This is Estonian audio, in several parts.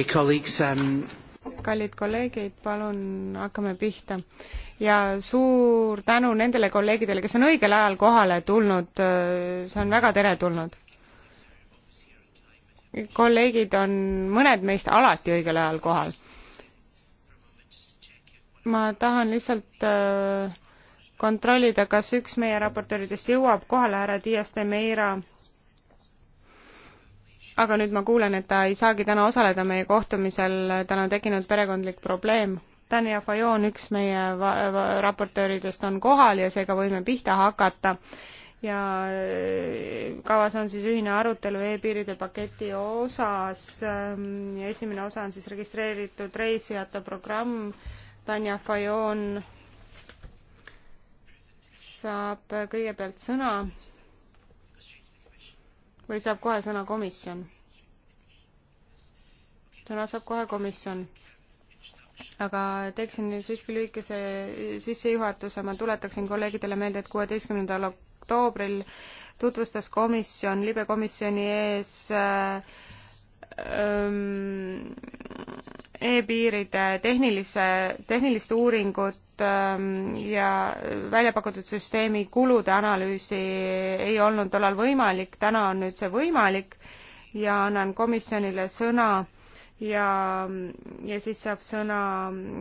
okay, colleagues, um... kallid kolleegid, palun hakkame pihta ja suur tänu nendele kolleegidele, kes on õigel ajal kohale tulnud, see on väga teretulnud. kolleegid on, mõned meist alati õigel ajal kohal. ma tahan lihtsalt äh, kontrollida, kas üks meie raportööridest jõuab kohale, härra Dias de Meira aga nüüd ma kuulen, et ta ei saagi täna osaleda meie kohtumisel, tal on tekkinud perekondlik probleem. Tanja Fajon, üks meie raportööridest, on kohal ja seega võime pihta hakata. ja äh, kavas on siis ühine arutelu e-piiride paketi osas. Ähm, esimene osa on siis registreeritud reisijate programm. Tanja Fajon saab kõigepealt sõna või saab kohe sõna komisjon? sõna saab kohe komisjon. aga teeksin siiski lühikese sissejuhatuse, ma tuletaksin kolleegidele meelde, et kuueteistkümnendal oktoobril tutvustas komisjon libe komisjoni ees äh, e-piiride tehnilise, tehnilist uuringut Ähm, ja välja pakutud süsteemi kulude analüüsi ei olnud tollal võimalik, täna on nüüd see võimalik ja annan komisjonile sõna ja, ja siis saab sõna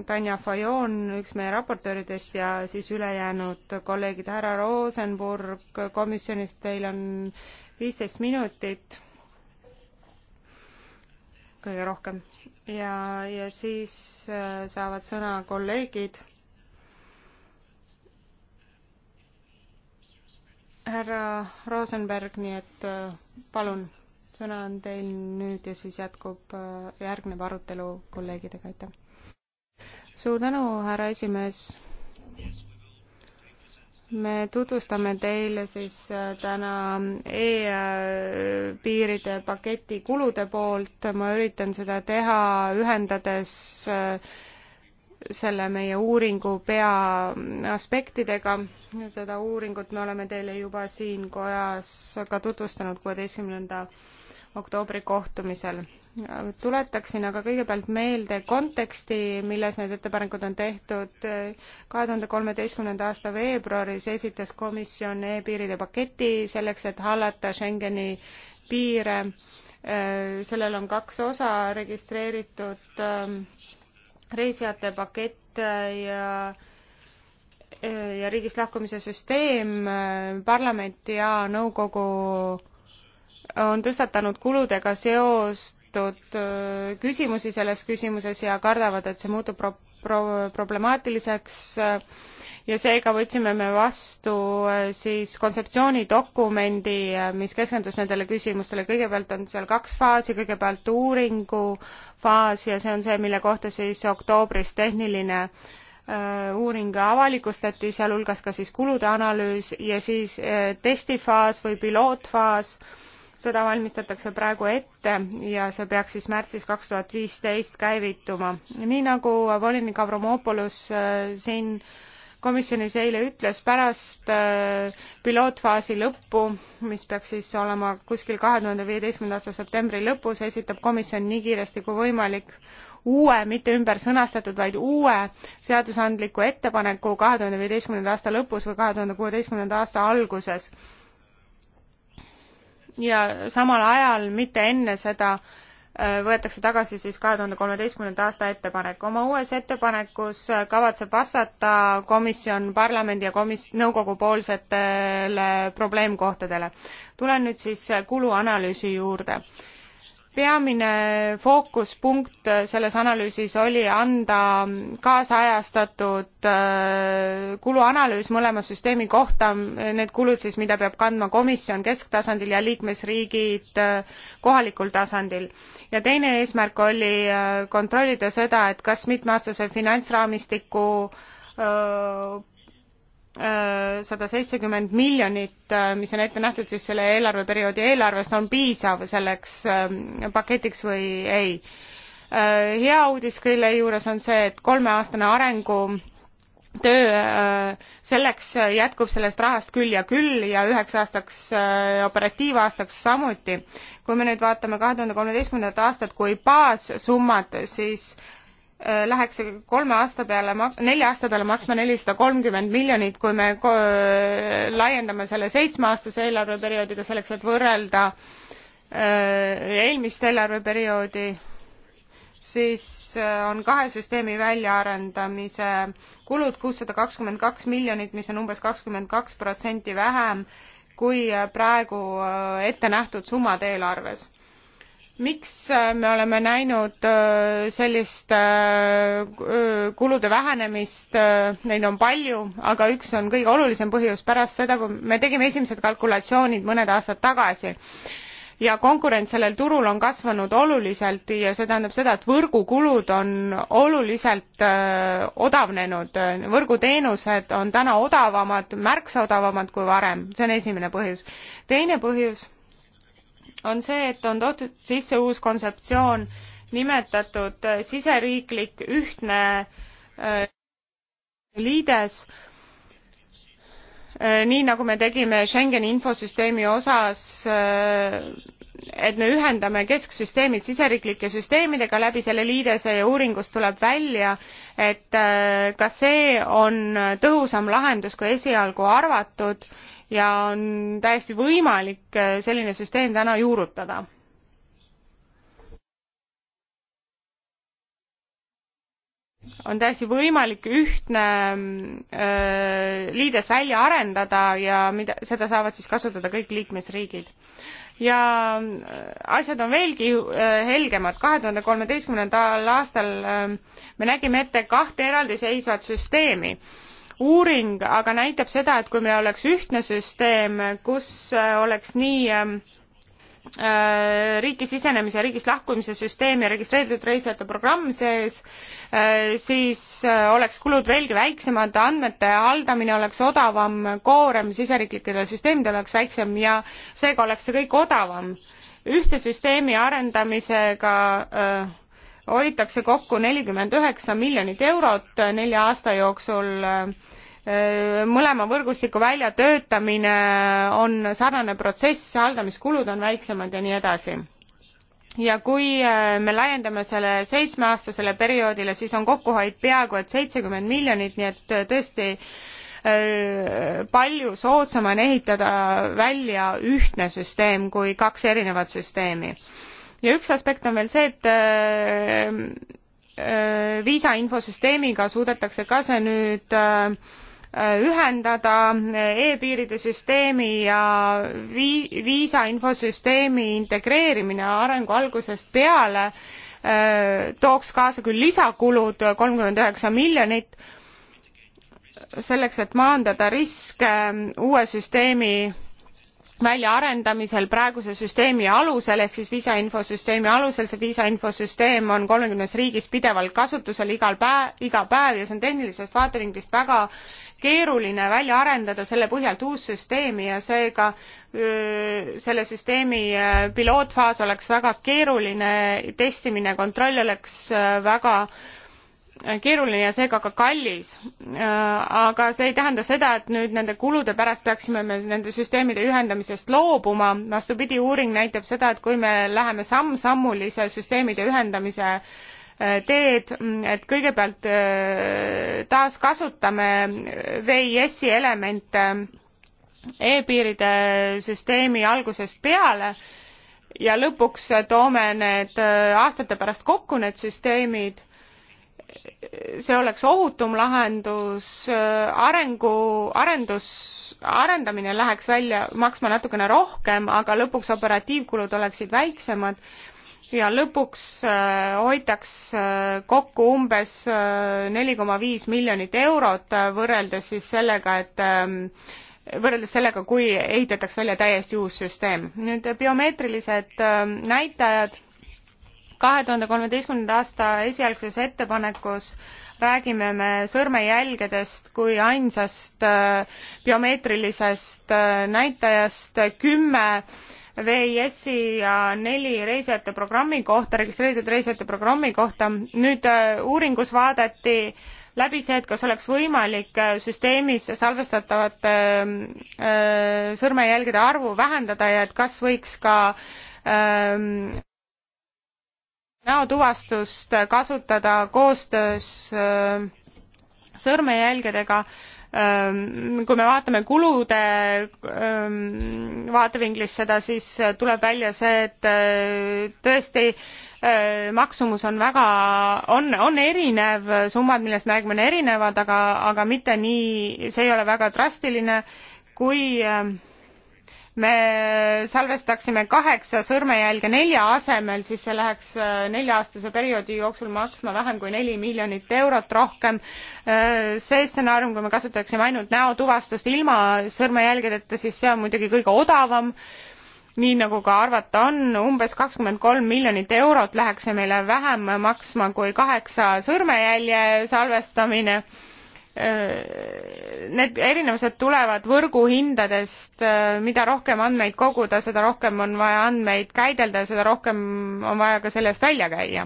Tanja Fajon, üks meie raportööridest ja siis ülejäänud kolleegid, härra Rosenburg komisjonist, teil on viisteist minutit kõige rohkem ja, ja siis äh, saavad sõna kolleegid härra Rosenberg, nii et äh, palun, sõna on teil nüüd ja siis jätkub, äh, järgneb arutelu kolleegidega, aitäh. suur tänu, härra esimees. me tutvustame teile siis äh, täna e-piiride paketi kulude poolt, ma üritan seda teha ühendades äh, selle meie uuringu peaaspektidega. seda uuringut me oleme teile juba siin kojas ka tutvustanud kuueteistkümnenda oktoobri kohtumisel. tuletaksin aga kõigepealt meelde konteksti, milles need ettepanekud on tehtud. kahe tuhande kolmeteistkümnenda aasta veebruaris esitas komisjon e-piiride paketi selleks, et hallata Schengeni piire. sellel on kaks osa, registreeritud reisijate pakett ja ja riigist lahkumise süsteem, parlament ja nõukogu on tõstatanud kuludega seotud äh, küsimusi selles küsimuses ja kardavad, et see muutub pro-, pro-, problemaatiliseks äh, ja seega võtsime me vastu äh, siis kontseptsioonidokumendi, äh, mis keskendus nendele küsimustele. kõigepealt on seal kaks faasi, kõigepealt uuringu faas ja see on see, mille kohta siis oktoobris tehniline äh, uuring avalikustati, sealhulgas ka siis kulude analüüs ja siis testifaas või pilootfaas seda valmistatakse praegu ette ja see peaks siis märtsis kaks tuhat viisteist käivituma. nii nagu volinik Avramopoulos siin komisjonis eile ütles pärast äh, pilootfaasi lõppu, mis peaks siis olema kuskil kahe tuhande viieteistkümnenda aasta septembri lõpus, esitab komisjon nii kiiresti kui võimalik uue, mitte ümber sõnastatud, vaid uue seadusandliku ettepaneku kahe tuhande viieteistkümnenda aasta lõpus või kahe tuhande kuueteistkümnenda aasta alguses. ja samal ajal, mitte enne seda Äh, võetakse tagasi siis kahe tuhande kolmeteistkümnenda aasta ettepanek. oma uues ettepanekus äh, kavatseb vastata komisjon parlamendi ja komis-, nõukogu poolsetele probleemkohtadele. tulen nüüd siis äh, kuluanalüüsi juurde peamine fookuspunkt selles analüüsis oli anda kaasajastatud äh, kuluanalüüs mõlema süsteemi kohta need kulud siis mida peab kandma komisjon kesktasandil ja liikmesriigid äh, kohalikul tasandil ja teine eesmärk oli äh, kontrollida seda et kas mitmeaastase finantsraamistiku sada seitsekümmend miljonit, äh, mis on ette nähtud siis selle eelarveperioodi eelarvest, on piisav selleks ähm, paketiks või ei. Äh, hea uudis kõige juures on see, et kolmeaastane arengu töö äh, selleks jätkub sellest rahast küll ja küll ja üheks aastaks operatiivaastaks samuti. kui me nüüd vaatame kahe tuhande kolmeteistkümnendat aastat kui baassummat, siis Äh, läheks kolme aasta peale mak-, nelja aasta peale maksma nelisada kolmkümmend miljonit, kui me ko-, laiendame selle seitsmeaastase eelarveperioodiga selleks, et võrrelda äh, eelmist eelarveperioodi, siis äh, on kahe süsteemi väljaarendamise kulud kuussada kakskümmend kaks miljonit, mis on umbes kakskümmend kaks protsenti vähem kui praegu ette nähtud summad eelarves miks äh, me oleme näinud äh, sellist äh, kulude vähenemist neid on palju aga üks on kõige olulisem põhjus pärast seda kui me tegime esimesed kalkulatsioonid mõned aastad tagasi ja konkurents sellel turul on kasvanud oluliselt ja see tähendab seda et võrgukulud on oluliselt odavnenud võrguteenused on täna odavamad märksa odavamad kui varem see on esimene põhjus teine põhjus on see, et on toodud sisse uus kontseptsioon, nimetatud äh, siseriiklik ühtne äh, liides, äh, nii nagu me tegime Schengeni infosüsteemi osas, et me ühendame kesksüsteemid siseriiklike süsteemidega läbi selle liidese ja uuringust tuleb välja, et ka see on tõhusam lahendus, kui esialgu arvatud ja on täiesti võimalik äh, selline süsteem täna juurutada. on täiesti võimalik ühtne öö, äh, liides välja arendada ja mida, seda saavad siis kasutada kõik liikmesriigid ja äh, asjad on veelgi helgemad. kahe tuhande kolmeteistkümnendal aastal me nägime ette kahte eraldiseisvat süsteemi uuring aga näitab seda, et kui meil oleks ühtne süsteem, kus äh, oleks nii ähm, äh, riiki sisenemise ja riigist lahkumise süsteem ja registreeritud reisijate programm sees, äh, siis oleks kulud veelgi väiksemad, andmete haldamine oleks odavam, koorem siseriiklikele süsteemidele oleks väiksem ja seega oleks see kõik odavam. ühtse süsteemi arendamisega öö, hoitakse kokku nelikümmend üheksa miljonit eurot nelja aasta jooksul mõlema võrgustiku väljatöötamine on sarnane protsess haldamiskulud on väiksemad ja nii edasi ja kui äh, me laiendame selle seitsmeaastasele perioodile siis on kokkuhoid peaaegu et seitsekümmend miljonit nii et äh, tõesti äh, palju soodsam on ehitada välja ühtne süsteem kui kaks erinevat süsteemi ja üks aspekt on veel see, et äh, äh, viisa infosüsteemiga suudetakse ka see nüüd äh, ühendada e-piiride süsteemi ja vii-, viisa infosüsteemi integreerimine arengu algusest peale tooks kaasa küll lisakulud kolmkümmend üheksa miljonit selleks, et maandada riske uue süsteemi väljaarendamisel praeguse süsteemi alusel ehk siis viisa infosüsteemi alusel see viisa infosüsteem on kolmekümnes riigis pidevalt kasutusel igal päev iga päev ja see on tehnilisest vaatevinklist väga keeruline välja arendada selle põhjalt uus süsteemi ja seega selle süsteemi pilootfaas oleks väga keeruline testimine kontroll oleks väga keeruline ja seega ka kallis. Äh, aga see ei tähenda seda, et nüüd nende kulude pärast peaksime me nende süsteemide ühendamisest loobuma. vastupidi, uuring näitab seda, et kui me läheme samm-sammulise süsteemide ühendamise äh, teed, et kõigepealt äh, taaskasutame VIS-i elemente e-piiride süsteemi algusest peale ja lõpuks toome need aastate pärast kokku, need süsteemid see oleks ohutum lahendus, arengu, arendus, arendamine läheks välja maksma natukene rohkem, aga lõpuks operatiivkulud oleksid väiksemad ja lõpuks äh, hoitaks äh, kokku umbes äh, neli koma viis miljonit eurot võrreldes siis sellega, et ähm, võrreldes sellega, kui ehitataks välja täiesti uus süsteem. nüüd biomeetrilised ähm, näitajad kahe tuhande kolmeteistkümnenda aasta esialgses ettepanekus räägime me sõrmejälgedest kui ainsast äh, biomeetrilisest äh, näitajast kümme VIS-i ja neli reisijate programmi kohta, registreeritud reisijate programmi kohta. nüüd äh, uuringus vaadati läbi see, et kas oleks võimalik süsteemis salvestatavate sõrmejälgede arvu vähendada ja et kas võiks ka ähm, näotuvastust kasutada koostöös äh, sõrmejälgedega, ähm, kui me vaatame kulude ähm, vaatevinklist seda, siis äh, tuleb välja see, et äh, tõesti maksumus on väga, on, on erinev, summad, millest me räägime, on erinevad, aga, aga mitte nii, see ei ole väga drastiline, kui äh, me salvestaksime kaheksa sõrmejälge nelja asemel, siis see läheks äh, nelja-aastase perioodi jooksul maksma vähem kui neli miljonit eurot rohkem. Äh, see stsenaarium, kui me kasutaksime ainult näotuvastust ilma sõrmejälgedeta, siis see on muidugi kõige odavam nii nagu ka arvata on umbes kakskümmend kolm miljonit eurot läheks see meile vähem maksma kui kaheksa sõrmejälje salvestamine Äh, need erinevused tulevad võrguhindadest, äh, mida rohkem andmeid koguda, seda rohkem on vaja andmeid käidelda ja seda rohkem on vaja ka selle eest välja käia.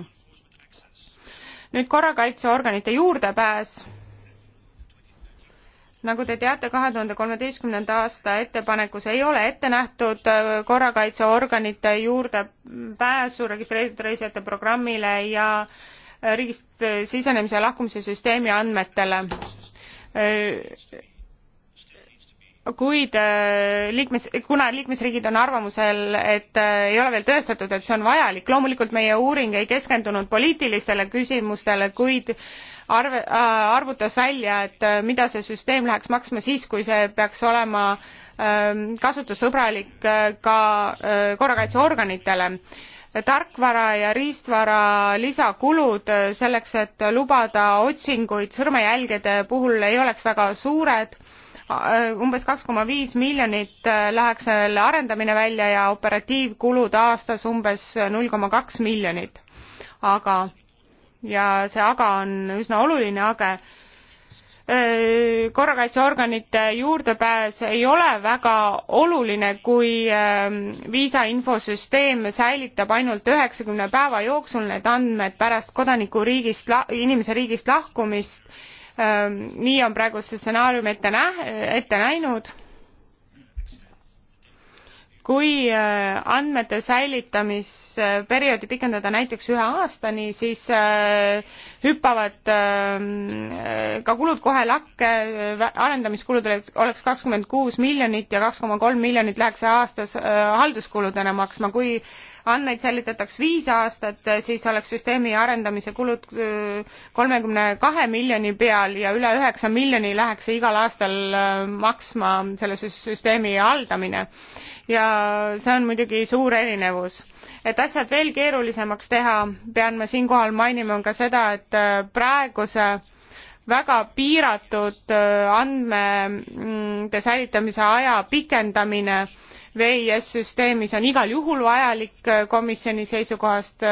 nüüd korrakaitseorganite juurdepääs nagu te teate 2013 aasta ettepanekus ei ole ette nähtud äh, korrakaitseorganite juurdepääsu registreeritud reisijate programmile ja riigist sisenemise ja lahkumise süsteemi andmetele kuid äh, liikmes kuna liikmesriigid on arvamusel et äh, ei ole veel tõestatud et see on vajalik loomulikult meie uuring ei keskendunud poliitilistele küsimustele kuid arve- äh, arvutas välja et mida see süsteem läheks maksma siis kui see peaks olema ähm, kasutussõbralik ka korrakaitseorganitele tarkvara ja riistvara lisakulud selleks, et lubada otsinguid sõrmejälgede puhul ei oleks väga suured. umbes kaks koma viis miljonit läheks selle arendamine välja ja operatiivkulud aastas umbes null koma kaks miljonit. aga, ja see aga on üsna oluline age Äh, korrakaitseorganite juurdepääs ei ole väga oluline kui ähm, viisa infosüsteem säilitab ainult üheksakümne päeva jooksul need andmed pärast kodaniku riigist inimese riigist lahkumist ähm, nii on praegu see stsenaarium ette nä- ette näinud kui äh, andmete säilitamisperioodi pikendada näiteks ühe aastani, siis äh, hüppavad ähm, ka kulud kohe lakke, äh, arendamiskulud oleks kakskümmend kuus miljonit ja kaks koma kolm miljonit läheks aastas halduskuludena maksma, kui andmeid säilitataks viis aastat, siis oleks süsteemi arendamise kulud kolmekümne kahe miljoni peal ja üle üheksa miljoni läheks igal aastal maksma selle süsteemi haldamine ja see on muidugi suur erinevus. et asjad veel keerulisemaks teha, pean ma siinkohal mainima ka seda, et äh, praeguse väga piiratud äh, andmete mm, säilitamise aja pikendamine vis süsteemis on igal juhul vajalik äh, komisjoni seisukohast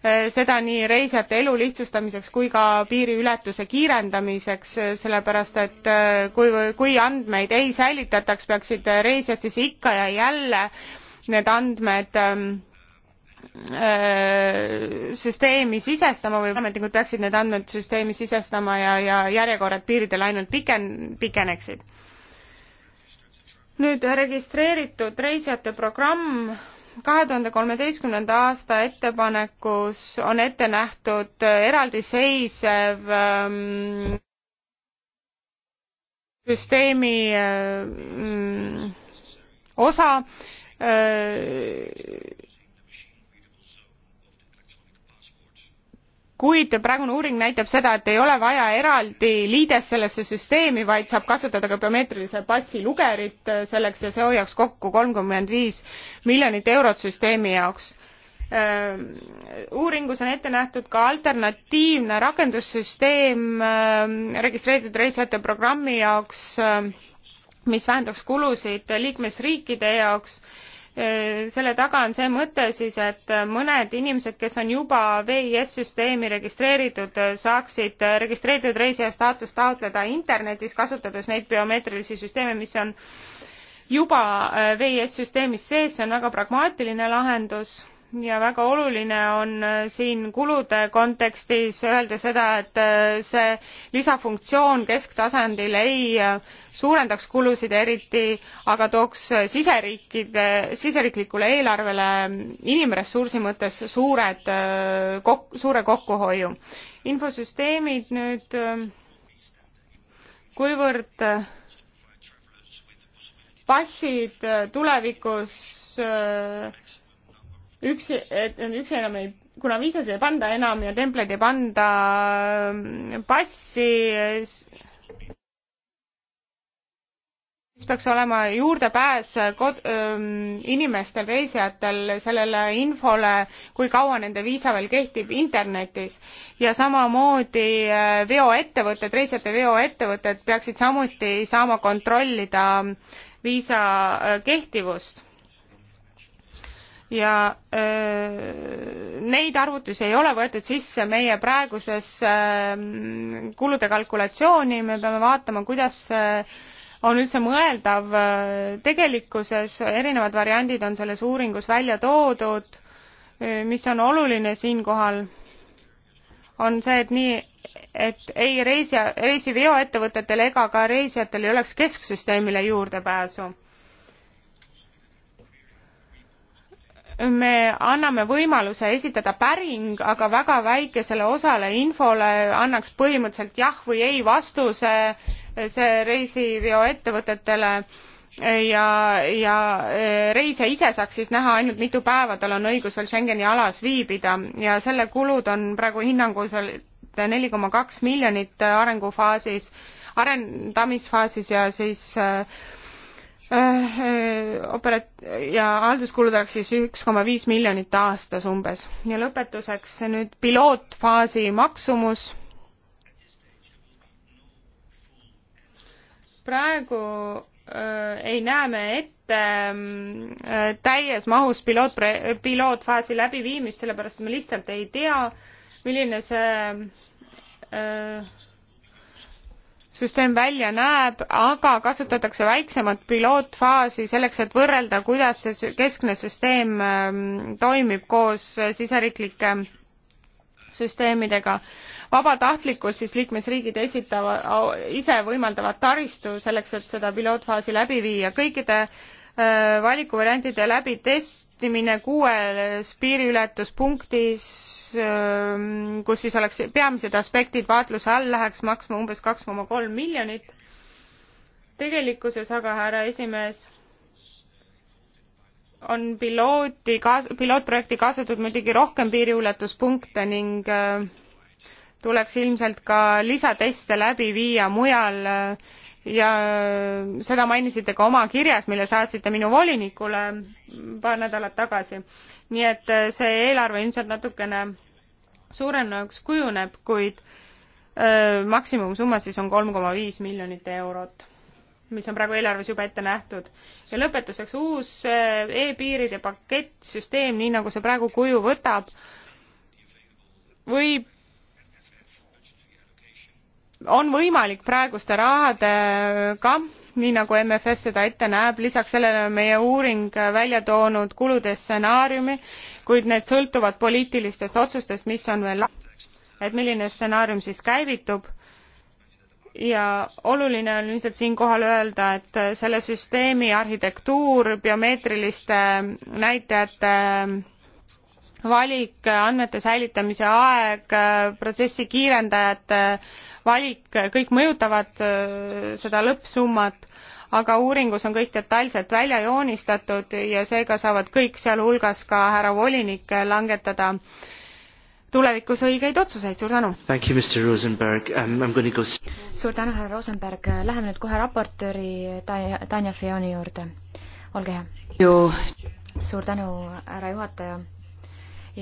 Eh, seda nii reisijate elu lihtsustamiseks kui ka piiriületuse kiirendamiseks eh, sellepärast et eh, kui kui andmeid ei säilitataks peaksid reisijad siis ikka ja jälle need andmed ehm, süsteemi sisestama või ametnikud peaksid need andmed süsteemi sisestama ja ja järjekorrad piiridel ainult piken- pikeneksid nüüd registreeritud reisijate programm kahe tuhande kolmeteistkümnenda aasta ettepanekus on ette nähtud eraldiseisev ähm, süsteemi ähm, osa äh, kuid praegune uuring näitab seda et ei ole vaja eraldi liidest sellesse süsteemi vaid saab kasutada ka biomeetrilise passi lugerit selleks ja see hoiaks kokku kolmkümmend viis miljonit eurot süsteemi jaoks ehm, uuringus on ette nähtud ka alternatiivne rakendussüsteem ehm, registreeritud reisijate programmi jaoks ehm, mis vähendaks kulusid liikmesriikide jaoks Äh, selle taga on see mõte siis, et mõned inimesed, kes on juba VIS süsteemi registreeritud, saaksid registreeritud reisija staatust taotleda internetis, kasutades neid biomeetrilisi süsteeme, mis on juba äh, VIS süsteemis sees, see on väga pragmaatiline lahendus ja väga oluline on äh, siin kulude kontekstis öelda seda, et äh, see lisafunktsioon kesktasandil ei äh, suurendaks kulusid eriti, aga tooks siseriikide, siseriiklikule eelarvele inimressursi mõttes suured kok-, suure kokkuhoiu. infosüsteemid nüüd, kuivõrd passid tulevikus üks, et üks enam ei, kuna viisasid ei panda enam ja templeid ei panda ähm, passi, siis peaks olema juurdepääs kod-, ähm, inimestel, reisijatel sellele infole, kui kaua nende viisa veel kehtib internetis. ja samamoodi äh, veoettevõtted, reisijate veoettevõtted peaksid samuti saama kontrollida viisa äh, kehtivust ja öö, neid arvutusi ei ole võetud sisse meie praegusesse kulude kalkulatsiooni, me peame vaatama, kuidas on üldse mõeldav tegelikkuses, erinevad variandid on selles uuringus välja toodud, mis on oluline siinkohal, on see, et nii, et ei reisi, reisiveoettevõtetel ega ka reisijatel ei oleks kesksüsteemile juurdepääsu me anname võimaluse esitada päring, aga väga väikesele osale infole annaks põhimõtteliselt jah või ei vastuse see reisiveoettevõtetele ja, ja eh, reisija ise saaks siis näha ainult mitu päeva tal on õigus veel Schengeni alas viibida ja selle kulud on praegu hinnanguliselt neli koma kaks miljonit arengufaasis, arendamisfaasis ja siis äh, Äh, äh, operat- ja halduskulud oleks siis üks koma viis miljonit aastas umbes ja lõpetuseks nüüd pilootfaasi maksumus praegu äh, ei näe me ette mm, äh, täies mahus piloot pilootfaasi läbiviimist sellepärast et me lihtsalt ei tea milline see äh, süsteem välja näeb, aga kasutatakse väiksemat pilootfaasi selleks, et võrrelda, kuidas see keskne süsteem ähm, toimib koos äh, siseriiklike süsteemidega. vabatahtlikult siis liikmesriigid esitavad, ise võimaldavad taristu selleks, et seda pilootfaasi läbi viia. kõikide Äh, valikuvariantide läbi testimine kuues piiriületuspunktis, ähm, kus siis oleks peamised aspektid vaatluse all, läheks maksma umbes kaks koma kolm miljonit. tegelikkuses aga, härra esimees, on pilooti kaas-, pilootprojekti kaasatud muidugi rohkem piiriületuspunkte ning äh, tuleks ilmselt ka lisateste läbi viia mujal äh, ja seda mainisite ka oma kirjas, mille saatsite minu volinikule paar nädalat tagasi. nii et eh, see eelarve ilmselt natukene suurenevaks kujuneb, kuid öö, eh, maksimumsumma siis on kolm koma viis miljonit eurot, mis on praegu eelarves juba ette nähtud. ja lõpetuseks uus eh, e-piiride pakett, süsteem, nii nagu see praegu kuju võtab, võib on võimalik praeguste rahadega nii nagu mff seda ette näeb lisaks sellele on meie uuring välja toonud kulude stsenaariumi kuid need sõltuvad poliitilistest otsustest mis on veel et milline stsenaarium siis käivitub ja oluline on ilmselt siinkohal öelda et selle süsteemi arhitektuur biomeetriliste näitajate valik, andmete säilitamise aeg, protsessi kiirendajate valik, kõik mõjutavad äh, seda lõppsummat, aga uuringus on kõik detailselt välja joonistatud ja seega saavad kõik, sealhulgas ka härra volinik, langetada tulevikus õigeid otsuseid, suur tänu! Um, go... suur tänu, härra Rosenberg, läheme nüüd kohe raportööri Tanja Fioni juurde, olge hea! suur tänu, härra juhataja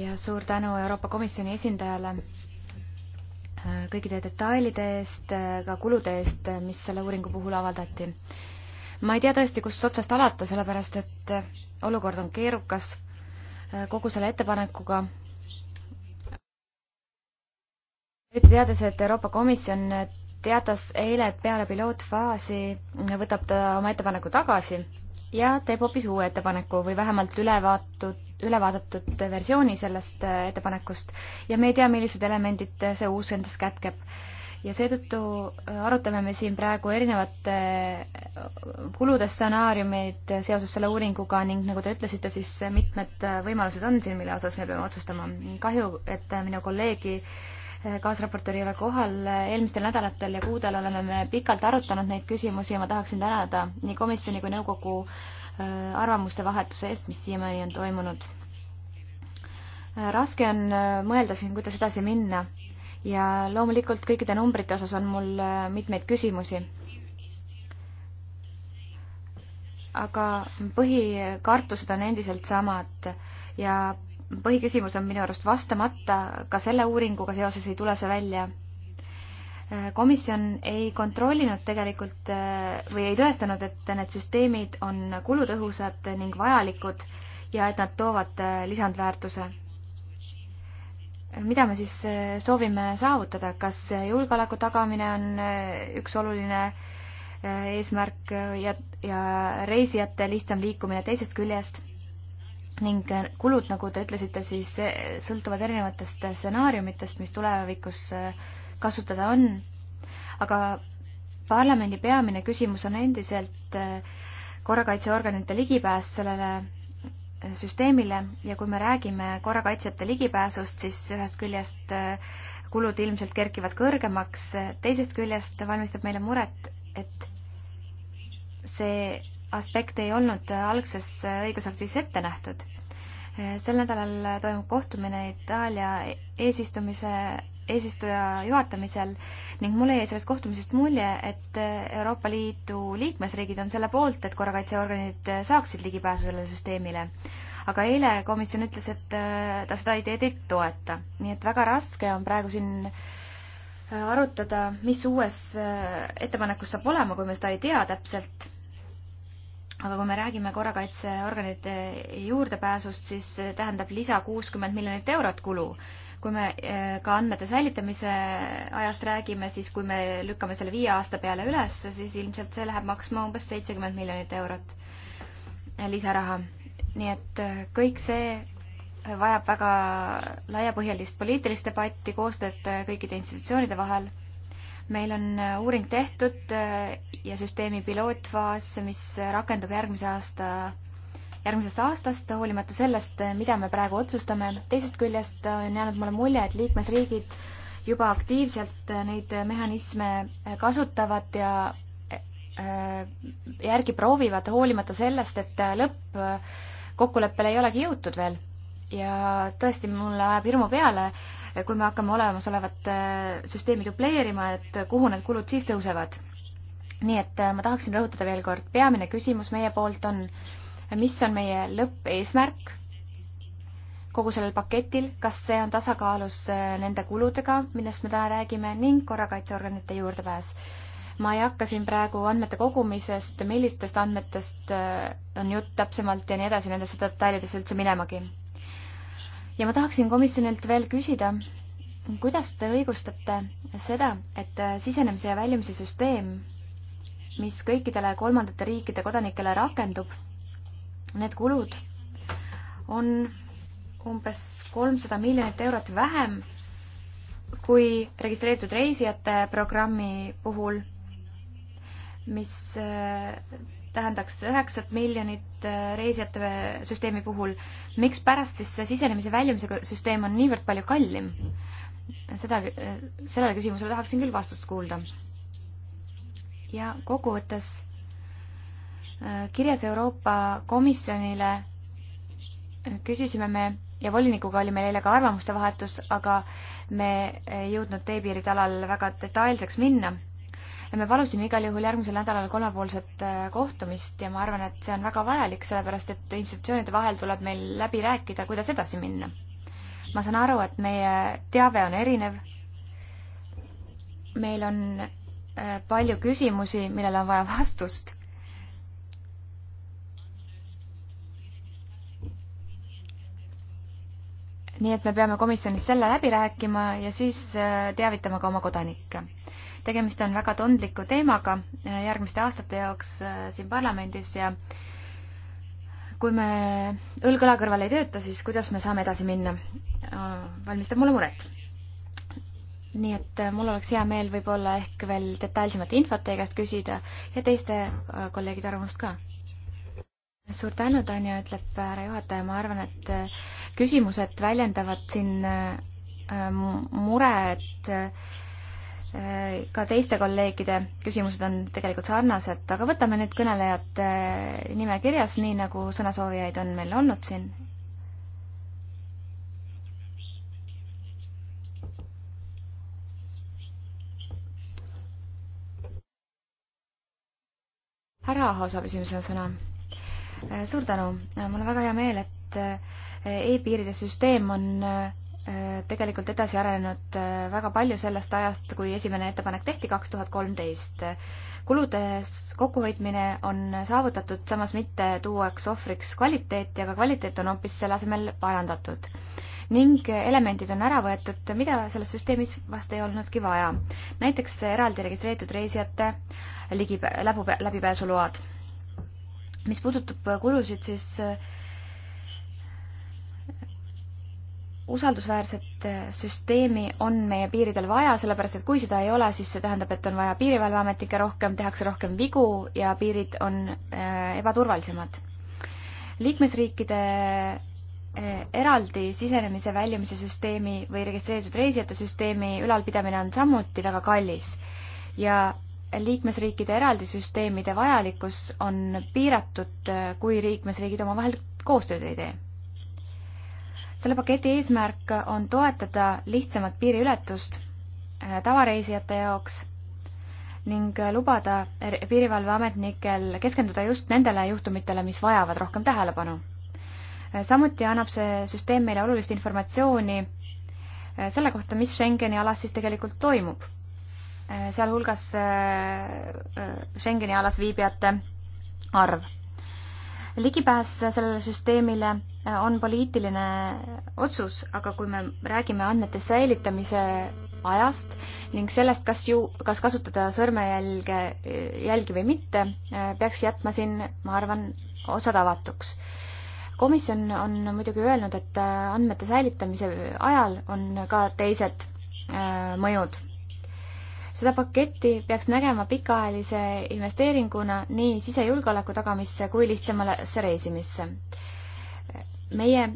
ja suur tänu Euroopa Komisjoni esindajale äh, kõikide detailide eest, äh, ka kulude eest, äh, mis selle uuringu puhul avaldati. ma ei tea tõesti, kust otsast alata, sellepärast et olukord on keerukas kogu selle ettepanekuga. eriti teades, et Euroopa Komisjon teatas eile, et peale pilootfaasi võtab ta oma ettepaneku tagasi ja teeb hoopis uue ettepaneku või vähemalt ülevaatud üle vaadatud versiooni sellest äh, ettepanekust ja me ei tea, millised elemendid see uus endas kätkeb. ja seetõttu äh, arutame me siin praegu erinevate äh, kulude stsenaariumeid seoses selle uuringuga ning nagu te ütlesite, siis mitmed võimalused on siin, mille osas me peame otsustama. kahju, et minu kolleegi kaasraportöör ei ole kohal, eelmistel nädalatel ja kuudel oleme me pikalt arutanud neid küsimusi ja ma tahaksin tänada nii komisjoni kui nõukogu äh, Äh, arvamuste vahetuse eest, mis siiamaani on toimunud. Äh, raske on äh, mõelda siin, kuidas edasi minna ja loomulikult kõikide numbrite osas on mul mitmeid küsimusi. aga põhikartused on endiselt samad ja põhiküsimus on minu arust vastamata, ka selle uuringuga seoses ei tule see välja Äh, komisjon ei kontrollinud tegelikult äh, või ei tõestanud, et need süsteemid on kulutõhusad ning vajalikud ja et nad toovad äh, lisandväärtuse. mida me siis soovime saavutada, kas julgeoleku tagamine on üks oluline eesmärk ja, ja reisijate lihtsam liikumine teisest küljest ning kulud, nagu te ütlesite, siis sõltuvad erinevatest stsenaariumitest, mis tulevikus äh, kasutada on, aga parlamendi peamine küsimus on endiselt äh, korrakaitseorganite ligipääs sellele äh, süsteemile ja kui me räägime korrakaitsjate ligipääsust, siis ühest küljest äh, kulud ilmselt kerkivad kõrgemaks, teisest küljest valmistab meile muret, et see aspekt ei olnud algses õigusaktis ette nähtud. sel nädalal toimub kohtumine Itaalia eesistumise eesistuja juhatamisel ning mulle jäi sellest kohtumisest mulje, et äh, Euroopa Liidu liikmesriigid on selle poolt, et korrakaitseorganid äh, saaksid ligipääsu sellele süsteemile. aga eile komisjon ütles, et äh, ta seda ideed ei toeta, nii et väga raske on praegu siin arutada, mis uues ettepanekus saab olema, kui me seda ei tea täpselt aga kui me räägime korrakaitseorganite juurdepääsust, siis tähendab lisa kuuskümmend miljonit eurot kulu kui me eh, ka andmete säilitamise ajast räägime, siis kui me lükkame selle viie aasta peale üles, siis ilmselt see läheb maksma umbes seitsekümmend miljonit eurot eh, lisaraha. nii et eh, kõik see vajab väga laiapõhjalist poliitilist debatti, koostööd kõikide institutsioonide vahel. meil on uuring tehtud ja süsteemi pilootfaas, mis rakendub järgmise aasta järgmisest aastast, hoolimata sellest, mida me praegu otsustame. teisest küljest äh, on jäänud mulle mulje, et liikmesriigid juba aktiivselt äh, neid mehhanisme äh, kasutavad ja järgi proovivad, hoolimata sellest, et lõppkokkuleppele ei olegi jõutud veel. ja tõesti, mulle ajab hirmu peale, kui me hakkame olemasolevat süsteemi dubleerima, et kuhu need kulud siis tõusevad. nii et ma tahaksin rõhutada veel kord, peamine küsimus meie poolt on äh, mis on meie lõppeesmärk kogu sellel paketil, kas see on tasakaalus äh, nende kuludega, millest me täna räägime, ning korrakaitseorganite juurdepääs. ma ei hakka siin praegu andmete kogumisest, millistest andmetest äh, on jutt täpsemalt ja nii edasi, nendesse detailidesse üldse minemagi. ja ma tahaksin komisjonilt veel küsida, kuidas te õigustate seda, et äh, sisenemise ja väljumise süsteem, mis kõikidele kolmandate riikide kodanikele rakendub, Need kulud on umbes kolmsada miljonit eurot vähem kui registreeritud reisijate programmi puhul, mis äh, tähendaks üheksat miljonit äh, reisijate süsteemi puhul. mikspärast siis see sisenemise väljumise süsteem on niivõrd palju kallim? seda, äh, sellele küsimusele tahaksin küll vastust kuulda. ja kokkuvõttes Äh, kirjas Euroopa Komisjonile äh, küsisime me ja volinikuga oli meil eile ka arvamuste vahetus, aga me ei jõudnud teepiiride alal väga detailseks minna. ja me palusime igal juhul järgmisel nädalal kolmepoolset äh, kohtumist ja ma arvan, et see on väga vajalik, sellepärast et institutsioonide vahel tuleb meil läbi rääkida, kuidas edasi minna. ma saan aru, et meie teave on erinev. meil on palju küsimusi, millele on vaja vastust nii et me peame komisjonis selle läbi rääkima ja siis äh, teavitama ka oma kodanikke. tegemist on väga tundliku teemaga äh, järgmiste aastate jaoks äh, siin parlamendis ja kui me õlg õla kõrval ei tööta, siis kuidas me saame edasi minna? valmistab mulle muret. nii et mul oleks hea meel võib-olla ehk veel detailsemat infot teie käest küsida ja teiste kolleegide arvamust ka suur tänu, Tanja, ütleb härra juhataja, ma arvan, et küsimused väljendavad siin äh, muret, äh, ka teiste kolleegide küsimused on tegelikult sarnased, aga võtame nüüd kõnelejad äh, nimekirjas, nii nagu sõnasoovijaid on meil olnud siin. härra Aho saab esimesena sõna Äh, suur tänu, äh, mul on väga hea meel, et äh, e-piiride süsteem on tegelikult edasi arenenud väga palju sellest ajast, kui esimene ettepanek tehti kaks tuhat kolmteist. kuludes kokkuhoidmine on saavutatud, samas mitte tuueks ohvriks kvaliteeti, aga kvaliteet on hoopis selle asemel parandatud. ning elemendid on ära võetud, mida selles süsteemis vast ei olnudki vaja. näiteks eraldi registreeritud reisijate ligi, läbu, läbipääsuload mis puudutab äh, kulusid, siis äh, usaldusväärset äh, süsteemi on meie piiridel vaja, sellepärast et kui seda ei ole, siis see tähendab, et on vaja piirivalveametnikke rohkem, tehakse rohkem vigu ja piirid on ebaturvalisemad. liikmesriikide eraldi sisenemise, väljumise süsteemi või registreeritud reisijate süsteemi ülalpidamine on samuti väga kallis ja liikmesriikide eraldisüsteemide vajalikkus on piiratud, kui liikmesriigid omavahel koostööd ei tee. selle paketi eesmärk on toetada lihtsamat piiriületust äh, tavareisijate jaoks ning lubada er-, piirivalveametnikel keskenduda just nendele juhtumitele, mis vajavad rohkem tähelepanu. Äh, samuti annab see süsteem meile olulist informatsiooni äh, selle kohta, mis Schengeni alas siis tegelikult toimub Äh, sealhulgas äh, äh, Schengeni alas viibijate arv. ligipääs sellele süsteemile on poliitiline otsus, aga kui me räägime andmete säilitamise ajast ning sellest, kas ju, kas kasutada sõrmejälge, jälgi või mitte, peaks jätma siin, ma arvan, osad avatuks komisjon on muidugi öelnud, et andmete säilitamise ajal on ka teised mõjud seda paketti peaks nägema pikaajalise investeeringuna nii sisejulgeoleku tagamisse kui lihtsamasse reisimisse. meie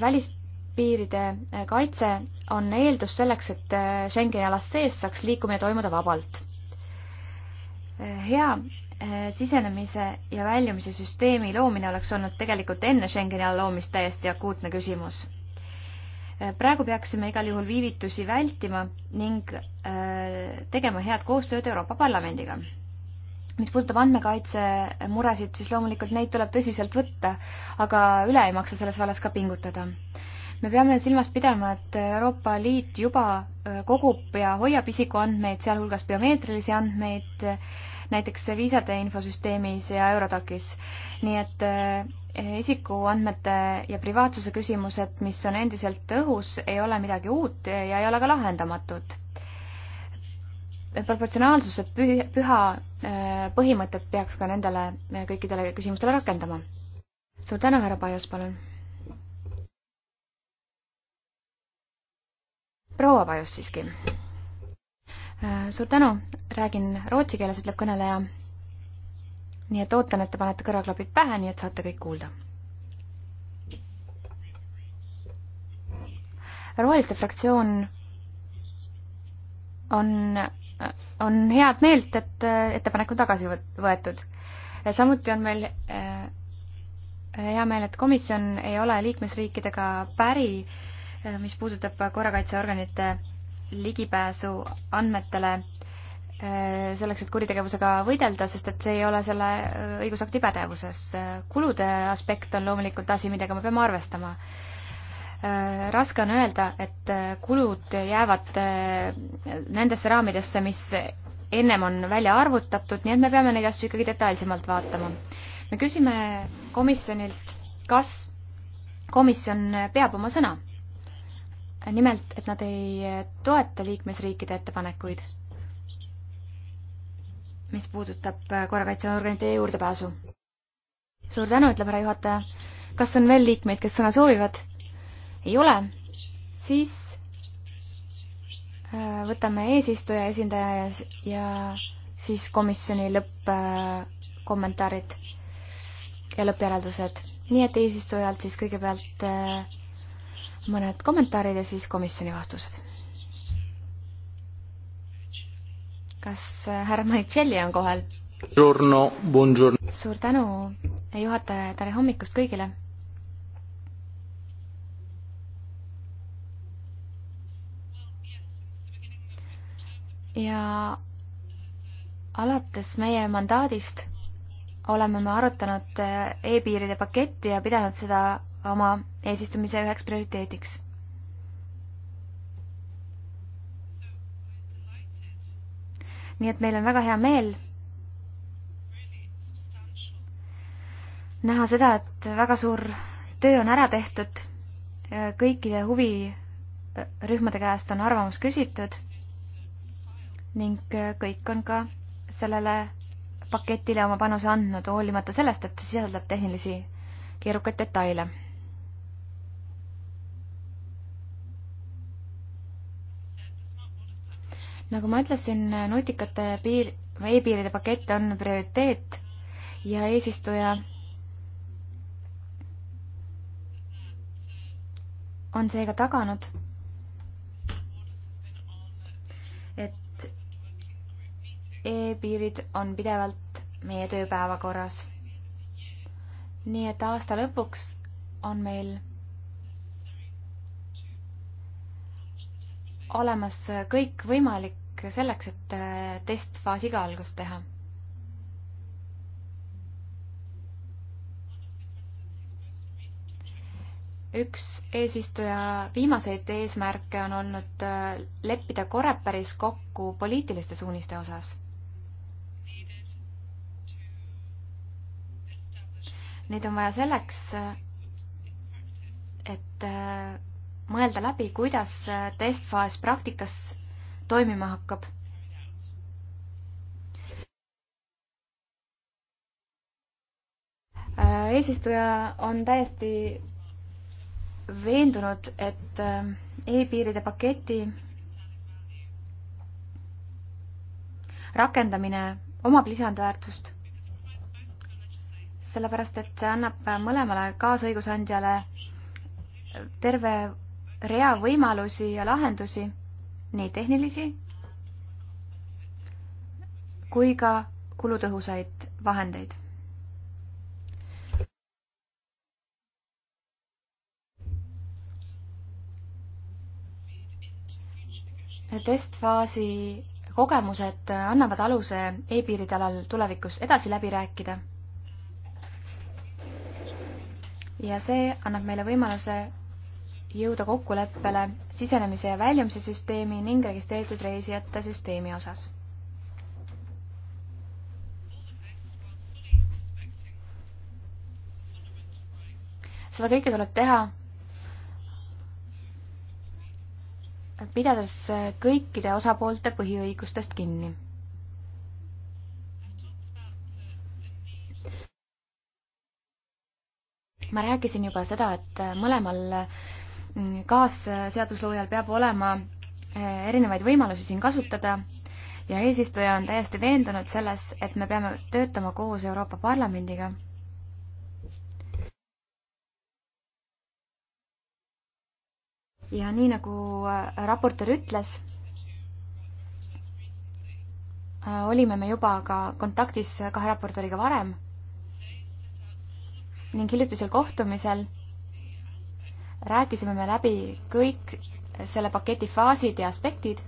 välispiiride kaitse on eeldus selleks, et Schengeni alast sees saaks liikumine toimuda vabalt. hea eh, sisenemise ja väljumise süsteemi loomine oleks olnud tegelikult enne Schengeni ala loomist täiesti akuutne küsimus Äh, praegu peaksime igal juhul viivitusi vältima ning äh, tegema head koostööd Euroopa Parlamendiga. mis puudutab andmekaitse muresid, siis loomulikult neid tuleb tõsiselt võtta, aga üle ei maksa selles vallas ka pingutada me peame silmas pidama, et Euroopa Liit juba äh, kogub ja hoiab isikuandmeid, sealhulgas biomeetrilisi andmeid, näiteks viisade infosüsteemis ja Eurodacis. nii et isikuandmete ja privaatsuse küsimused, mis on endiselt õhus, ei ole midagi uut ja ei ole ka lahendamatud. proportsionaalsuse püha äh, põhimõtet peaks ka nendele äh, kõikidele küsimustele rakendama. suur tänu, härra Pajus, palun. proua Pajus siiski. Äh, suur tänu, räägin rootsi keeles, ütleb kõneleja nii et ootan, et te panete kõrvaklapid pähe, nii et saate kõik kuulda. roheliste fraktsioon on, on head meelt, et ettepanek on tagasi võetud. samuti on meil eh, hea meel, et komisjon ei ole liikmesriikidega päri, eh, mis puudutab korrakaitseorganite ligipääsu andmetele Äh, selleks, et kuritegevusega võidelda, sest et see ei ole selle äh, õigusakti pädevuses. kulude aspekt on loomulikult asi, millega me peame arvestama. Äh, raske on öelda, et kulud jäävad nendesse raamidesse, mis ennem on välja arvutatud, nii et me peame neid asju ikkagi detailsemalt vaatama. me küsime komisjonilt, kas komisjon peab oma sõna. nimelt, et nad ei toeta liikmesriikide ettepanekuid mis puudutab äh, korrakaitseorganite juurdepääsu. suur tänu, ütleb härra juhataja. kas on veel liikmeid, kes sõna soovivad? ei ole? siis äh, võtame eesistuja esindaja ja, ja siis komisjoni lõppkommentaarid äh, ja lõppjäreldused. nii et eesistujalt siis kõigepealt mõned kommentaarid ja siis komisjoni vastused kas äh, härra Maricelli on kohal? suur tänu, juhataja, tere hommikust kõigile! ja alates meie mandaadist oleme me arutanud äh, e-piiride paketti ja pidanud seda oma eesistumise üheks prioriteediks nii et meil on väga hea meel näha seda, et väga suur töö on ära tehtud, kõikide huvirühmade käest on arvamus küsitud ning kõik on ka sellele paketile oma panuse andnud, hoolimata sellest, et see sisaldab tehnilisi keerukaid detaile nagu ma ütlesin, nutikate piir, e-piiride pakett on prioriteet ja eesistuja on seega taganud, et e-piirid on pidevalt meie tööpäevakorras. nii et aasta lõpuks on meil olemas kõik võimalik selleks, et äh, testfaasiga algust teha. üks eesistuja viimaseid eesmärke on olnud äh, leppida Koreperis kokku poliitiliste suuniste osas Neid on vaja selleks, äh, et mõelda läbi, kuidas testfaas praktikas toimima hakkab. eesistuja on täiesti veendunud, et äh, e-piiride paketi rakendamine omab lisandväärtust. sellepärast, et see annab mõlemale kaasõigusandjale terve rea võimalusi ja lahendusi, nii tehnilisi kui ka kulutõhusaid vahendeid. testfaasi kogemused annavad aluse e-piiride alal tulevikus edasi läbi rääkida. ja see annab meile võimaluse jõuda kokkuleppele sisenemise ja väljumise süsteemi ning registreeritud reisijate süsteemi osas. seda kõike tuleb teha, pidades kõikide osapoolte põhiõigustest kinni ma rääkisin juba seda, et mõlemal kaasseadusloojal peab olema eh, erinevaid võimalusi siin kasutada ja eesistuja on täiesti veendunud selles, et me peame töötama koos Euroopa Parlamendiga. ja nii nagu äh, raportöör ütles, äh, olime me juba ka kontaktis kahe raportööriga varem ning hiljutisel kohtumisel rääkisime me läbi kõik selle paketi faasid ja aspektid,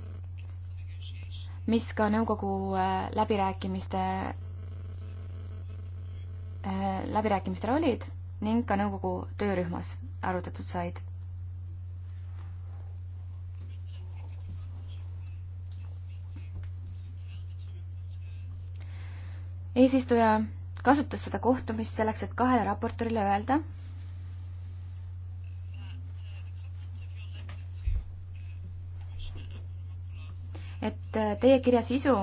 mis ka nõukogu äh, läbirääkimiste, äh, läbirääkimistel olid ning ka nõukogu töörühmas arutatud said. eesistuja kasutas seda kohtumist selleks, et kahele raportorile öelda, et äh, teie kirja sisu,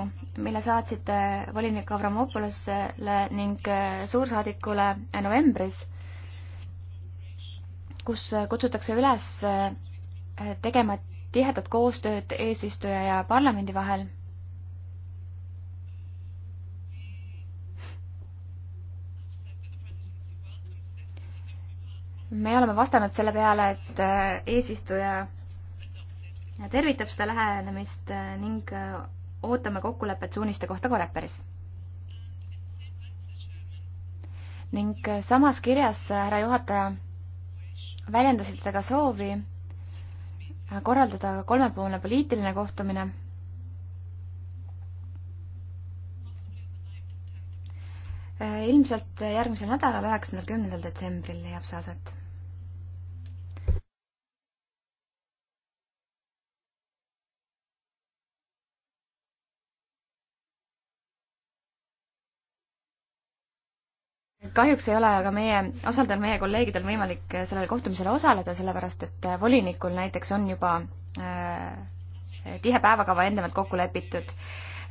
mille saatsite volinik Avramopolosele ning äh, suursaadikule novembris, kus äh, kutsutakse üles tegema tihedat koostööd eesistuja ja parlamendi vahel me oleme vastanud selle peale, et eesistuja tervitab seda lähenemist äh, ning äh, ootame kokkulepet suuniste kohta Koreperis. ning äh, samas kirjas, härra juhataja, väljendasite ka soovi korraldada kolmepoolne poliitiline kohtumine. ilmselt järgmisel nädalal, üheksandal, kümnendal detsembril leiab see aset kahjuks ei ole aga meie, osaldajal, meie kolleegidel võimalik äh, sellel kohtumisel osaleda, sellepärast et äh, volinikul näiteks on juba äh, tihe päevakava endamalt kokku lepitud.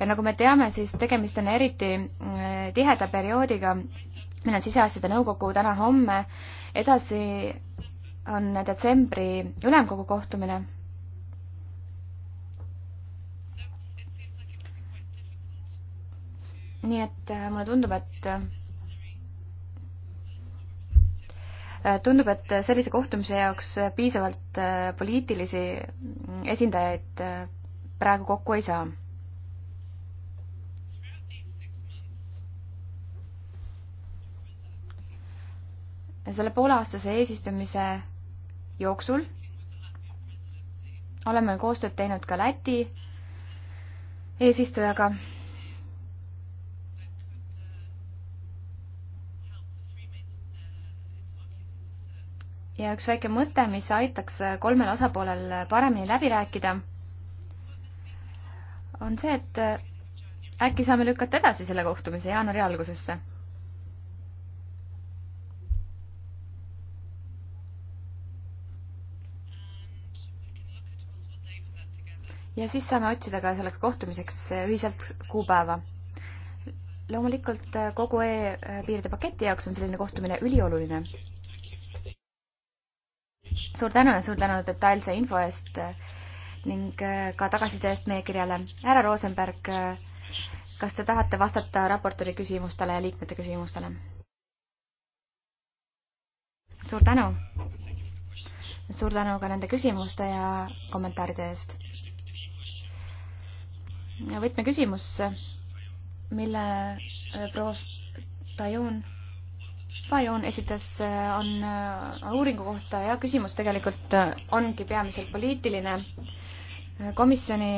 nagu me teame, siis tegemist on eriti äh, tiheda perioodiga, meil on siseasjade nõukogu täna-homme, edasi on detsembri ülemkogu kohtumine nii et äh, mulle tundub, et Äh, tundub, et sellise kohtumise jaoks äh, piisavalt äh, poliitilisi mm, esindajaid praegu kokku ei saa. selle pooleaastase eesistumise jooksul oleme koostööd teinud ka Läti eesistujaga ja üks väike mõte, mis aitaks äh, kolmel osapoolel äh, paremini läbi rääkida, on see, et äh, äkki saame lükata edasi selle kohtumise jaanuari algusesse. ja siis saame otsida ka selleks kohtumiseks ühiselt kuupäeva loomulikult kogu e-piiride paketi jaoks on selline kohtumine ülioluline suur tänu ja suur tänu detailse info eest ning äh, ka tagasiside eest meie kirjale. härra Rosenberg, äh, kas te tahate vastata raportööri küsimustele ja liikmete küsimustele? suur tänu! suur tänu ka nende küsimuste ja kommentaaride eest. võtmeküsimus, mille äh, proua Tajun Fajon esitas, äh, on äh, uuringu kohta hea küsimus, tegelikult äh, ongi peamiselt poliitiline komisjoni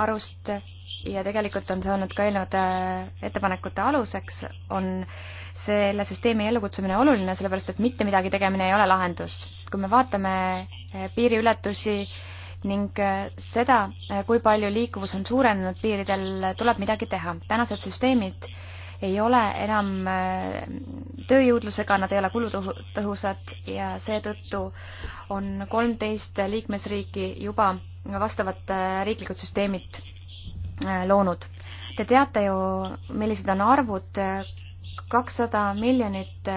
arust ja tegelikult on see olnud ka eelnevate ettepanekute aluseks, on selle süsteemi ellukutsumine oluline, sellepärast et mitte midagi tegemine ei ole lahendus. kui me vaatame piiriületusi ning seda, kui palju liikuvus on suurenenud piiridel, tuleb midagi teha. tänased süsteemid äh, ei ole enam äh, tööjõudlusega, nad ei ole kulutõhusad ja seetõttu on kolmteist liikmesriiki juba vastavad äh, riiklikud süsteemid äh, loonud. Te teate ju, millised on arvud, kakssada miljonit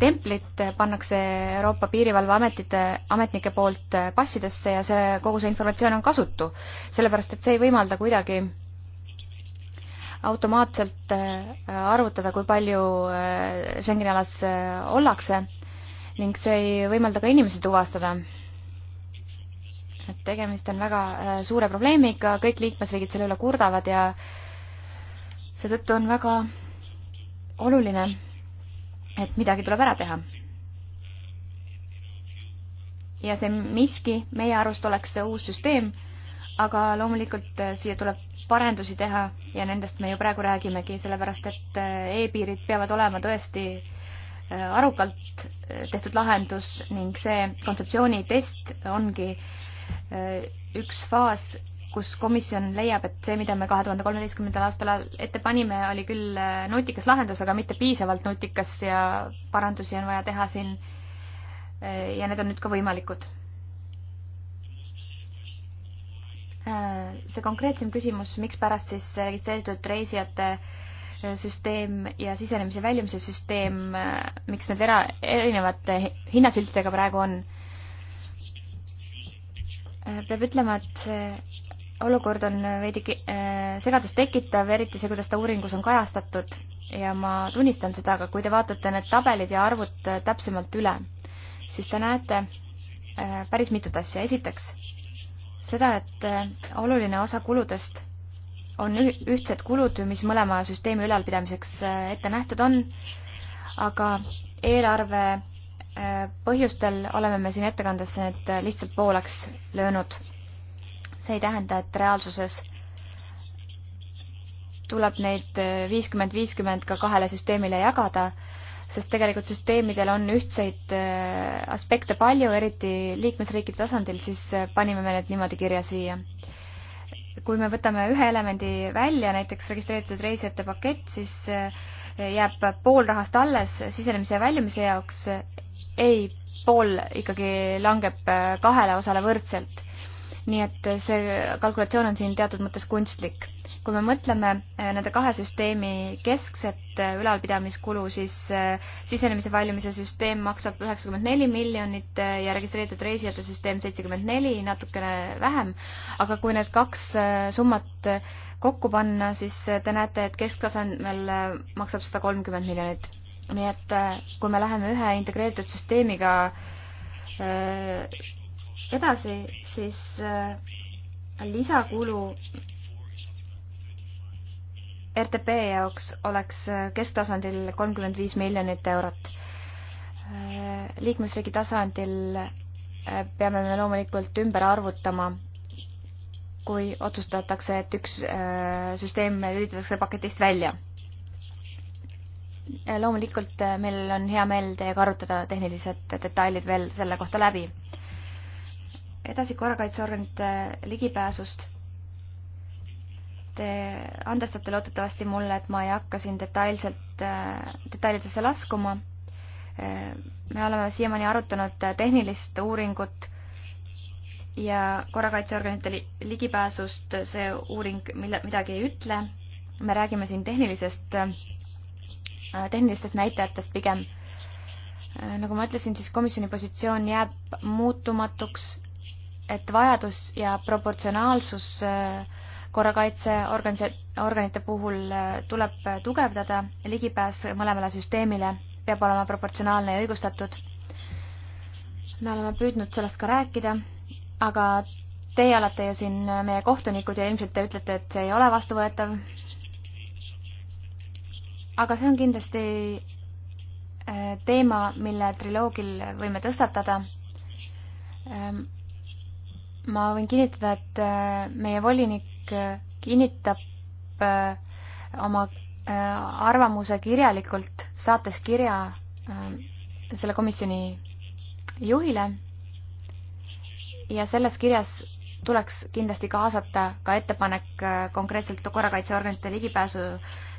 templit pannakse Euroopa piirivalveametite, ametnike poolt passidesse ja see, kogu see informatsioon on kasutu. sellepärast, et see ei võimalda kuidagi automaatselt äh, arvutada, kui palju äh, Schengeni alas äh, ollakse ning see ei võimalda ka inimesi tuvastada. et tegemist on väga suure probleemiga, kõik liikmesriigid selle üle kurdavad ja seetõttu on väga oluline, et midagi tuleb ära teha. ja see miski meie arust oleks see uus süsteem aga loomulikult äh, siia tuleb parendusi teha ja nendest me ju praegu räägimegi, sellepärast et äh, e-piirid peavad olema tõesti äh, arukalt tehtud lahendus ning see kontseptsiooni test ongi üks faas, kus komisjon leiab, et see, mida me kahe tuhande kolmeteistkümnendal aastal ette panime, oli küll nutikas lahendus, aga mitte piisavalt nutikas ja parandusi on vaja teha siin. ja need on nüüd ka võimalikud Äh, see konkreetsem küsimus, mikspärast siis registreeritud reisijate äh, süsteem ja sisenemise-väljumise süsteem, äh, miks need era, erinevate hinnasiltidega praegu on? peab ütlema, et olukord on veidi segadust tekitav, eriti see, kuidas ta uuringus on kajastatud ja ma tunnistan seda, aga kui te vaatate need tabelid ja arvud täpsemalt üle, siis te näete päris mitut asja. esiteks seda, et äh, oluline osa kuludest on ühtsed kulud, mis mõlema süsteemi ülalpidamiseks äh, ette nähtud on, aga eelarve äh, põhjustel oleme me siin ettekandes need lihtsalt pooleks löönud. see ei tähenda, et reaalsuses tuleb neid viiskümmend, viiskümmend ka kahele süsteemile jagada sest tegelikult süsteemidel on ühtseid äh, aspekte palju, eriti liikmesriikide tasandil, siis äh, panime me need niimoodi kirja siia. kui me võtame ühe elemendi välja, näiteks registreeritud reisijate pakett, siis äh, jääb pool rahast alles sisenemise ja väljumise jaoks, ei, pool ikkagi langeb kahele osale võrdselt. nii et see kalkulatsioon on siin teatud mõttes kunstlik kui me mõtleme eh, nende kahe süsteemi keskset eh, ülalpidamiskulu, siis eh, sisenemise väljumise süsteem maksab üheksakümmend neli miljonit ja registreeritud reisijate süsteem seitsekümmend neli, natukene vähem. aga kui need kaks summat kokku panna, siis te näete, et kesktasemel maksab sada kolmkümmend miljonit. nii et kui me läheme ühe integreeritud süsteemiga edasi, siis lisakulu RTP jaoks oleks äh, kesktasandil kolmkümmend viis miljonit eurot. Äh, liikmesriigi tasandil äh, peame me loomulikult ümber arvutama, kui otsustatakse, et üks süsteem lülitatakse paketist välja. loomulikult meil on hea meel teiega arutada tehnilised detailid veel selle kohta läbi. edasi korrakaitseorganite ligipääsust Te andestate loodetavasti mulle, et ma ei hakka siin detailselt, äh, detailidesse laskuma. Äh, me oleme siiamaani arutanud äh, tehnilist uuringut ja korrakaitseorganite ligipääsust see uuring mille, midagi ei ütle. me räägime siin tehnilisest, tehnilistest näitajatest pigem. nagu ma ütlesin, siis komisjoni positsioon jääb muutumatuks, et vajadus ja proportsionaalsus äh, korrakaitseorganite puhul äh, tuleb tugevdada, ligipääs mõlemale süsteemile peab olema proportsionaalne ja õigustatud. me oleme püüdnud sellest ka rääkida, aga teie olete ju siin meie kohtunikud ja ilmselt te ütlete, et see ei ole vastuvõetav. aga see on kindlasti äh, teema, mille triloogil võime tõstatada. Ähm, ma võin kinnitada, et äh, meie volinik Äh, kinnitab äh, oma äh, arvamuse kirjalikult, saates kirja selle komisjoni juhile. ja selles kirjas tuleks kindlasti kaasata ka ettepanek konkreetselt korrakaitseorganite ligipääsu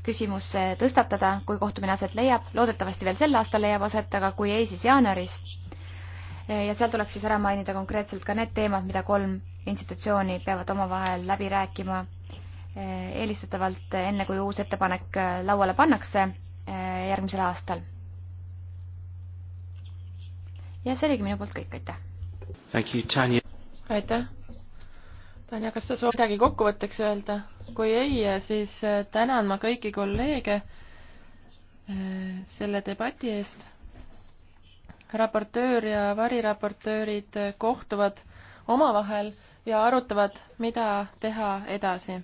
küsimus tõstatada, kui kohtumine aset leiab, loodetavasti veel sel aastal leiab aset, aga kui ei, siis jaanuaris ja seal tuleks siis ära mainida konkreetselt ka need teemad, mida kolm institutsiooni peavad omavahel läbi rääkima eelistatavalt, enne kui uus ettepanek lauale pannakse järgmisel aastal. ja see oligi minu poolt kõik, aitäh! aitäh! Tanja, kas sa soovid midagi kokkuvõtteks öelda? kui ei, siis tänan ma kõiki kolleege eh, selle debati eest raportöör ja variraportöörid kohtuvad omavahel ja arutavad, mida teha edasi.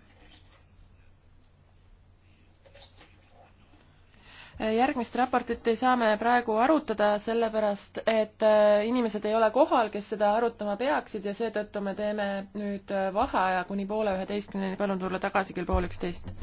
järgmist raportit ei saa me praegu arutada, sellepärast et äh, inimesed ei ole kohal, kes seda arutama peaksid ja seetõttu me teeme nüüd äh, vaheaja kuni poole üheteistkümneni, palun tulla tagasi kell pool üksteist.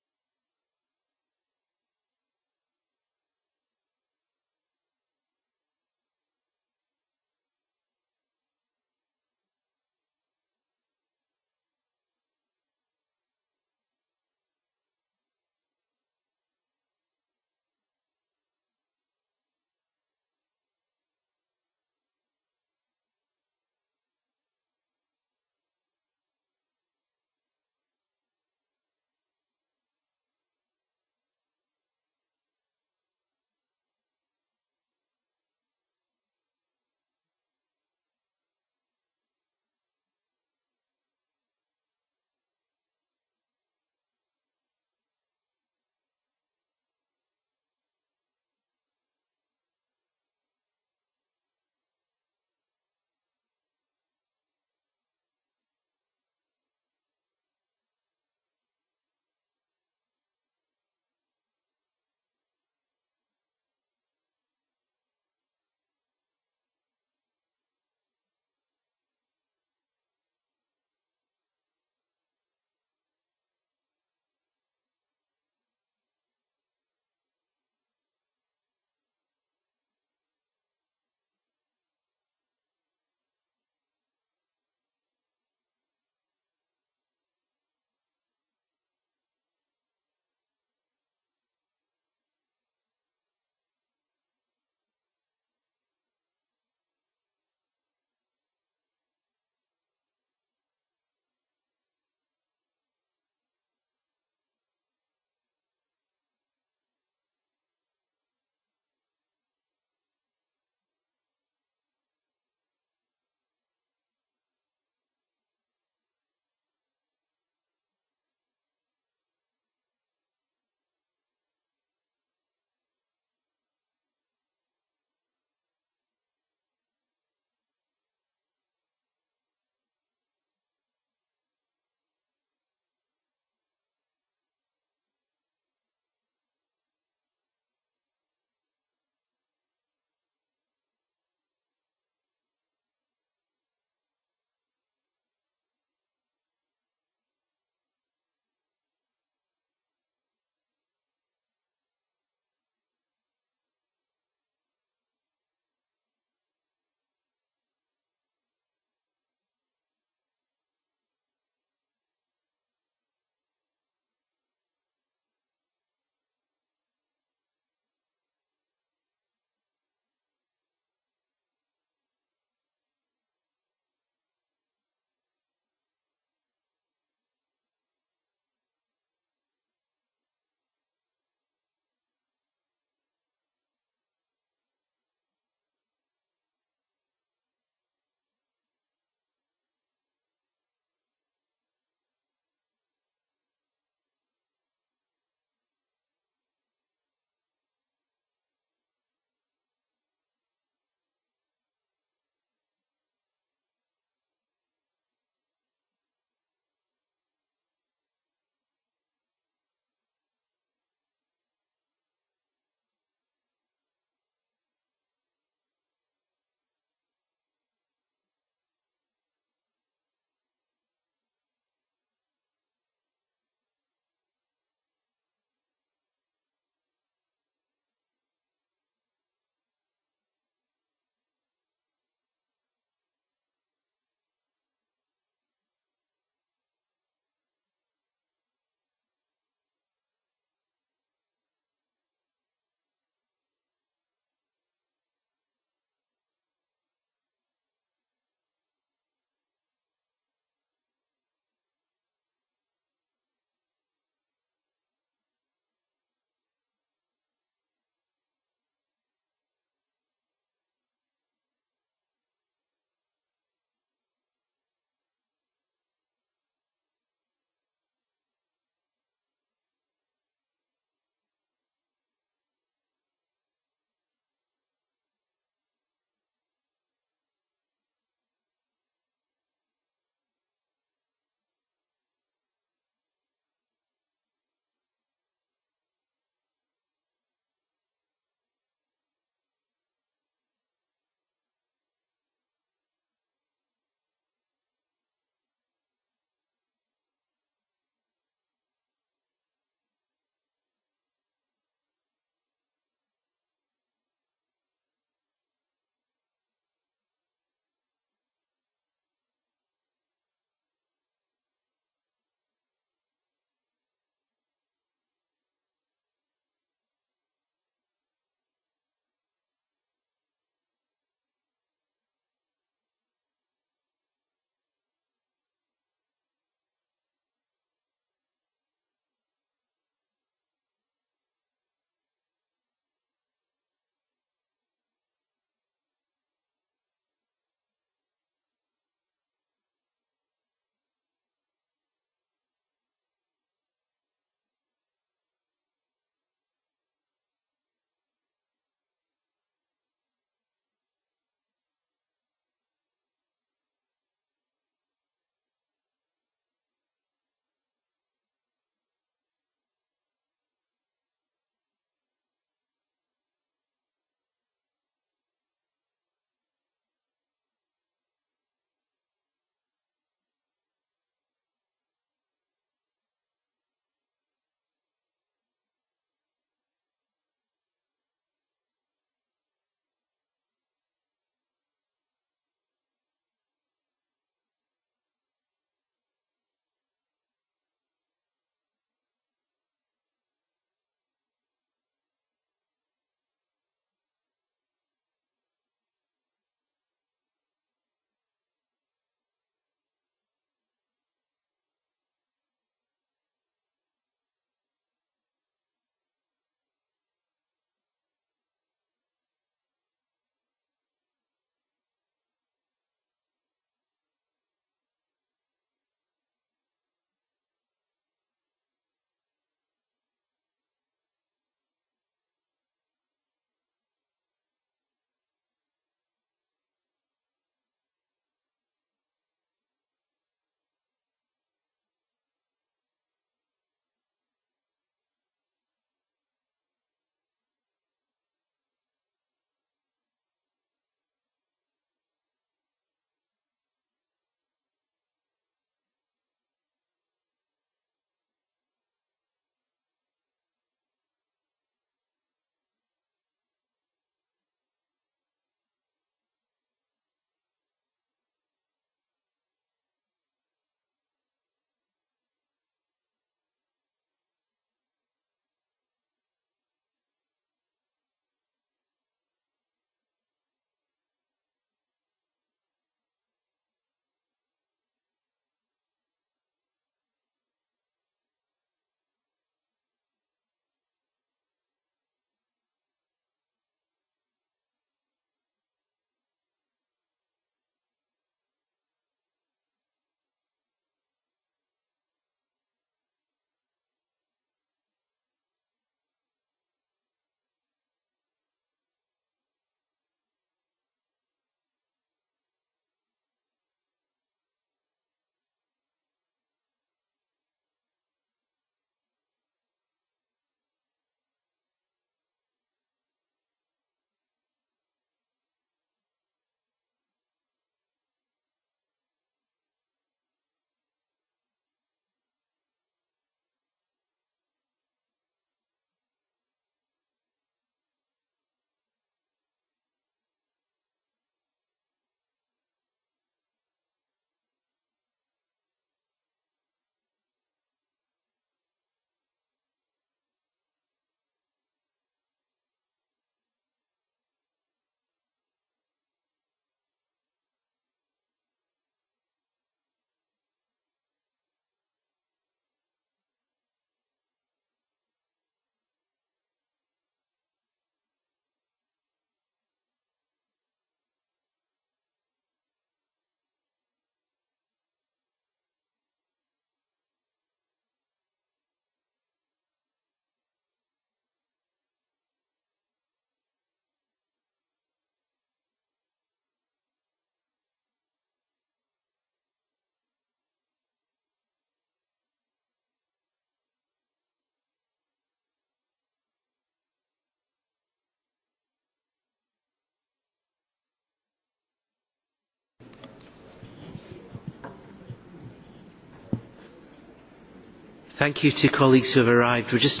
Just...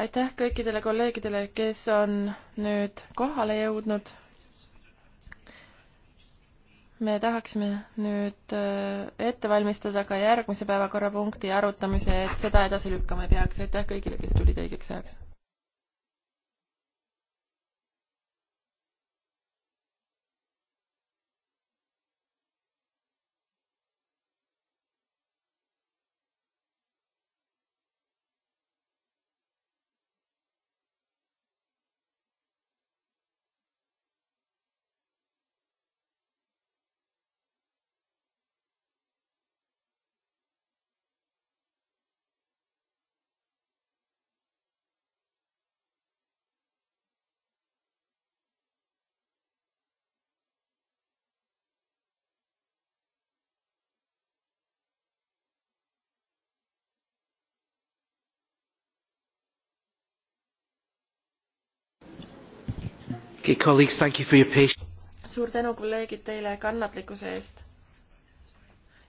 aitäh kõikidele kolleegidele, kes on nüüd kohale jõudnud. me tahaksime nüüd äh, ette valmistada ka järgmise päevakorrapunkti arutamise, et seda edasi lükkama ei peaks. aitäh kõigile, kes tulid õigeks ajaks. suur tänu, kolleegid, teile kannatlikkuse eest.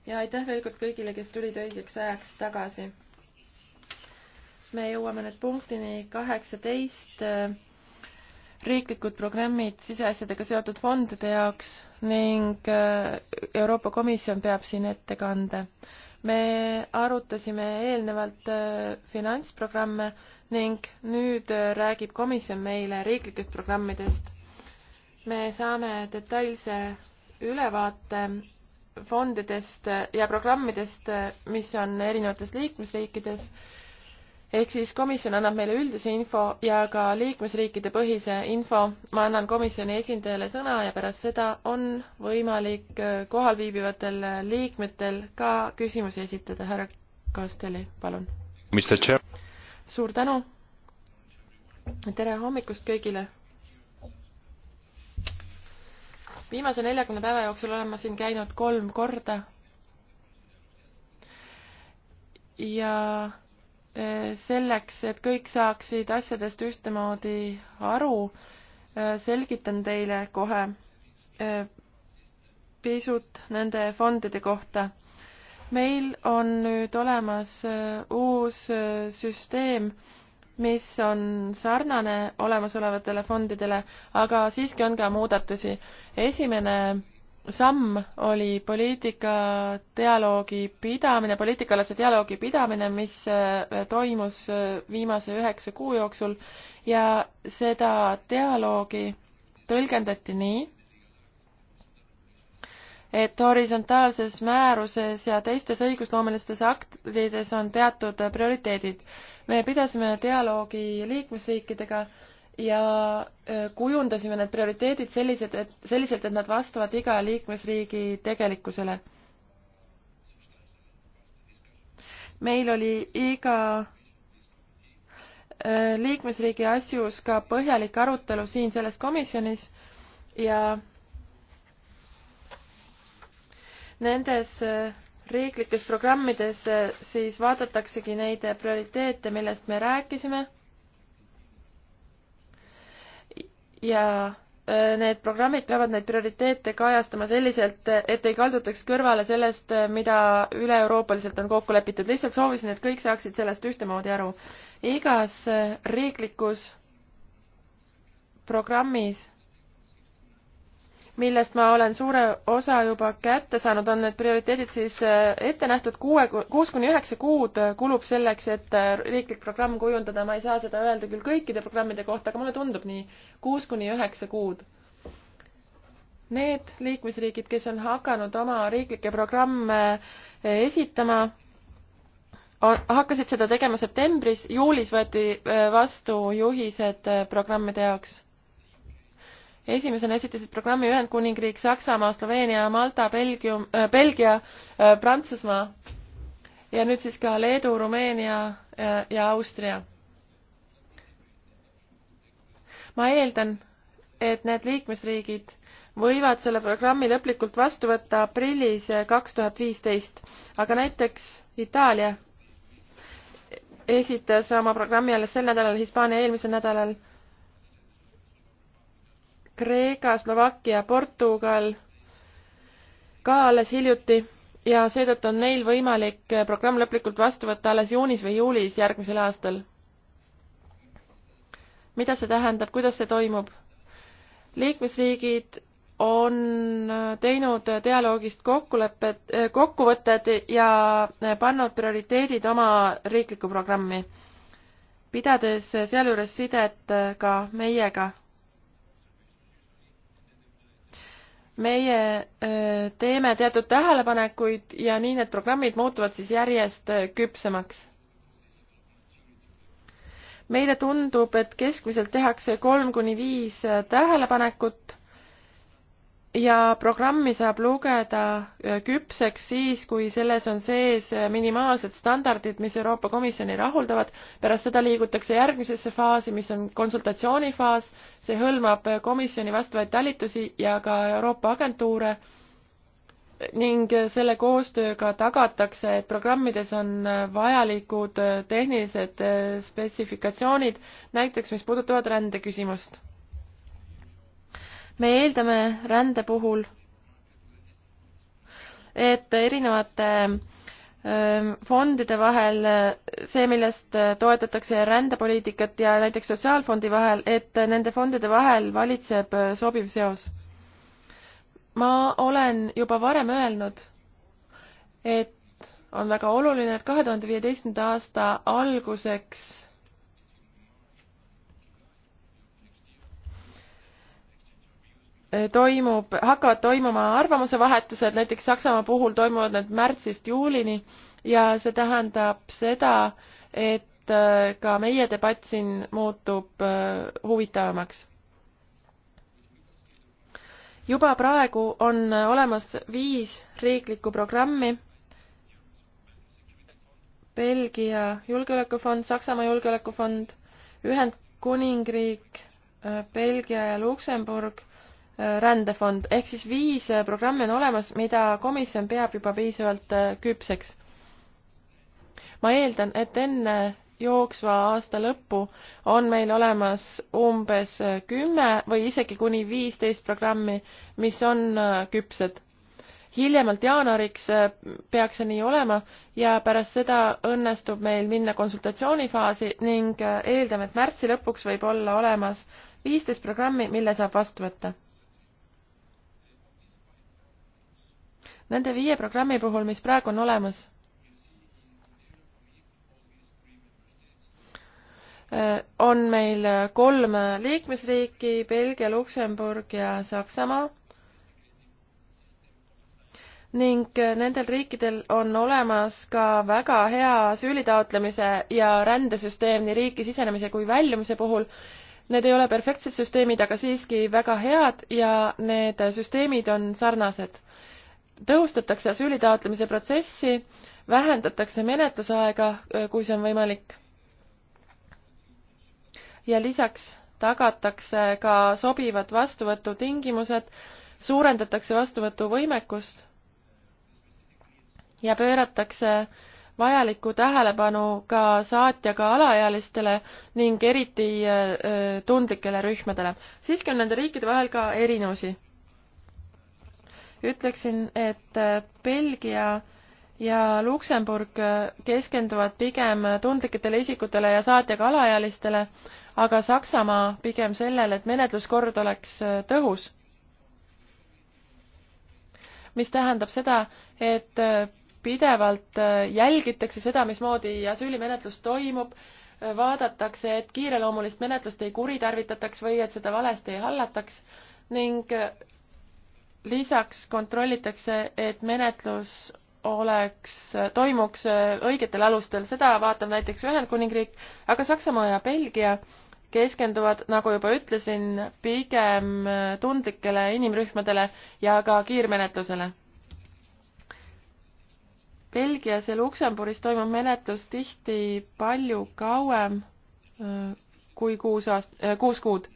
ja aitäh veel kord kõigile, kes tulid õigeks ajaks tagasi. me jõuame nüüd punktini kaheksateist eh, riiklikud programmid siseasjadega seotud fondide jaoks ning eh, Euroopa Komisjon peab siin ettekande. me arutasime eelnevalt eh, finantsprogramme ning nüüd äh, räägib komisjon meile riiklikest programmidest. me saame detailse ülevaate fondidest äh, ja programmidest, äh, mis on erinevates liikmesriikides. ehk siis komisjon annab meile üldise info ja ka liikmesriikide põhise info. ma annan komisjoni esindajale sõna ja pärast seda on võimalik kohalviibivatel liikmetel ka küsimusi esitada. härra Kasteli, palun. Mr Chair suur tänu. tere hommikust kõigile. viimase neljakümne päeva jooksul olen ma siin käinud kolm korda. ja e, selleks, et kõik saaksid asjadest ühtemoodi aru, e, selgitan teile kohe e, pisut nende fondide kohta meil on nüüd olemas äh, uus äh, süsteem, mis on sarnane olemasolevatele fondidele, aga siiski on ka muudatusi. esimene samm oli poliitikadialoogi pidamine, poliitikaalase dialoogi pidamine, mis äh, toimus viimase üheksa kuu jooksul ja seda dialoogi tõlgendati nii, et horisontaalses määruses ja teistes õigusloomelistes aktides on teatud prioriteedid. me pidasime dialoogi liikmesriikidega ja äh, kujundasime need prioriteedid sellised, et selliselt, et nad vastavad iga liikmesriigi tegelikkusele. meil oli iga äh, liikmesriigi asjus ka põhjalik arutelu siin selles komisjonis ja nendes äh, riiklikes programmides äh, siis vaadataksegi neid äh, prioriteete, millest me rääkisime. ja need programmid peavad neid prioriteete kajastama selliselt, et ei kaldutaks kõrvale sellest, mida üle-euroopaliselt on kokku lepitud. lihtsalt soovisin, et kõik saaksid sellest ühtemoodi aru. igas riiklikus programmis millest ma olen suure osa juba kätte saanud, on need prioriteedid siis äh, ette nähtud kuue, kuus kuni üheksa kuud äh, kulub selleks, et äh, riiklik programm kujundada, ma ei saa seda öelda küll kõikide programmide kohta, aga mulle tundub nii, kuus kuni üheksa kuud. Need liikmesriigid, kes on hakanud oma riiklikke programme esitama, hakkasid seda tegema septembris, juulis võeti vastu juhised programmide jaoks esimesena esitasid programmi Ühendkuningriik, Saksamaa, Sloveenia, Malta, Belgium äh,, Belgia äh,, Prantsusmaa ja nüüd siis ka Leedu, Rumeenia äh, ja Austria. ma eeldan, et need liikmesriigid võivad selle programmi lõplikult vastu võtta aprillis äh, kaks tuhat viisteist, aga näiteks Itaalia esitas oma programmi alles sel nädalal, Hispaania eelmisel nädalal Kreeka, Slovakkia, Portugal ka alles hiljuti ja seetõttu on neil võimalik programm lõplikult vastu võtta alles juunis või juulis järgmisel aastal. mida see tähendab, kuidas see toimub? liikmesriigid on teinud dialoogist kokkulepped, kokkuvõtted ja pannud prioriteedid oma riiklikku programmi, pidades sealjuures sidet ka meiega meie teeme teatud tähelepanekuid ja nii need programmid muutuvad siis järjest küpsemaks. meile tundub, et keskmiselt tehakse kolm kuni viis tähelepanekut ja programmi saab lugeda äh, küpseks siis, kui selles on sees äh, minimaalsed standardid, mis Euroopa Komisjoni rahuldavad. pärast seda liigutakse järgmisesse faasi, mis on konsultatsioonifaas. see hõlmab äh, komisjoni vastavaid talitusi ja ka Euroopa agentuure ning selle koostööga tagatakse, et programmides on vajalikud tehnilised spetsifikatsioonid, näiteks mis puudutavad rändeküsimust me eeldame rände puhul, et erinevate ähm, fondide vahel, äh, see, millest äh, toetatakse rändepoliitikat ja näiteks sotsiaalfondi vahel, et äh, nende fondide vahel valitseb sobiv seos. ma olen juba varem öelnud, et on väga oluline, et kahe tuhande viieteistkümnenda aasta alguseks toimub, hakkavad toimuma arvamusevahetused, näiteks Saksamaa puhul toimuvad need märtsist juulini ja see tähendab seda, et äh, ka meie debatt siin muutub äh, huvitavamaks. juba praegu on äh, olemas viis riiklikku programmi Belgia julgeolekufond, Saksamaa julgeolekufond, Ühendkuningriik, Belgia ja Luksemburg rändefond, ehk siis viis äh, programmi on olemas, mida komisjon peab juba piisavalt äh, küpseks. ma eeldan, et enne jooksva aasta lõppu on meil olemas umbes äh, kümme või isegi kuni viisteist programmi, mis on küpsed. hiljemalt jaanuariks peaks see nii olema ja pärast seda õnnestub meil minna konsultatsioonifaasi ning eeldame, et märtsi lõpuks võib olla olemas viisteist programmi, mille saab vastu võtta Nende viie programmi puhul, mis praegu on olemas, äh, on meil kolm liikmesriiki, Belgia, Luksemburg ja Saksamaa. ning äh, nendel riikidel on olemas ka väga hea süülitaotlemise ja rändesüsteem nii riiki sisenemise kui väljumise puhul. Need ei ole perfektsed süsteemid, aga siiski väga head ja need süsteemid on sarnased tõhustatakse asüüli taotlemise protsessi, vähendatakse menetlusaega, kui see on võimalik. ja lisaks tagatakse ka sobivad vastuvõtutingimused, suurendatakse vastuvõtuvõimekust ja pööratakse vajalikku tähelepanu ka saatjaga alaealistele ning eriti äh, tundlikele rühmadele. siiski on nende riikide vahel ka erinevusi ütleksin, et äh, Belgia ja Luksemburg äh, keskenduvad pigem äh, tundlikele isikutele ja saatjaga alaealistele, aga Saksamaa pigem sellele, et menetluskord oleks tõhus. mis tähendab seda, et pidevalt jälgitakse seda, mismoodi asüülimenetlus toimub, vaadatakse, et kiireloomulist menetlust ei kuritarvitataks või et seda valesti ei hallataks ning lisaks kontrollitakse, et menetlus oleks, toimuks õigetel alustel, seda vaatab näiteks Ühendkuningriik, aga Saksamaa ja Belgia keskenduvad, nagu juba ütlesin, pigem tundlikele inimrühmadele ja ka kiirmenetlusele. Belgias ja Luksemburgis toimub menetlus tihti palju kauem äh, kui kuus aast-, äh, kuus kuud.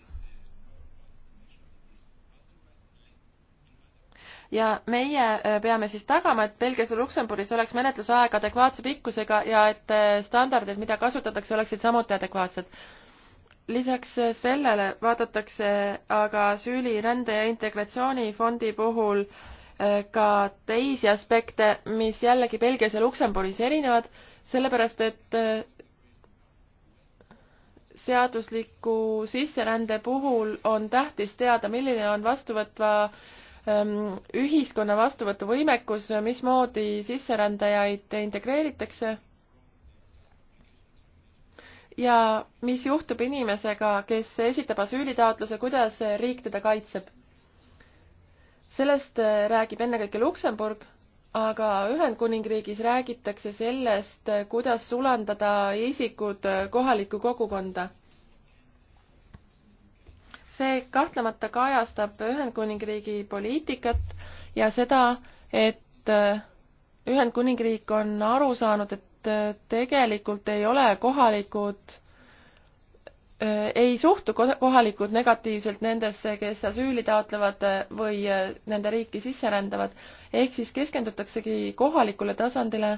ja meie äh, peame siis tagama, et Belgias ja Luksemburgis oleks menetlusaeg adekvaatse pikkusega ja et äh, standardid, mida kasutatakse, oleksid samuti adekvaatsed. lisaks äh, sellele vaadatakse aga süüli rände ja integratsioonifondi puhul ka teisi aspekte, mis jällegi Belgias ja Luksemburgis erinevad, sellepärast et seadusliku sisserände puhul on tähtis teada, milline on vastuvõtva Ehm, ühiskonna vastuvõtuvõimekus, mismoodi sisserändajaid integreeritakse ja mis juhtub inimesega, kes esitab asüülitaotluse, kuidas riik teda kaitseb. sellest äh, räägib ennekõike Luksemburg, aga Ühendkuningriigis räägitakse sellest, äh, kuidas sulandada isikud äh, kohalikku kogukonda see kahtlemata kajastab Ühendkuningriigi poliitikat ja seda, et äh, Ühendkuningriik on aru saanud, et äh, tegelikult ei ole kohalikud äh, ei suhtu kohalikud negatiivselt nendesse, kes asüüli taotlevad või nende riiki sisse rändavad. ehk siis keskendutaksegi kohalikule tasandile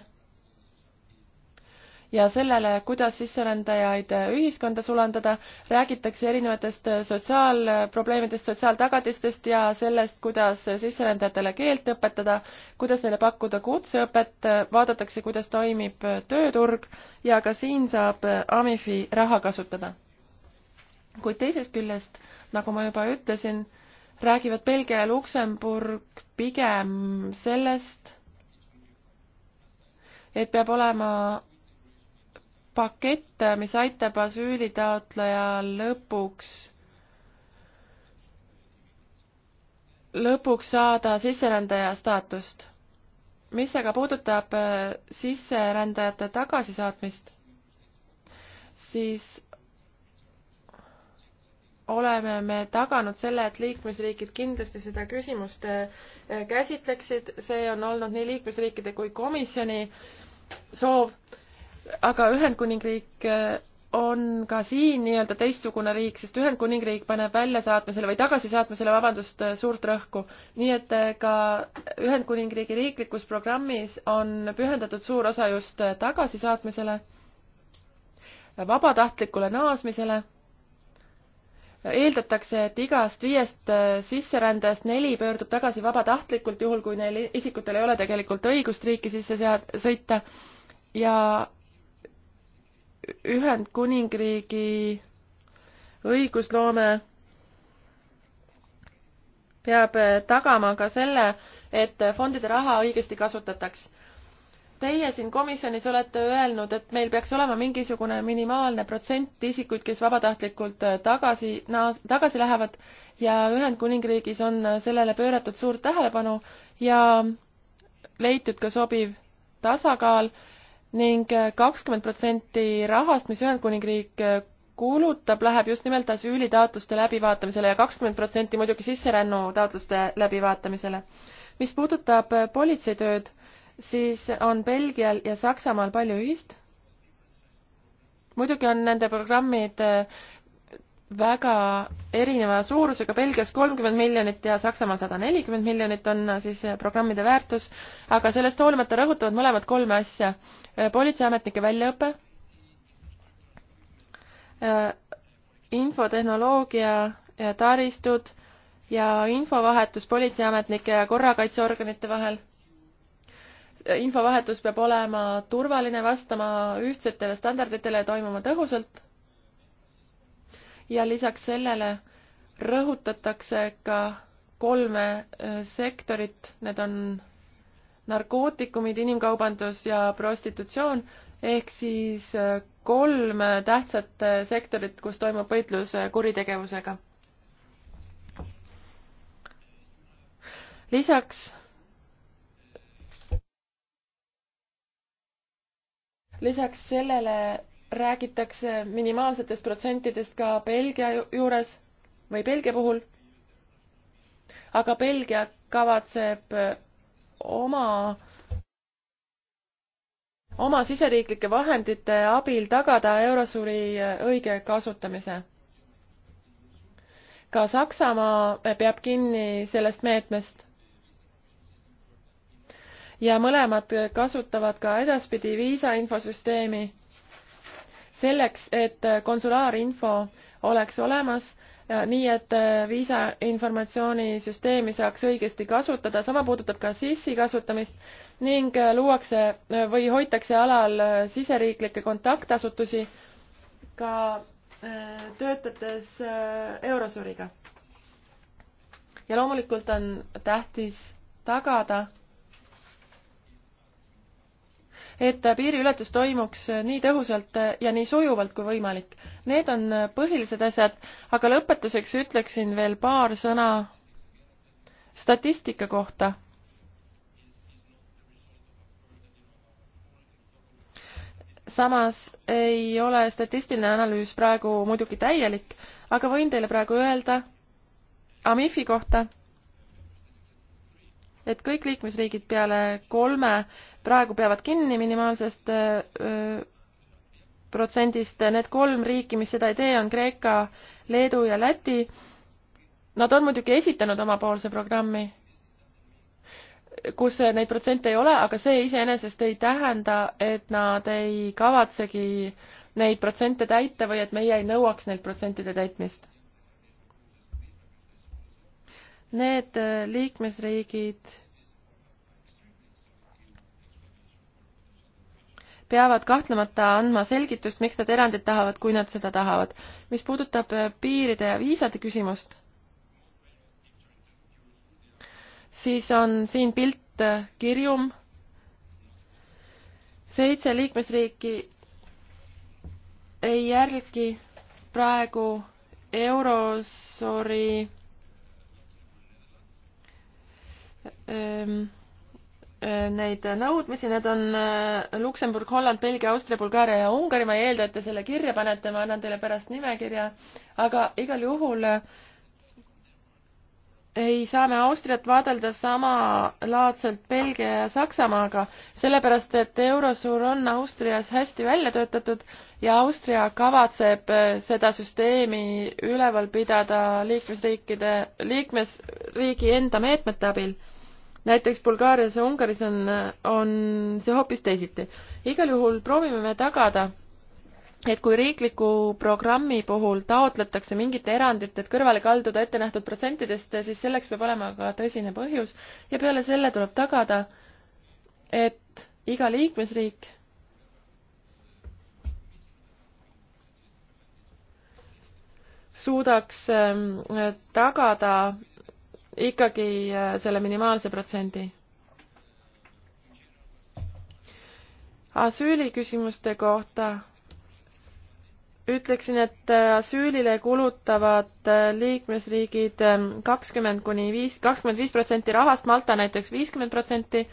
ja sellele, kuidas sisserändajaid ühiskonda sulandada, räägitakse erinevatest sotsiaalprobleemidest, sotsiaaltagatistest ja sellest, kuidas sisserändajatele keelt õpetada, kuidas neile pakkuda kutseõpet, vaadatakse, kuidas toimib tööturg ja ka siin saab Amifi raha kasutada. kuid teisest küljest, nagu ma juba ütlesin, räägivad Belgia ja Luksemburg pigem sellest, et peab olema pakett, mis aitab asüülitaotlejal lõpuks lõpuks saada sisserändaja staatust. mis aga puudutab äh, sisserändajate tagasisaatmist, siis oleme me taganud selle, et liikmesriigid kindlasti seda küsimust äh, käsitleksid, see on olnud nii liikmesriikide kui komisjoni soov aga Ühendkuningriik eh, on ka siin nii-öelda teistsugune riik, sest Ühendkuningriik paneb väljasaatmisele või tagasisaatmisele, vabandust, eh, suurt rõhku. nii et eh, ka Ühendkuningriigi riiklikus programmis on pühendatud suur osa just tagasisaatmisele, vabatahtlikule naasmisele. eeldatakse, et igast viiest sisserändajast neli pöördub tagasi vabatahtlikult, juhul kui neil isikutel ei ole tegelikult õigust riiki sisse sead-, sõita ja Ühendkuningriigi õigusloome peab tagama ka selle, et fondide raha õigesti kasutataks. Teie siin komisjonis olete öelnud, et meil peaks olema mingisugune minimaalne protsent isikuid, kes vabatahtlikult tagasi, tagasi lähevad ja Ühendkuningriigis on sellele pööratud suurt tähelepanu ja leitud ka sobiv tasakaal ning äh, kakskümmend protsenti rahast, mis Ühendkuningriik äh, kulutab, läheb just nimelt asüülitaotluste läbivaatamisele ja kakskümmend protsenti muidugi sisserännutaotluste läbivaatamisele. mis puudutab äh, politseitööd, siis on Belgial ja Saksamaal palju ühist. muidugi on nende programmid väga erineva suurusega, Belgias kolmkümmend miljonit ja Saksamaal sada nelikümmend miljonit on äh, siis äh, programmide väärtus, aga sellest hoolimata rõhutavad mõlemad kolme asja. Äh, politseiametnike väljaõpe, infotehnoloogia ja taristud ja infovahetus politseiametnike ja korrakaitseorganite vahel. infovahetus peab olema turvaline, vastama ühtsetele standarditele ja toimuma tõhusalt ja lisaks sellele rõhutatakse ka kolme äh, sektorit, need on narkootikumid, inimkaubandus ja prostitutsioon, ehk siis äh, kolm tähtsat äh, sektorit, kus toimub võitlus kuritegevusega. lisaks lisaks sellele räägitakse minimaalsetest protsentidest ka Belgia juures või Belgia puhul. aga Belgia kavatseb äh, oma, oma siseriiklike vahendite abil tagada Eurosuri äh, õige kasutamise. ka Saksamaa äh, peab kinni sellest meetmest ja mõlemad kasutavad ka edaspidi viisa infosüsteemi selleks, et äh, konsulaarinfo oleks olemas, äh, nii et äh, viisa informatsioonisüsteemi saaks õigesti kasutada, sama puudutab ka SIS-i kasutamist ning luuakse või hoitakse alal siseriiklikke kontaktasutusi ka töötades Eurosuriga. ja loomulikult on tähtis tagada et piiriületus toimuks nii tõhusalt ja nii sujuvalt kui võimalik. Need on põhilised asjad, aga lõpetuseks ütleksin veel paar sõna statistika kohta. samas ei ole statistiline analüüs praegu muidugi täielik, aga võin teile praegu öelda AMIF-i kohta et kõik liikmesriigid peale kolme praegu peavad kinni minimaalsest protsendist, need kolm riiki, mis seda ei tee, on Kreeka, Leedu ja Läti. Nad on muidugi esitanud omapoolse programmi, kus neid protsente ei ole, aga see iseenesest ei tähenda, et nad ei kavatsegi neid protsente täita või et meie ei nõuaks neilt protsentide täitmist Need äh, liikmesriigid peavad kahtlemata andma selgitust, miks nad erandit tahavad, kui nad seda tahavad. mis puudutab äh, piiride ja viisade küsimust, siis on siin pilt äh, kirjum. seitse liikmesriiki ei järgi praegu Eurosori Ehm, eh, neid nõudmisi, need on eh, Luksemburg, Holland, Belgia, Austria, Bulgaaria ja Ungari, ma ei eelda, et te selle kirja panete, ma annan teile pärast nimekirja, aga igal juhul eh, ei saa me Austriat vaadelda samalaadselt Belgia ja Saksamaaga, sellepärast et Eurosur on Austrias hästi välja töötatud ja Austria kavatseb seda süsteemi üleval pidada liikmesriikide, liikmesriigi enda meetmete abil näiteks Bulgaarias ja Ungaris on, on see hoopis teisiti. igal juhul proovime me tagada, et kui riikliku programmi puhul taotletakse mingit erandit, et kõrvale kalduda ettenähtud protsentidest, siis selleks peab olema ka tõsine põhjus ja peale selle tuleb tagada, et iga liikmesriik suudaks ähm, tagada ikkagi äh, selle minimaalse protsendi. asüüliküsimuste kohta ütleksin, et äh, asüülile kulutavad äh, liikmesriigid ähm, kakskümmend kuni viis, kakskümmend viis protsenti rahast, Malta näiteks viiskümmend protsenti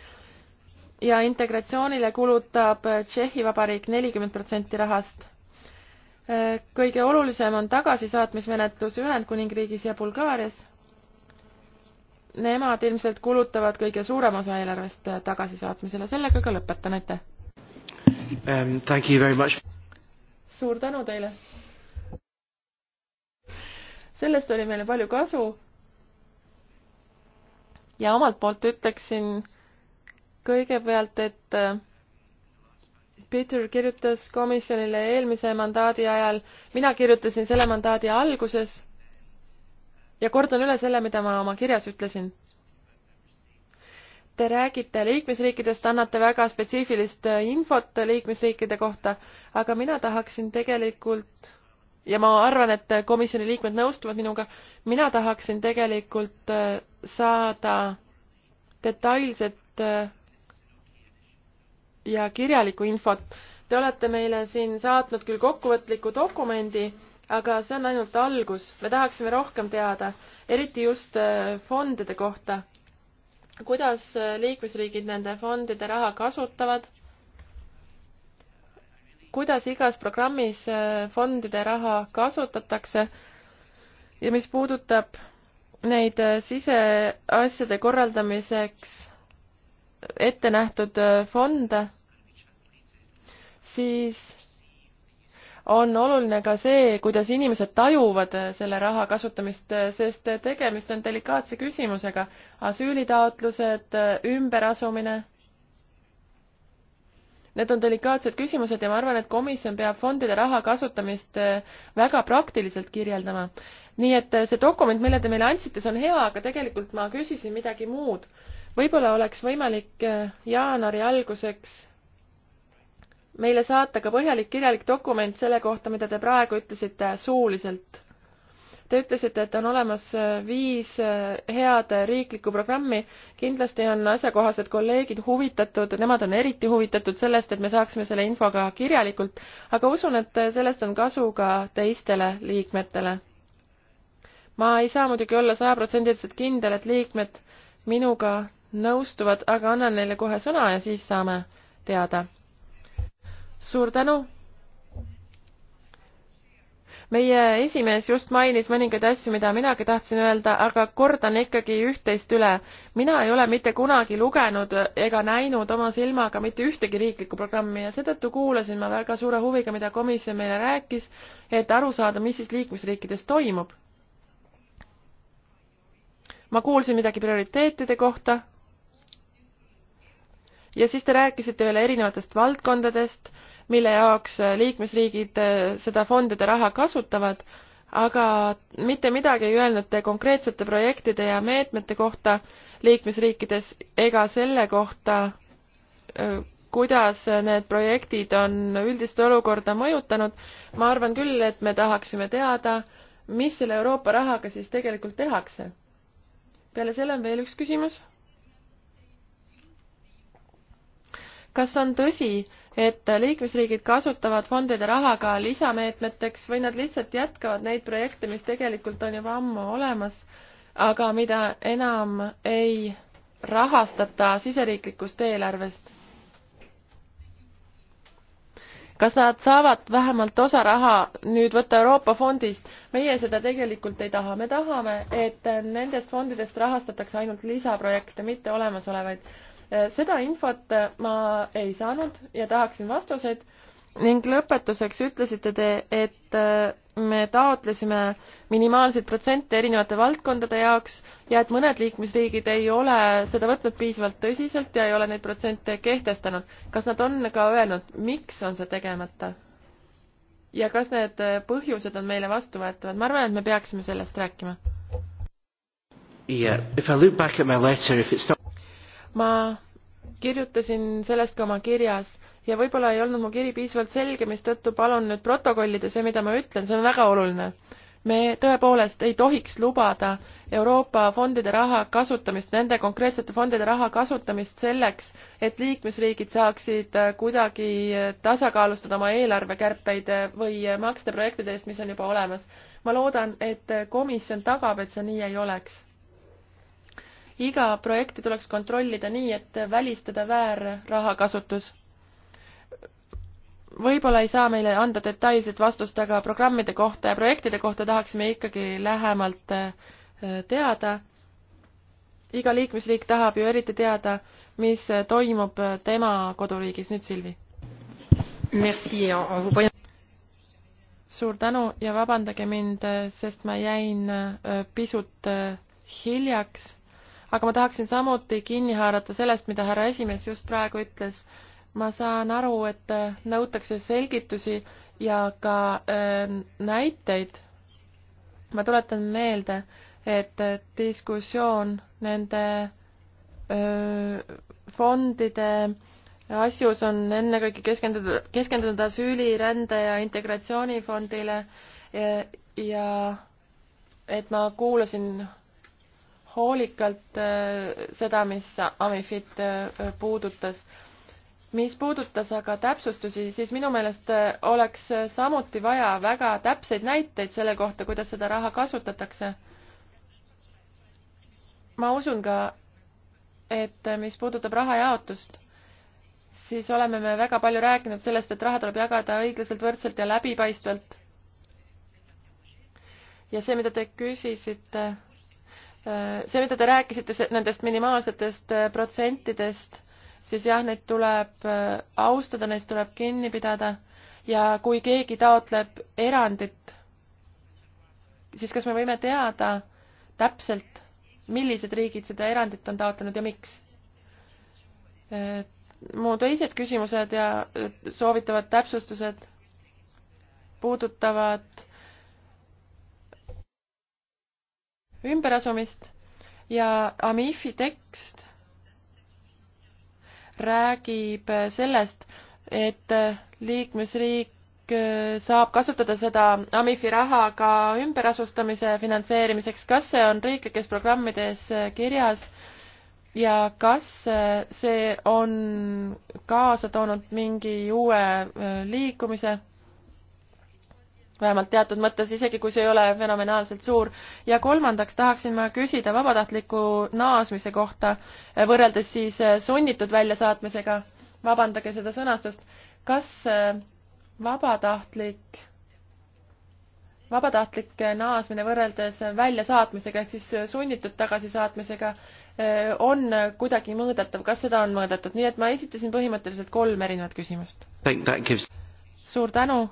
ja integratsioonile kulutab Tšehhi Vabariik nelikümmend protsenti rahast. kõige olulisem on tagasisaatmismenetlus Ühendkuningriigis ja Bulgaarias nemad ilmselt kulutavad kõige suurema osa eelarvest tagasisaatmisele, sellega ka lõpetan, aitäh um,! Thank you very much! suur tänu teile! sellest oli meile palju kasu ja omalt poolt ütleksin kõigepealt, et äh, Peter kirjutas komisjonile eelmise mandaadi ajal, mina kirjutasin selle mandaadi alguses ja kordan üle selle, mida ma oma kirjas ütlesin. Te räägite liikmesriikidest, annate väga spetsiifilist äh, infot liikmesriikide kohta, aga mina tahaksin tegelikult ja ma arvan, et äh, komisjoni liikmed nõustuvad minuga, mina tahaksin tegelikult äh, saada detailset ja kirjalikku infot. Te olete meile siin saatnud küll kokkuvõtliku dokumendi, aga see on ainult algus, me tahaksime rohkem teada, eriti just äh, fondide kohta. kuidas äh, liikmesriigid nende fondide raha kasutavad? kuidas igas programmis äh, fondide raha kasutatakse? ja mis puudutab neid siseasjade korraldamiseks ette nähtud fonde, siis on oluline ka see, kuidas inimesed tajuvad äh, selle raha kasutamist, äh, sest äh, tegemist on delikaatse küsimusega. asüülitaotlused, ümberasumine. Need on delikaatsed küsimused ja ma arvan, et komisjon peab fondide raha kasutamist väga praktiliselt kirjeldama. nii et see dokument, mille te meile andsite, see on hea, aga tegelikult ma küsisin midagi muud. võib-olla oleks võimalik jaanuari alguseks meile saata ka põhjalik kirjalik dokument selle kohta, mida te praegu ütlesite suuliselt. Te ütlesite, et on olemas äh, viis äh, head äh, riiklikku programmi. kindlasti on asjakohased kolleegid huvitatud, nemad on eriti huvitatud sellest, et me saaksime selle info ka kirjalikult, aga usun, et sellest on kasu ka teistele liikmetele. ma ei saa muidugi olla sajaprotsendiliselt kindel, et liikmed minuga nõustuvad, aga annan neile kohe sõna ja siis saame teada suur tänu. meie esimees just mainis mõningaid asju, mida minagi tahtsin öelda, aga kordan ikkagi üht-teist üle. mina ei ole mitte kunagi lugenud ega näinud oma silmaga mitte ühtegi riiklikku programmi ja seetõttu kuulasin ma väga suure huviga, mida komisjon meile rääkis, et aru saada, mis siis liikmesriikides toimub. ma kuulsin midagi prioriteetide kohta, ja siis te rääkisite veel erinevatest valdkondadest mille jaoks liikmesriigid äh, seda fondide raha kasutavad, aga mitte midagi ei öelnud te konkreetsete projektide ja meetmete kohta liikmesriikides ega selle kohta, äh, kuidas need projektid on üldist olukorda mõjutanud. ma arvan küll, et me tahaksime teada, mis selle Euroopa rahaga siis tegelikult tehakse. peale selle on veel üks küsimus. kas on tõsi, et liikmesriigid kasutavad fondide raha ka lisameetmeteks või nad lihtsalt jätkavad neid projekte, mis tegelikult on juba ammu olemas, aga mida enam ei rahastata siseriiklikust eelarvest. kas nad saavad vähemalt osa raha nüüd võtta Euroopa fondist? meie seda tegelikult ei taha, me tahame, et nendest fondidest rahastatakse ainult lisaprojekte, mitte olemasolevaid Äh, seda infot äh, ma ei saanud ja tahaksin vastuseid ning lõpetuseks ütlesite te, et äh, me taotlesime minimaalseid protsente erinevate valdkondade jaoks ja et mõned liikmesriigid ei ole seda võtnud piisavalt tõsiselt ja ei ole neid protsente kehtestanud. kas nad on ka öelnud, miks on see tegemata? ja kas need põhjused on meile vastuvõetavad? ma arvan, et me peaksime sellest rääkima. Yeah, if I look back at my letter, if it's not ma kirjutasin sellest ka oma kirjas ja võib-olla ei olnud mu kiri piisavalt selge, mistõttu palun nüüd protokollida see, mida ma ütlen, see on väga oluline. me tõepoolest ei tohiks lubada Euroopa fondide raha kasutamist, nende konkreetsete fondide raha kasutamist selleks, et liikmesriigid saaksid äh, kuidagi äh, tasakaalustada oma eelarvekärpeid äh, või maksta projektide eest, mis on juba olemas. ma loodan, et komisjon tagab, et see nii ei oleks iga projekti tuleks kontrollida nii, et välistada väärrahakasutus. võib-olla ei saa meile anda detailset vastust, aga programmide kohta ja projektide kohta tahaksime ikkagi lähemalt äh, teada. iga liikmesriik tahab ju eriti teada, mis toimub tema koduriigis. nüüd Silvi. suur tänu ja vabandage mind, äh, sest ma jäin äh, pisut hiljaks aga ma tahaksin samuti kinni haarata sellest, mida härra esimees just praegu ütles. ma saan aru, et äh, nõutakse selgitusi ja ka äh, näiteid. ma tuletan meelde, et äh, diskussioon nende äh, fondide asjus on ennekõike keskendunud, keskendunud asüülirände ja integratsioonifondile ja, ja et ma kuulasin hoolikalt äh, seda, mis Amifit äh, puudutas. mis puudutas aga täpsustusi, siis minu meelest äh, oleks samuti vaja väga täpseid näiteid selle kohta, kuidas seda raha kasutatakse. ma usun ka, et mis puudutab rahajaotust, siis oleme me väga palju rääkinud sellest, et raha tuleb jagada õiglaselt, võrdselt ja läbipaistvalt. ja see, mida te küsisite see, mida te rääkisite nendest minimaalsetest äh, protsentidest, siis jah, neid tuleb äh, austada, neist tuleb kinni pidada ja kui keegi taotleb erandit, siis kas me võime teada täpselt, millised riigid seda erandit on taotlenud ja miks? Äh, mu teised küsimused ja soovitavad täpsustused puudutavad äh, ümberasumist ja Amifi tekst räägib sellest, et liikmesriik saab kasutada seda Amifi raha ka ümberasustamise finantseerimiseks, kas see on riiklikes programmides kirjas ja kas see on kaasa toonud mingi uue liikumise? vähemalt teatud mõttes, isegi kui see ei ole fenomenaalselt suur. ja kolmandaks tahaksin ma küsida vabatahtliku naasmise kohta eh, võrreldes siis eh, sunnitud väljasaatmisega, vabandage seda sõnastust, kas eh, vabatahtlik, vabatahtlik naasmine võrreldes väljasaatmisega ehk siis sunnitud tagasisaatmisega on kuidagi mõõdetav, kas seda on mõõdetud, nii et ma esitasin põhimõtteliselt kolm erinevat küsimust. Gives... suur tänu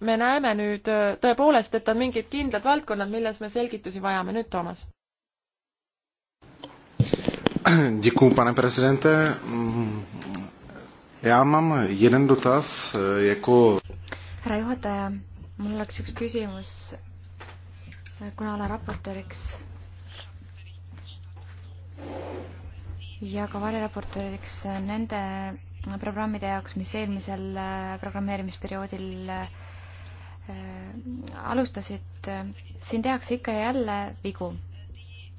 me näeme nüüd äh, tõepoolest, et on mingid kindlad valdkonnad, milles me selgitusi vajame. nüüd Toomas. Děkuji, pane prezidente. Mm, já mám jeden dotaz eh, jako... Härra juhataja, mul oleks üks küsimus, eh, kuna olen raportööriks ja ka variraportööriks eh, nende programmide jaoks, mis eelmisel programmeerimisperioodil äh, Äh, alustasid, äh, siin tehakse ikka ja jälle vigu.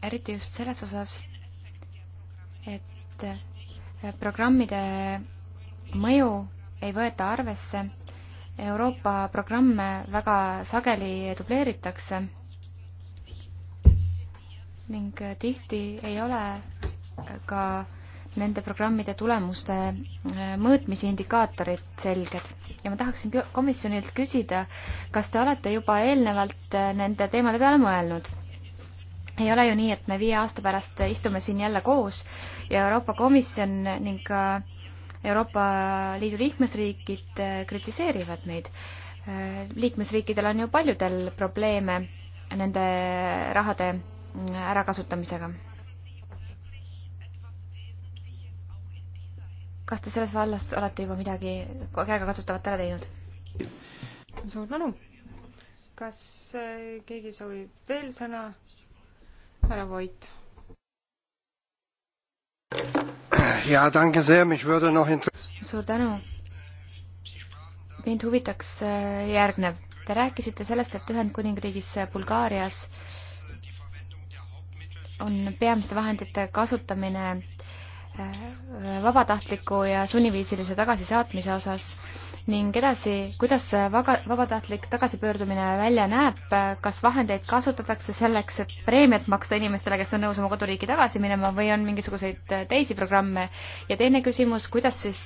eriti just selles osas, et äh, programmide mõju ei võeta arvesse. Euroopa programme väga sageli dubleeritakse ning tihti ei ole ka äh, nende programmide tulemuste äh, mõõtmise indikaatorid selged. ja ma tahaksin komisjonilt küsida, kas te olete juba eelnevalt äh, nende teemade peale mõelnud? ei ole ju nii, et me viie aasta pärast istume siin jälle koos ja Euroopa Komisjon ning ka Euroopa Liidu liikmesriigid äh, kritiseerivad meid. liikmesriikidel on ju paljudel probleeme nende rahade ärakasutamisega kas te selles vallas olete juba midagi käegakatsutavat ära teinud? suur tänu. kas äh, keegi soovib veel sõna? härra Voit. ja tänke see, mis võõrde noh. suur tänu. mind huvitaks äh, järgnev. Te rääkisite sellest, et Ühendkuningriigis äh, Bulgaarias on peamiste vahendite kasutamine vabatahtliku ja sunniviisilise tagasisaatmise osas ning edasi, kuidas vaga, vabatahtlik tagasipöördumine välja näeb, kas vahendeid kasutatakse selleks, et preemiat maksta inimestele, kes on nõus oma koduriiki tagasi minema või on mingisuguseid teisi programme? ja teine küsimus, kuidas siis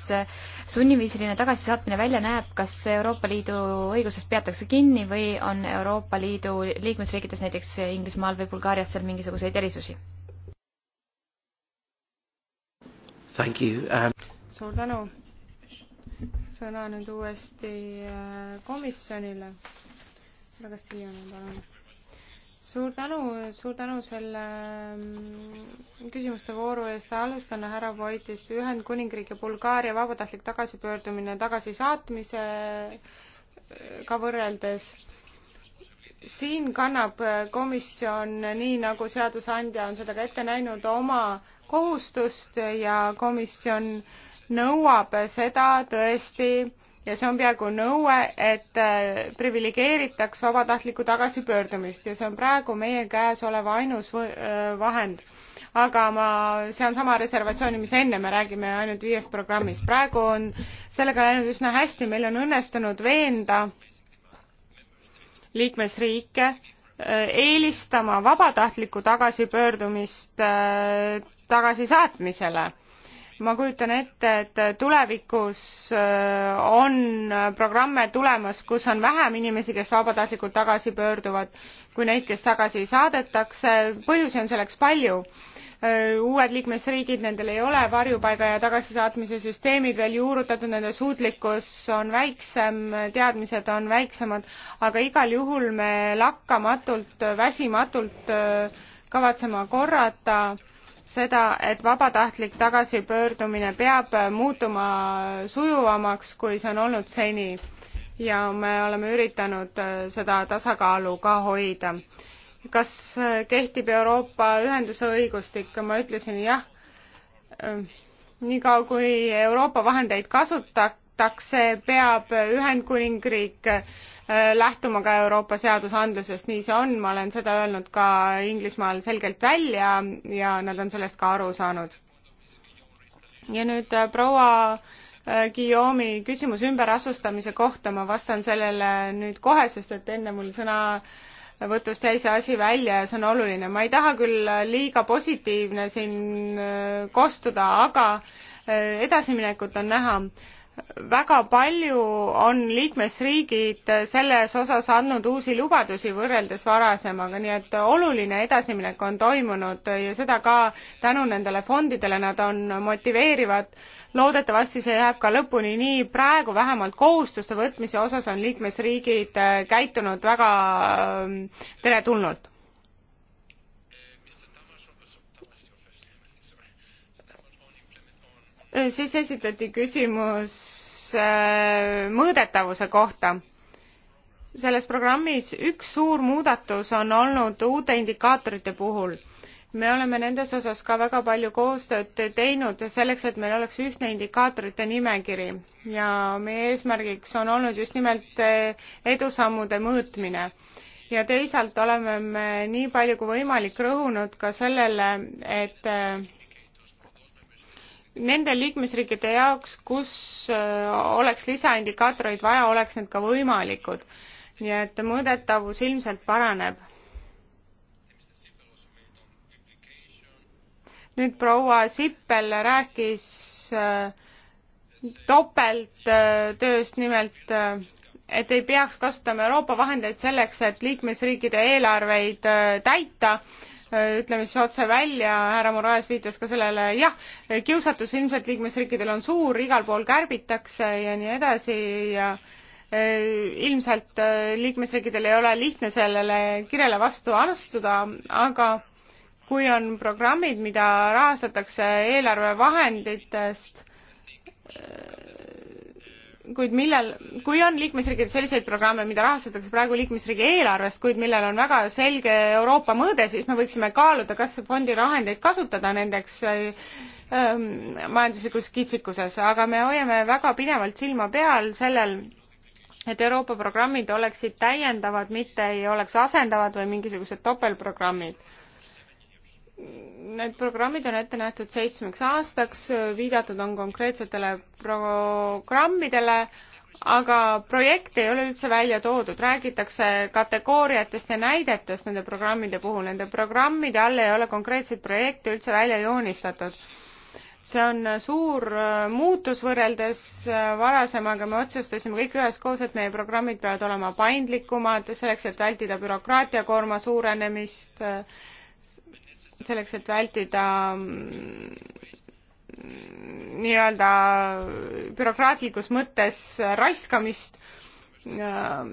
sunniviisiline tagasisaatmine välja näeb, kas Euroopa Liidu õigusest peatakse kinni või on Euroopa Liidu liikmesriikides, näiteks Inglismaal või Bulgaarias seal mingisuguseid erisusi? Um... suur tänu. sõna nüüd uuesti äh, komisjonile. härra Kastiljana, palun suur tänu, suur tänu selle mm, küsimuste vooru eest. alustan härra Voitist. Ühendkuningriik ja Bulgaaria vabatahtlik tagasipöördumine tagasisaatmisega võrreldes. siin kannab äh, komisjon, nii nagu seadusandja on seda ka ette näinud, oma kohustust ja komisjon nõuab seda tõesti ja see on peaaegu nõue, et äh, priviligeeritaks vabatahtlikku tagasipöördumist ja see on praegu meie käes olev ainus äh, vahend. aga ma, see on sama reservatsiooni, mis enne, me räägime ainult viiest programmist. praegu on sellega läinud üsna hästi, meil on õnnestunud veenda liikmesriike äh, eelistama vabatahtlikku tagasipöördumist tagasisaatmisele ma kujutan ette, et tulevikus äh, on programme tulemas, kus on vähem inimesi, kes vabatahtlikult tagasi pöörduvad, kui neid, kes tagasi saadetakse. põhjusi on selleks palju. Äh, uued liikmesriigid, nendel ei ole varjupaiga ja tagasisaatmise süsteemid veel juurutatud, nende suutlikkus on väiksem, teadmised on väiksemad, aga igal juhul me lakkamatult, väsimatult äh, kavatsema korrata seda, et vabatahtlik tagasipöördumine peab muutuma sujuvamaks, kui see on olnud seni ja me oleme üritanud äh, seda tasakaalu ka hoida. kas äh, kehtib Euroopa Ühenduse õigustik, ma ütlesin jah. Äh, niikaua kui Euroopa vahendeid kasutatakse, peab Ühendkuningriik Äh, lähtuma ka Euroopa seadusandlusest, nii see on, ma olen seda öelnud ka Inglismaal selgelt välja ja nad on sellest ka aru saanud. ja nüüd äh, proua äh, Guillaume'i küsimus ümberasustamise kohta, ma vastan sellele nüüd kohe, sest et enne mul sõna võtust jäi see asi välja ja see on oluline. ma ei taha küll liiga positiivne siin kostuda, aga edasiminekut on näha väga palju on liikmesriigid selles osas andnud uusi lubadusi võrreldes varasemaga, nii et oluline edasiminek on toimunud ja seda ka tänu nendele fondidele, nad on motiveerivad. loodetavasti see jääb ka lõpuni nii, praegu vähemalt kohustuste võtmise osas on liikmesriigid käitunud väga ähm, teretulnult Äh, siis esitati küsimus äh, mõõdetavuse kohta. selles programmis üks suur muudatus on olnud uute indikaatorite puhul. me oleme nendes osas ka väga palju koostööd teinud selleks, et meil oleks ühtne indikaatorite nimekiri ja meie eesmärgiks on olnud just nimelt äh, edusammude mõõtmine ja teisalt oleme me nii palju kui võimalik rõhunud ka sellele, et nende liikmesriikide jaoks, kus äh, oleks lisaindikaatoreid vaja, oleks need ka võimalikud. nii et mõõdetavus ilmselt paraneb. nüüd proua Sippel rääkis äh, topelttööst, äh, nimelt et ei peaks kasutama Euroopa vahendeid selleks, et liikmesriikide eelarveid täita Äh, ütleme siis otse välja, härra Moraes viitas ka sellele, jah, kiusatus ilmselt liikmesriikidel on suur, igal pool kärbitakse ja nii edasi ja äh, ilmselt äh, liikmesriikidel ei ole lihtne sellele kirjale vastu astuda, aga kui on programmid, mida rahastatakse eelarvevahenditest, kuid millel, kui on liikmesriigid selliseid programme, mida rahastatakse praegu liikmesriigi eelarvest, kuid millel on väga selge Euroopa mõõde, siis me võiksime kaaluda, kas fondi vahendeid kasutada nendeks äh, ähm, majanduslikus kitsikuses, aga me hoiame väga pidevalt silma peal sellel, et Euroopa programmid oleksid täiendavad, mitte ei oleks asendavad või mingisugused topeltprogrammid Need programmid on ette nähtud seitsmeks aastaks, viidatud on konkreetsetele programmidele, aga projekte ei ole üldse välja toodud, räägitakse kategooriatest ja näidetest nende programmide puhul, nende programmide all ei ole konkreetseid projekte üldse välja joonistatud. see on suur äh, muutus võrreldes äh, varasemaga, me otsustasime kõik üheskoos, et meie programmid peavad olema paindlikumad selleks, et vältida bürokraatiakoorma suurenemist äh, selleks, et vältida mm, nii-öelda bürokraatlikus mõttes raiskamist. ja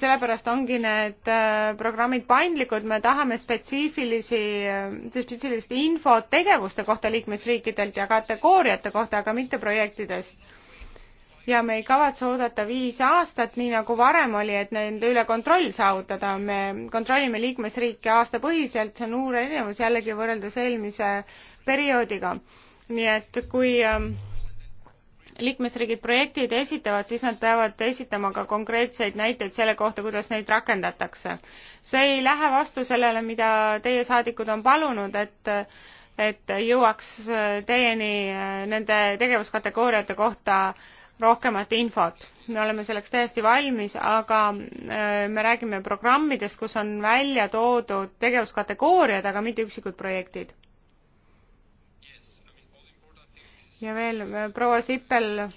sellepärast ongi need äh, programmid paindlikud, me tahame spetsiifilisi, äh, spetsiifilist infot tegevuste kohta liikmesriikidelt ja kategooriate kohta, aga mitte projektidest ja me ei kavatse oodata viis aastat, nii nagu varem oli, et nende üle kontroll saavutada. me kontrollime liikmesriike aastapõhiselt, see on uur erinevus jällegi võrreldes eelmise perioodiga. nii et kui ähm, liikmesriigid projektid esitavad, siis nad peavad esitama ka konkreetseid näiteid selle kohta, kuidas neid rakendatakse. see ei lähe vastu sellele, mida teie saadikud on palunud, et et jõuaks äh, teieni äh, nende tegevuskategooriate kohta äh, rohkemat infot. me oleme selleks täiesti valmis, aga äh, me räägime programmidest, kus on välja toodud tegevuskategooriad, aga mitte üksikud projektid. ja veel äh, proua Sippel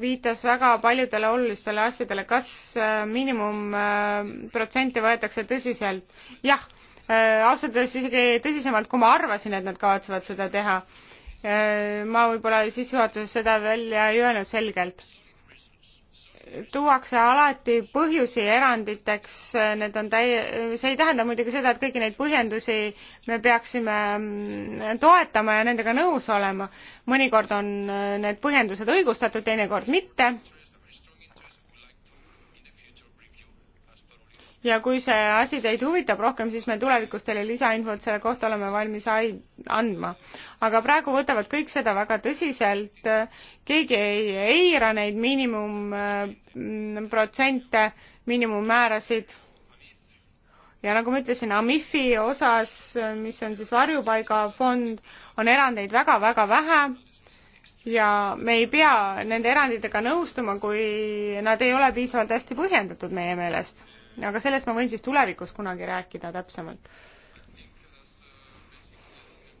viitas väga paljudele olulistele asjadele, kas äh, miinimumprotsenti võetakse tõsiselt? jah, ausalt öeldes isegi tõsisemalt, kui ma arvasin, et nad kavatsevad seda teha Äh, ma võib-olla sissejuhatuses seda välja ei öelnud selgelt. tuuakse alati põhjusi eranditeks, need on täie-, see ei tähenda muidugi seda, et kõiki neid põhjendusi me peaksime mm, toetama ja nendega nõus olema. mõnikord on äh, need põhjendused õigustatud, teinekord mitte ja kui see asi teid huvitab rohkem, siis me tulevikus teile lisainfot selle kohta oleme valmis andma. aga praegu võtavad kõik seda väga tõsiselt, keegi ei eira neid miinimumprotsente, äh, miinimummäärasid. ja nagu ma ütlesin, Amifi osas, mis on siis varjupaigafond, on erandeid väga-väga vähe ja me ei pea nende eranditega nõustuma, kui nad ei ole piisavalt hästi põhjendatud meie meelest aga sellest ma võin siis tulevikus kunagi rääkida täpsemalt.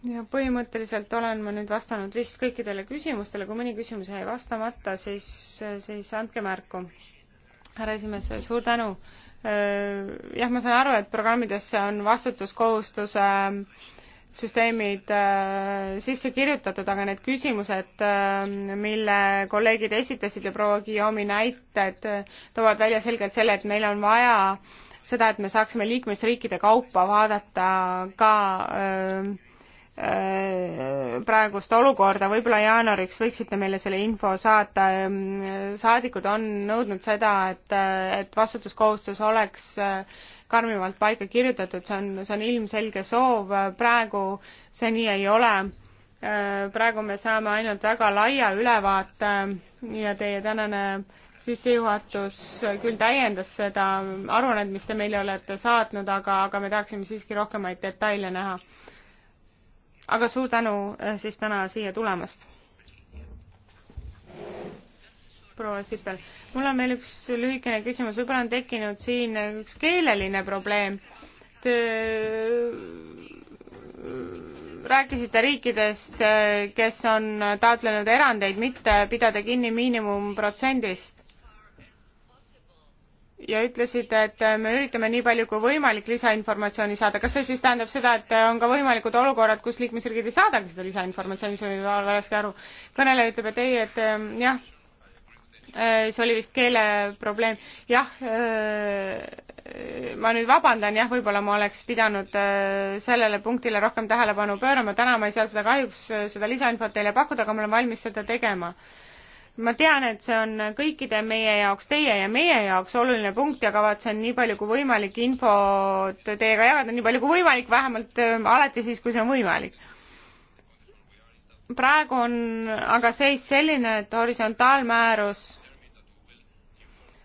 ja põhimõtteliselt olen ma nüüd vastanud vist kõikidele küsimustele, kui mõni küsimus jäi vastamata, siis, siis andke märku. härra esimees, suur tänu. Äh, jah, ma saan aru, et programmidesse on vastutuskohustuse äh, süsteemid äh, sisse kirjutatud, aga need küsimused äh,, mille kolleegid esitasid ja proua Guillaume'i näited äh,, toovad välja selgelt selle, et meil on vaja seda, et me saaksime liikmesriikide kaupa vaadata ka äh, Äh, praegust olukorda, võib-olla jaanuariks võiksite meile selle info saata. Ähm, saadikud on nõudnud seda, et, äh, et vastutuskohustus oleks äh, karmimalt paika kirjutatud, see on, see on ilmselge soov, praegu see nii ei ole. praegu me saame ainult väga laia ülevaate ja teie tänane sissejuhatus küll täiendas seda aruannet, mis te meile olete saatnud, aga, aga me tahaksime siiski rohkemaid detaile näha aga suur tänu äh, siis täna siia tulemast. proua Sipel, mul on veel üks lühikene küsimus, võib-olla on tekkinud siin üks keeleline probleem. Te äh, rääkisite riikidest, äh, kes on taotlenud erandeid, mitte pidada kinni miinimumprotsendist ja ütlesite, et me üritame nii palju kui võimalik lisainformatsiooni saada. kas see siis tähendab seda, et on ka võimalikud olukorrad, kus liikmesriigid ei saadagi seda lisainformatsiooni, see võib olla valesti aru. kõneleja ütleb, et ei, et ähm, jah, äh, see oli vist keeleprobleem. jah, äh, ma nüüd vabandan, jah, võib-olla ma oleks pidanud äh, sellele punktile rohkem tähelepanu pöörama. täna ma ei saa seda kahjuks, seda lisainfot teile pakkuda, aga ma olen valmis seda tegema ma tean, et see on kõikide meie jaoks, teie ja meie jaoks oluline punkt ja kavatsen nii palju kui võimalik infot teiega jagada, nii palju kui võimalik, vähemalt äh, alati siis, kui see on võimalik. praegu on aga seis selline, et horisontaalmäärus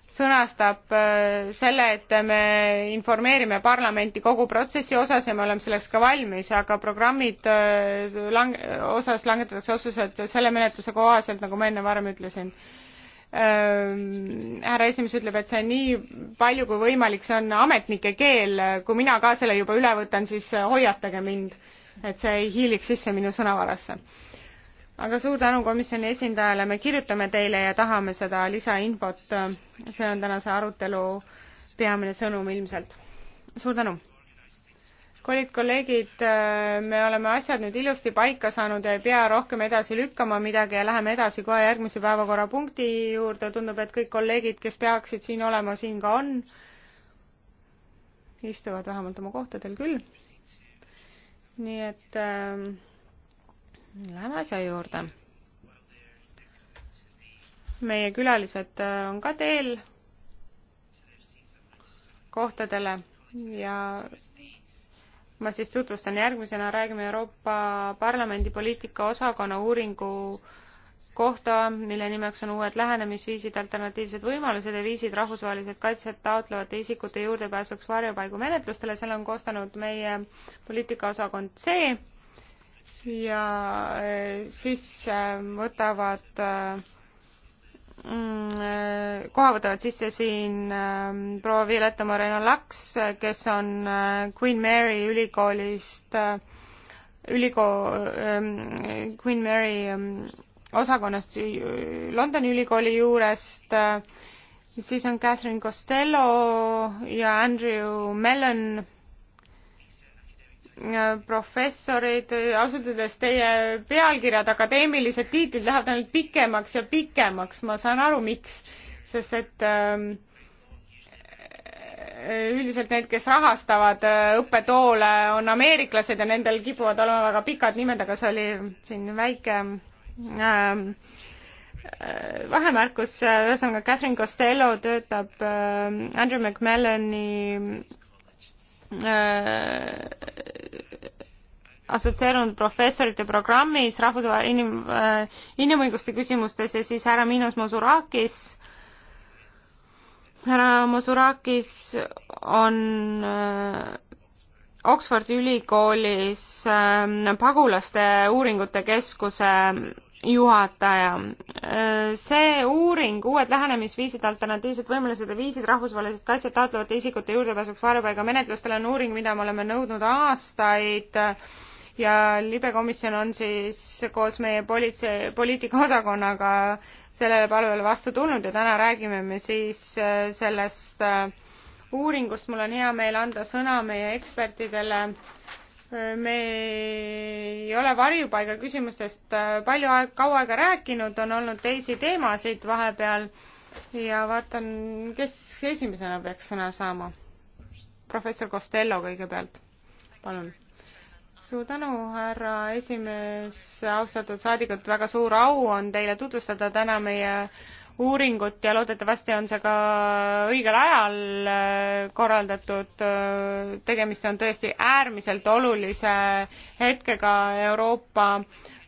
sõnastab äh, selle, et me informeerime parlamenti kogu protsessi osas ja me oleme selleks ka valmis, aga programmid äh, lang-, osas langetatakse otsused selle menetluse kohaselt, nagu ma enne varem ütlesin. Ähm, härra esimees ütleb, et see on nii palju kui võimalik, see on ametnike keel, kui mina ka selle juba üle võtan, siis hoiatage mind, et see ei hiiliks sisse minu sõnavarasse aga suur tänu komisjoni esindajale, me kirjutame teile ja tahame seda lisainfot. see on tänase arutelu peamine sõnum ilmselt. suur tänu. kallid kolleegid, me oleme asjad nüüd ilusti paika saanud ja ei pea rohkem edasi lükkama midagi ja läheme edasi kohe järgmise päevakorrapunkti juurde. tundub, et kõik kolleegid, kes peaksid siin olema, siin ka on. istuvad vähemalt oma kohtadel küll. nii et äh, Läheme asja juurde. meie külalised äh, on ka teel kohtadele ja ma siis tutvustan järgmisena, räägime Euroopa Parlamendi poliitika osakonna uuringu kohta, mille nimeks on uued lähenemisviisid, alternatiivsed võimalused ja viisid rahvusvahelised kaitset taotlevate isikute juurdepääsuks varjupaigu menetlustele, selle on koostanud meie poliitikaosakond C ja äh, siis äh, võtavad äh, mm, koha võtavad sisse siin ähm, proua Violetta Moreno Laks, kes on Queen Mary ülikoolist, ülikool, ähm, Queen Mary ähm, osakonnast Londoni ülikooli juurest, siis on Catherine Costello ja Andrew Mellon professorid, ausalt öeldes teie pealkirjad, akadeemilised tiitlid lähevad ainult pikemaks ja pikemaks, ma saan aru, miks, sest et ähm, üldiselt need, kes rahastavad äh, õppetoole, on ameeriklased ja nendel kipuvad olema väga pikad nimed, aga see oli siin väike ähm, äh, vahemärkus, äh, ühesõnaga Catherine Costello töötab äh, Andrew McMellani Äh, assotsieerunud professorite programmis rahvusvahel- inim- äh, inimõiguste küsimustes ja siis härra Minos Mosurakis härra Mosurakis on äh, Oxfordi ülikoolis pagulaste uuringute keskuse juhataja. Äh, see uuring Uued lähenemisviisid, alternatiivsed võimalused ja viisid rahvusvahelised kaitset taotlevate isikute juurdepääsuks varjupaigamenetlustele on uuring, mida me oleme nõudnud aastaid ja libekomisjon on siis koos meie politsei, poliitikaosakonnaga sellele palvele vastu tulnud ja täna räägime me siis äh, sellest äh, uuringust. mul on hea meel anda sõna meie ekspertidele me ei ole varjupaiga küsimustest äh, palju aeg, kaua aega rääkinud, on olnud teisi teemasid vahepeal ja vaatan, kes esimesena peaks sõna saama. professor Costello kõigepealt, palun. suur tänu, härra esimees, austatud saadikud, väga suur au on teile tutvustada täna meie uuringut ja loodetavasti on see ka õigel ajal äh, korraldatud. Äh, tegemist on tõesti äärmiselt olulise hetkega Euroopa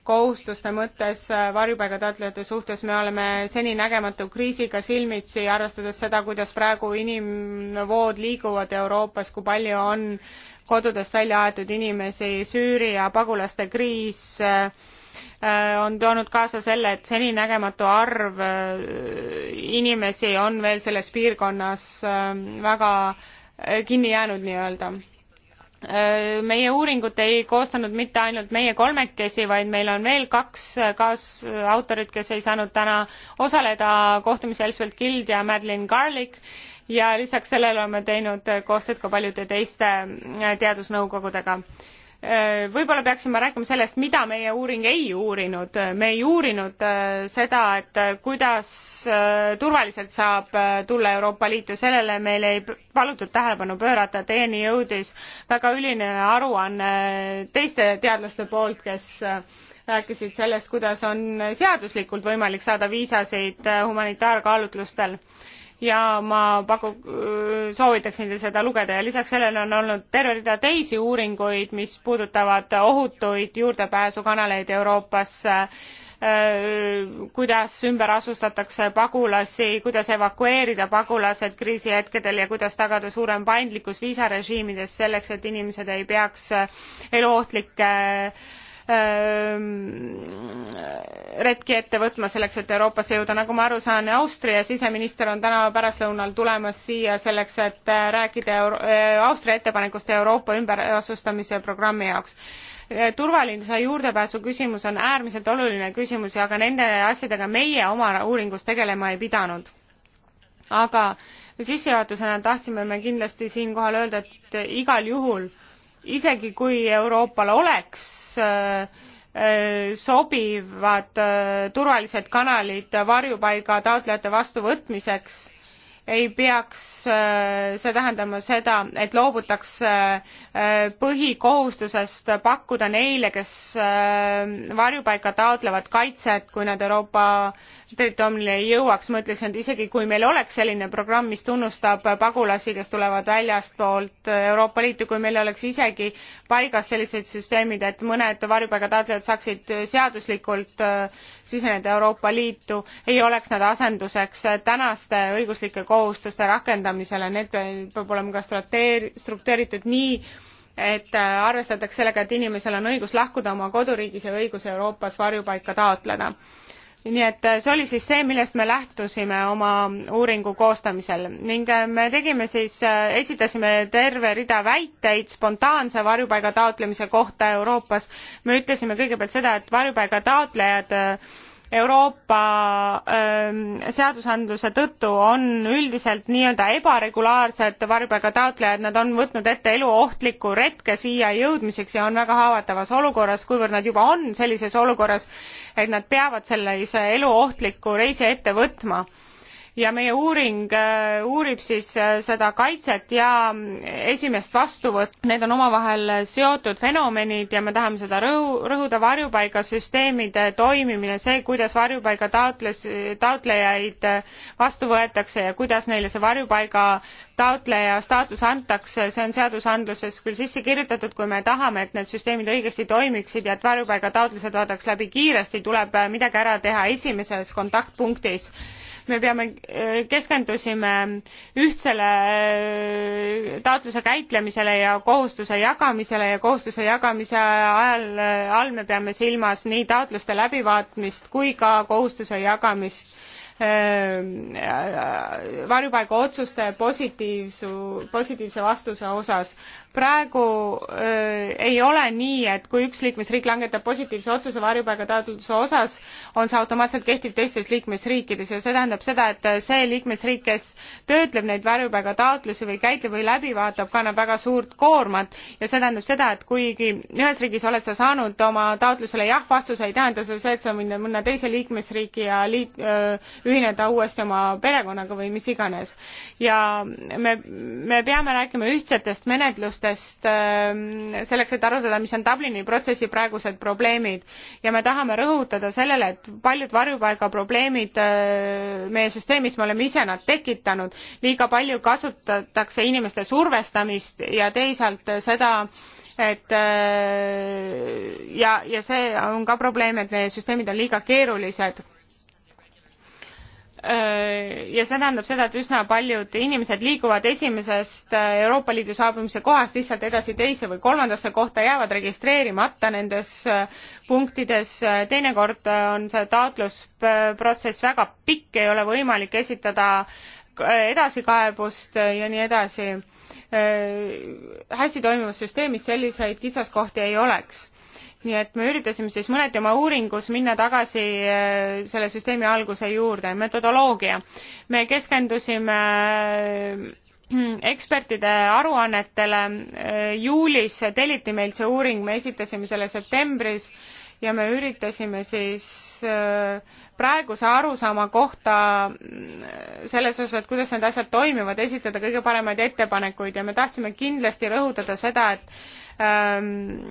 kohustuste mõttes äh, varjupaigataotlejate suhtes me oleme seninägematu kriisiga silmitsi, arvestades seda, kuidas praegu inimvood liiguvad Euroopas, kui palju on kodudest välja aetud inimesi, Süüria pagulaste kriis äh, Äh, on toonud kaasa selle, et seninägematu arv äh, inimesi on veel selles piirkonnas äh, väga kinni jäänud nii-öelda meie uuringut ei koostanud mitte ainult meie kolmekesi, vaid meil on veel kaks kaasautorit, kes ei saanud täna osaleda kohtumisel, Elsbeth Gild ja Madeline Garlic ja lisaks sellele oleme teinud koostööd ka paljude teiste teadusnõukogudega Äh, võib-olla peaksime rääkima sellest, mida meie uuring ei uurinud. me ei uurinud äh, seda, et äh, kuidas turvaliselt saab tulla Euroopa Liitu, sellele meil ei palutud tähelepanu pöörata. Teieni jõudis väga üline aruanne teiste teadlaste poolt, kes rääkisid sellest, kuidas on seaduslikult võimalik saada viisasid humanitaarkaalutlustel ja ma paku-, soovitaks neil seda lugeda ja lisaks sellele on olnud terve rida teisi uuringuid, mis puudutavad ohutuid juurdepääsukanaleid Euroopasse, kuidas ümber asustatakse pagulasi, kuidas evakueerida pagulased kriisihetkedel ja kuidas tagada suurem paindlikkus viisarežiimides selleks, et inimesed ei peaks eluohtlikke äh, Ähm, retki ette võtma selleks, et Euroopasse jõuda, nagu ma aru saan, Austria siseminister on täna pärastlõunal tulemas siia selleks, et äh, rääkida Euro äh, Austria ettepanekust Euroopa ümberasustamise programmi jaoks äh, turvalise juurdepääsu küsimus on äärmiselt oluline küsimus ja ka nende asjadega meie oma uuringus tegelema ei pidanud. aga sissejuhatusena tahtsime me kindlasti siinkohal öelda, et igal juhul isegi kui Euroopal oleks äh, äh, sobivad äh, turvalised kanalid varjupaiga taotlejate vastuvõtmiseks, ei peaks see tähendama seda, et loobutakse põhikohustusest pakkuda neile, kes varjupaika taotlevad, kaitset, kui nad Euroopa territooriumile ei jõuaks ma ütleksin et isegi kui meil oleks selline programm mis tunnustab pagulasi kes tulevad väljastpoolt euroopa liitu kui meil oleks isegi paigas sellised süsteemid et mõned varjupaigataotlejad saaksid seaduslikult äh, siseneda euroopa liitu ei oleks nad asenduseks tänaste õiguslike kohustuste rakendamisele need peab olema ka struktureeritud nii et äh, arvestataks sellega et inimesel on õigus lahkuda oma koduriigis ja õigus euroopas varjupaika taotleda nii et äh, see oli siis see, millest me lähtusime oma uuringu koostamisel ning äh, me tegime siis, äh, esitasime terve rida väiteid spontaanse varjupaiga taotlemise kohta Euroopas. me ütlesime kõigepealt seda, et varjupaiga taotlejad Euroopa öö, ähm, seadusandluse tõttu on üldiselt nii-öelda ebaregulaarsed varjupaiga taotlejad, nad on võtnud ette eluohtliku retke siia jõudmiseks ja on väga haavatavas olukorras, kuivõrd nad juba on sellises olukorras, et nad peavad sellise eluohtliku reisi ette võtma ja meie uuring äh, uurib siis äh, seda kaitset ja mm, esimest vastuvõttu. Need on omavahel äh, seotud fenomenid ja me tahame seda rõhu, rõhuda, varjupaigasüsteemide toimimine, see, kuidas varjupaiga taotles, taotlejaid vastu võetakse ja kuidas neile see varjupaiga taotleja staatus antakse, see on seadusandluses küll sisse kirjutatud, kui me tahame, et need süsteemid õigesti toimiksid ja et varjupaiga taotlused vaadaks läbi kiiresti, tuleb midagi ära teha esimeses kontaktpunktis me peame, äh, keskendusime ühtsele äh, taotluse käitlemisele ja kohustuse jagamisele ja kohustuse jagamise ajal, äh, all me peame silmas nii taotluste läbivaatmist kui ka kohustuse jagamist varjupaigaotsuste positiivsu, positiivse vastuse osas praegu äh, ei ole nii, et kui üks liikmesriik langetab positiivse otsuse varjupaigataotluse osas, on see automaatselt kehtiv teistes liikmesriikides ja see tähendab seda, et see liikmesriik, kes töötleb neid varjupaigataotlusi või käitleb või läbi vaatab, kannab väga suurt koormat ja see tähendab seda, et kuigi ühes riigis oled sa saanud oma taotlusele jah vastuse, ei tähenda see see, et sa minna mõnda teise liikmesriiki ja liit- äh,, ühineda uuesti oma perekonnaga või mis iganes. ja me, me peame rääkima ühtsetest menetlustest, tulemustest ähm, selleks, et aru saada, mis on Dublini protsessi praegused probleemid ja me tahame rõhutada sellele, et paljud varjupaiga probleemid äh, meie süsteemis, me oleme ise nad tekitanud, liiga palju kasutatakse inimeste survestamist ja teisalt seda, et äh, ja, ja see on ka probleem, et meie süsteemid on liiga keerulised ja see tähendab seda, et üsna paljud inimesed liiguvad esimesest äh, Euroopa Liidu saabumise kohast lihtsalt edasi teise või kolmandasse kohta, jäävad registreerimata nendes äh, punktides. teinekord äh, on see taotlusprotsess väga pikk, ei ole võimalik esitada edasikaebust ja nii edasi. hästi toimivas süsteemis selliseid kitsaskohti ei oleks nii et me üritasime siis mõneti oma uuringus minna tagasi äh, selle süsteemi alguse juurde, metodoloogia. me keskendusime äh, ekspertide aruannetele, äh, juulis telliti meilt see uuring, me esitasime selle septembris ja me üritasime siis praeguse arusaama kohta selles osas, et kuidas need asjad toimivad, esitada kõige paremaid ettepanekuid ja me tahtsime kindlasti rõhutada seda, et ähm,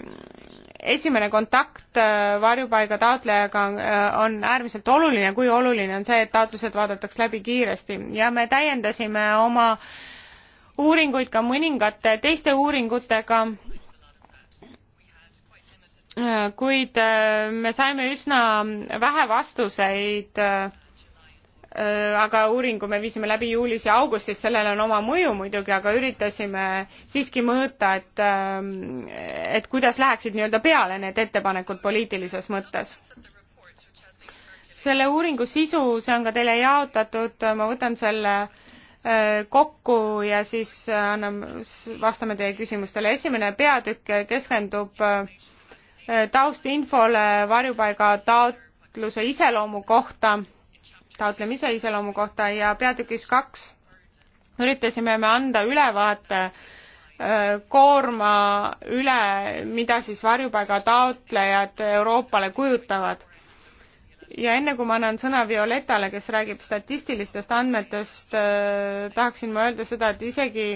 esimene kontakt äh, varjupaiga taotlejaga äh, on äärmiselt oluline, kui oluline on see, et taotlused vaadatakse läbi kiiresti ja me täiendasime oma uuringuid ka mõningate teiste uuringutega, äh, kuid me saime üsna vähe vastuseid äh, Äh, aga uuringu me viisime läbi juulis ja augustis, sellel on oma mõju muidugi, aga üritasime siiski mõõta, et, ähm, et kuidas läheksid nii-öelda peale need ettepanekud poliitilises mõttes. selle uuringu sisu, see on ka teile jaotatud, ma võtan selle äh, kokku ja siis äh, anname, vastame teie küsimustele. esimene peatükk keskendub taustinfole varjupaiga taotluse iseloomu kohta taotlemise iseloomu kohta ja peatükis kaks üritasime me anda ülevaate äh, koorma üle, mida siis varjupaiga taotlejad Euroopale kujutavad. ja enne kui ma annan sõna Violetale, kes räägib statistilistest andmetest, äh, tahaksin ma öelda seda, et isegi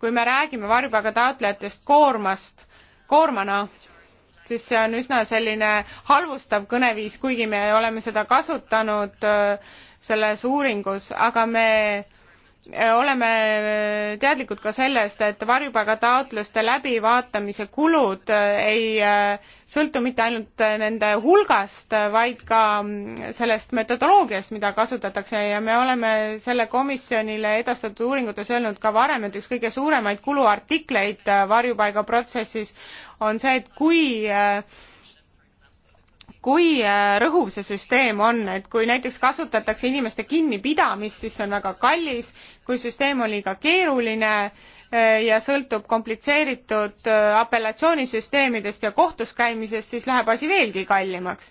kui me räägime varjupaiga taotlejatest koormast, koormana, siis see on üsna selline halvustav kõneviis, kuigi me oleme seda kasutanud äh, selles uuringus, aga me eh, oleme teadlikud ka sellest, et varjupaigataotluste läbivaatamise kulud eh, ei eh, sõltu mitte ainult nende hulgast, vaid ka mm, sellest metodoloogiast, mida kasutatakse ja me oleme selle komisjonile edastatud uuringutes öelnud ka varem, et üks kõige suuremaid kuluartikleid varjupaigaprotsessis on see, et kui kui äh, rõhuv see süsteem on, et kui näiteks kasutatakse inimeste kinnipidamist, siis see on väga kallis, kui süsteem on liiga keeruline äh, ja sõltub komplitseeritud äh, apellatsioonisüsteemidest ja kohtus käimisest, siis läheb asi veelgi kallimaks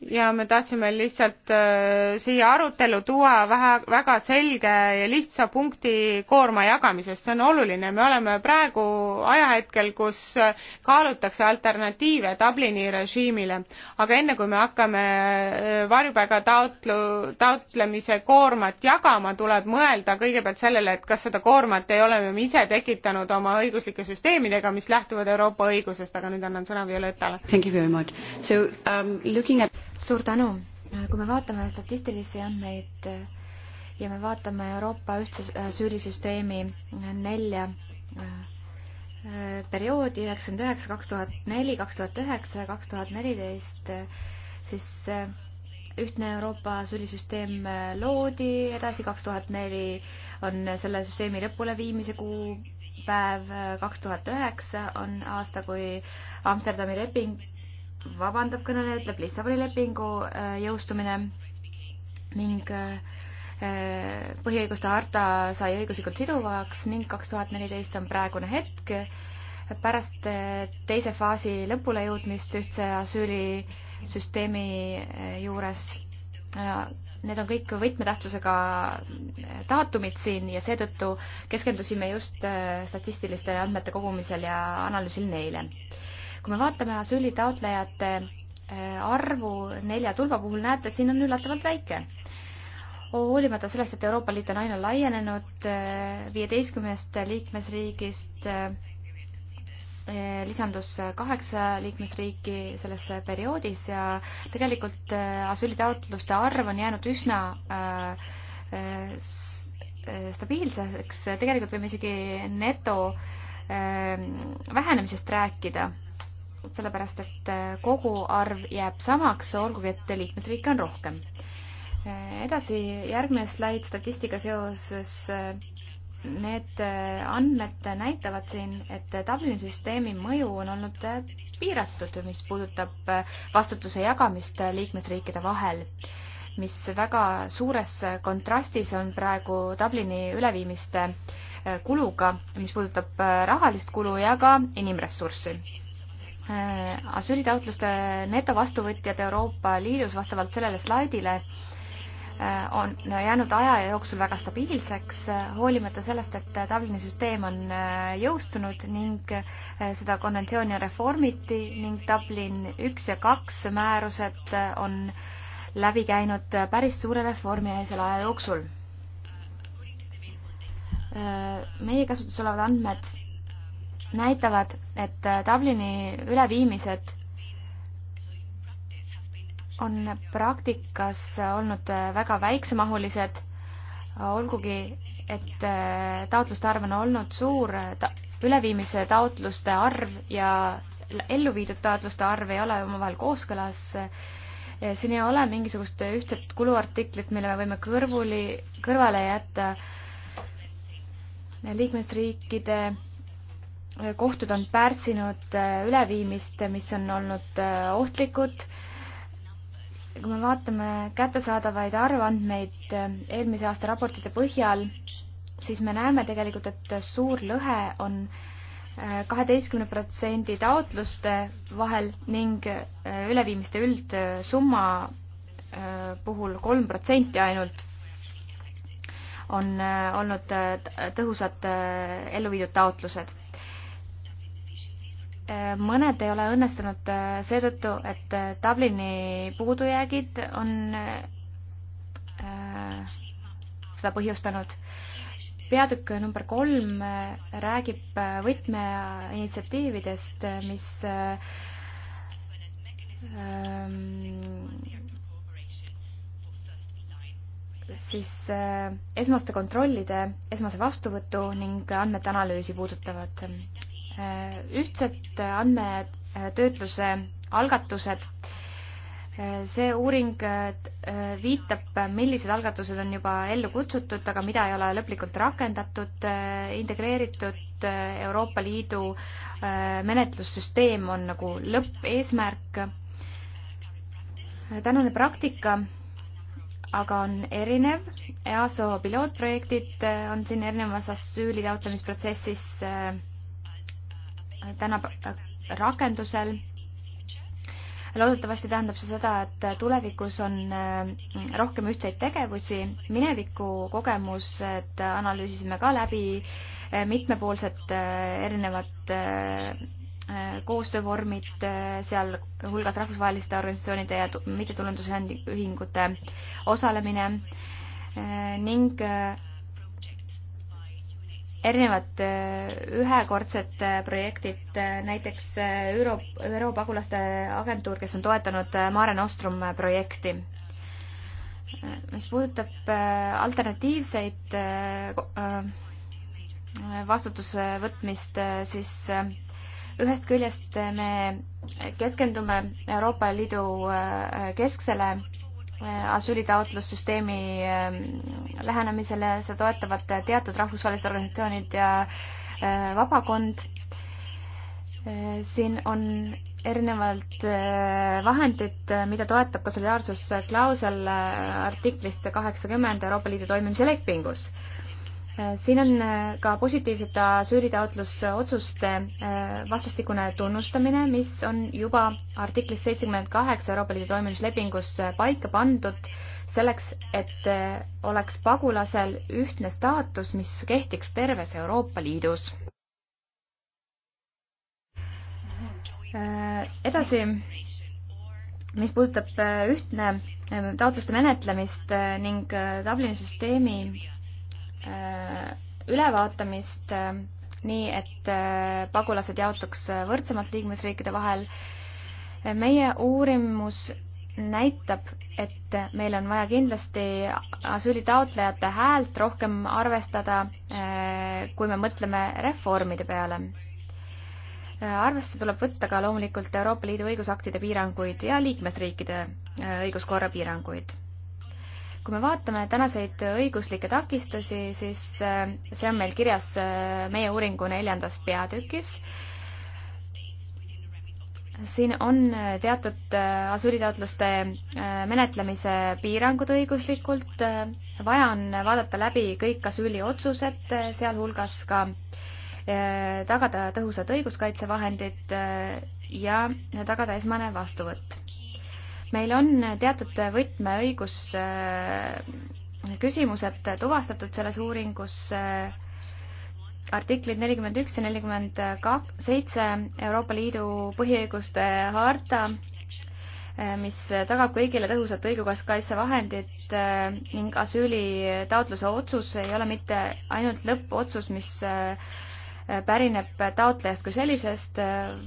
ja me tahtsime lihtsalt äh, siia arutelu tuua vähe, väga selge ja lihtsa punkti koorma jagamisest, see on oluline, me oleme praegu ajahetkel, kus äh, kaalutakse alternatiive Dublini režiimile, aga enne kui me hakkame äh, varjupaiga taotlu, taotlemise koormat jagama, tuleb mõelda kõigepealt sellele, et kas seda koormat ei ole me ise tekitanud oma õiguslike süsteemidega, mis lähtuvad Euroopa õigusest, aga nüüd annan sõna Violettale. Thank you very much. So um, looking at suur tänu. kui me vaatame statistilisi andmeid ja me vaatame Euroopa ühtse süülisüsteemi nelja äh, perioodi üheksakümmend üheksa, kaks tuhat neli, kaks tuhat üheksa, kaks tuhat neliteist, siis äh, ühtne Euroopa süülisüsteem äh, loodi, edasi kaks tuhat neli on selle süsteemi lõpuleviimise kuupäev, kaks tuhat üheksa on aasta, kui Amsterdami leping vabandab kõneleja, ütleb Lissaboni lepingu äh, jõustumine ning äh, äh, põhiõiguste harta sai õiguslikult siduvaks ning kaks tuhat neliteist on praegune hetk. pärast teise faasi lõpulejõudmist ühtse asüülisüsteemi juures need on kõik võtmetähtsusega daatumid siin ja seetõttu keskendusime just statistiliste andmete kogumisel ja analüüsil neile kui me vaatame asüülitaotlejate äh, arvu nelja tulva puhul, näete, siin on üllatavalt väike. hoolimata sellest, et Euroopa Liit on aina laienenud äh, viieteistkümnest liikmesriigist, äh, lisandus kaheksa liikmesriiki selles perioodis ja tegelikult asüülitaotluste arv on jäänud üsna stabiilseks, tegelikult võime isegi neto vähenemisest rääkida sellepärast et äh, koguarv jääb samaks, olgugi et liikmesriike on rohkem. Äh, edasi, järgmine slaid statistika seoses. Äh, need andmed näitavad siin, et Dublini süsteemi mõju on olnud piiratud, mis puudutab vastutuse jagamist liikmesriikide vahel mis väga suures kontrastis on praegu Dublini üleviimiste kuluga, mis puudutab rahalist kulu ja ka inimressurssi Äh, asüülitaotluste netovastuvõtjad Euroopa Liidus vastavalt sellele slaidile äh, on jäänud aja jooksul väga stabiilseks, äh, hoolimata sellest, et Dublini süsteem on jõustunud ning seda konventsiooni reformiti ning Dublin üks ja kaks määrused on läbi käinud päris suure reformi eelsel aja jooksul. meie käsutuses olevad andmed näitavad, et äh, Dublini üleviimised on praktikas olnud äh, väga väiksemahulised, olgugi et äh, taotluste arv on olnud suur ta, üleviimise taotluste arv ja ellu viidud taotluste arv ei ole omavahel kooskõlas. siin ei ole mingisugust ühtset kuluartiklit, mille me võime kõrvuli, kõrvale jätta liikmesriikide kohtud on pärsinud äh, üleviimist, mis on olnud äh, ohtlikud. kui me vaatame kättesaadavaid arvandmeid äh, eelmise aasta raportite põhjal, siis me näeme tegelikult, et suur lõhe on kaheteistkümne protsendi taotluste vahel ning üleviimiste üldsumma puhul kolm protsenti ainult on olnud tõhusad ellu viidud taotlused mõned ei ole õnnestunud äh, seetõttu, et äh, Dublini puudujäägid on äh, seda põhjustanud. peatükk number kolm räägib võtmeinitsiatiividest, mis ähm, siis esmaste kontrollide, esmase vastuvõtu ning andmete analüüsi puudutavad Äh, ühtsed andmetöötluse algatused. Äh, see uuring äh, viitab, millised algatused on juba ellu kutsutud, aga mida ei ole lõplikult rakendatud. integreeritud Euroopa Liidu menetlussüsteem on nagu lõppeesmärk. tänane praktika aga on erinev. EASO pilootprojektid on siin erinevas asüüli taotlemisprotsessis äh, täna rakendusel. loodetavasti tähendab see seda, et tulevikus on äh, rohkem ühtseid tegevusi. mineviku kogemused analüüsisime ka läbi, äh, mitmepoolsed äh, erinevad koostöövormid, sealhulgas rahvusvaheliste organisatsioonide ja mittetulundusühingute osalemine ning erinevad äh, ühekordsed äh, projektid, äh, näiteks ÜRO, ÜRO pagulaste agentuur, kes on toetanud Mare Nostrum projekti. mis puudutab alternatiivseid vastutuse võtmist, siis ühest küljest me keskendume Euroopa Liidu kesksele Äh, asüülitaotlussüsteemi ähm, lähenemisele, seda toetavad teatud rahvusvahelised organisatsioonid ja äh, vabakond. Äh, siin on erinevalt vahendid, mida toetab ka solidaarsusklausel artiklist kaheksakümmend Euroopa Liidu toimimise lepingus siin on äh, ka positiivsete asüülitaotlusotsuste äh, vastastikune tunnustamine, mis on juba artiklis seitsekümmend kaheksa Euroopa Liidu toimimislepingus äh, paika pandud selleks, et oleks pagulasel ühtne staatus, mis kehtiks terves Euroopa Liidus. edasi, mis puudutab ühtne taotluste menetlemist ning Dublini süsteemi Äh, ülevaatamist äh, nii, et äh, pagulased jaotuks võrdsemalt liikmesriikide vahel. meie uurimus näitab, et meil on vaja kindlasti asüülitaotlejate häält rohkem arvestada, kui me mõtleme reformide peale. arvesse tuleb võtta ka loomulikult Euroopa Liidu õigusaktide piiranguid ja liikmesriikide õiguskorra piiranguid kui me vaatame tänaseid õiguslikke takistusi, siis äh, see on meil kirjas äh, meie uuringu neljandas peatükis. siin on äh, teatud asüülitaotluste menetlemise piirangud õiguslikult, vaja on vaadata läbi kõik asüüliotsused, sealhulgas ka tagada tõhusad õiguskaitsevahendid ja tagada esmane vastuvõtt meil on teatud võtmeõigus äh, küsimused tuvastatud selles uuringus äh, artiklid nelikümmend üks ja nelikümmend kak-, seitse Euroopa Liidu põhiõiguste harta, äh, mis tagab kõigile tõhusat õiguskaitsevahendit ning asüülitaotluse otsus ei ole mitte ainult lõppotsus, mis pärineb taotlejast kui sellisest,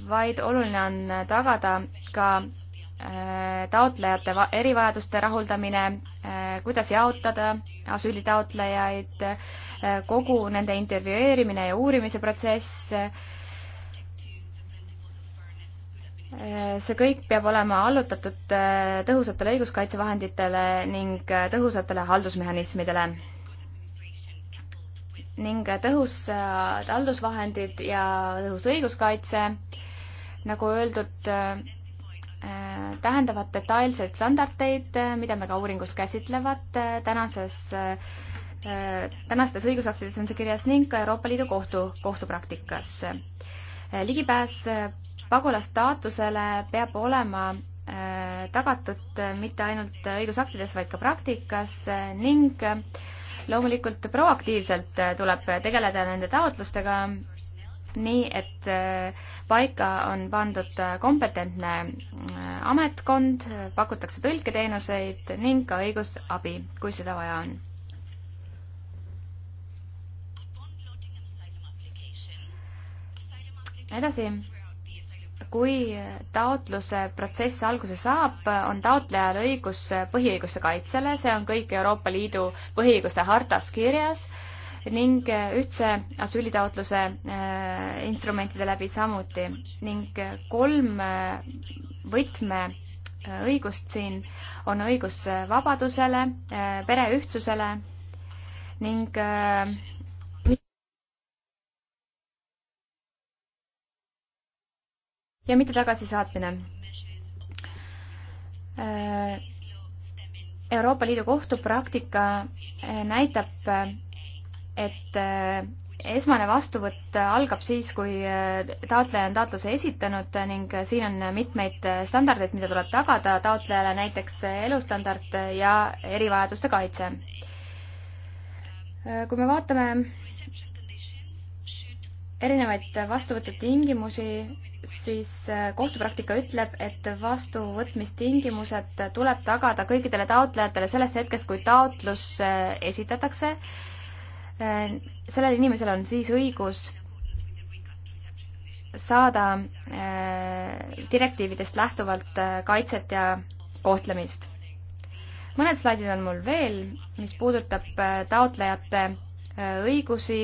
vaid oluline on tagada ka Äh, taotlejate erivajaduste rahuldamine, äh, kuidas jaotada asüülitaotlejaid, äh, kogu nende intervjueerimine ja uurimise protsess. see kõik peab olema allutatud tõhusatele õiguskaitsevahenditele ning tõhusatele haldusmehhanismidele ning tõhusad haldusvahendid ja tõhus õiguskaitse, nagu öeldud, Äh, tähendavad detailseid standardeid, äh, mida me ka uuringus käsitlevad äh, tänases, tänastes õigusaktides on see kirjas ning ka Euroopa Liidu kohtu, kohtupraktikas. ligipääs pagulastaatusele peab olema tagatud mitte ainult õigusaktides, vaid ka praktikas ning loomulikult proaktiivselt tuleb tegeleda nende taotlustega nii, et äh, paika on pandud kompetentne äh, ametkond, pakutakse tõlketeenuseid ning ka õigusabi, kui seda vaja on. edasi, kui taotluse protsess alguse saab, on taotlejal õigus põhiõiguste kaitsele, see on kõik Euroopa Liidu põhiõiguste hartas kirjas ning äh, ühtse asüülitaotluse äh, instrumentide läbi samuti ning äh, kolm võtme õigust siin on õigus vabadusele, pere ühtsusele ning ja mitte tagasisaatmine. Euroopa Liidu kohtupraktika näitab et äh, esmane vastuvõtt algab siis, kui äh, taotleja on taotluse esitanud ning siin on mitmeid äh, standardeid, mida tuleb tagada taotlejale, näiteks elustandard ja erivajaduste kaitse. kui me vaatame erinevaid vastuvõtu tingimusi, siis kohtupraktika ütleb, et vastuvõtmistingimused tuleb tagada kõikidele taotlejatele sellest hetkest, kui taotlus esitatakse Äh, sellel inimesel on siis õigus saada äh, direktiividest lähtuvalt äh, kaitset ja kohtlemist. mõned slaidid on mul veel, mis puudutab taotlejate õigusi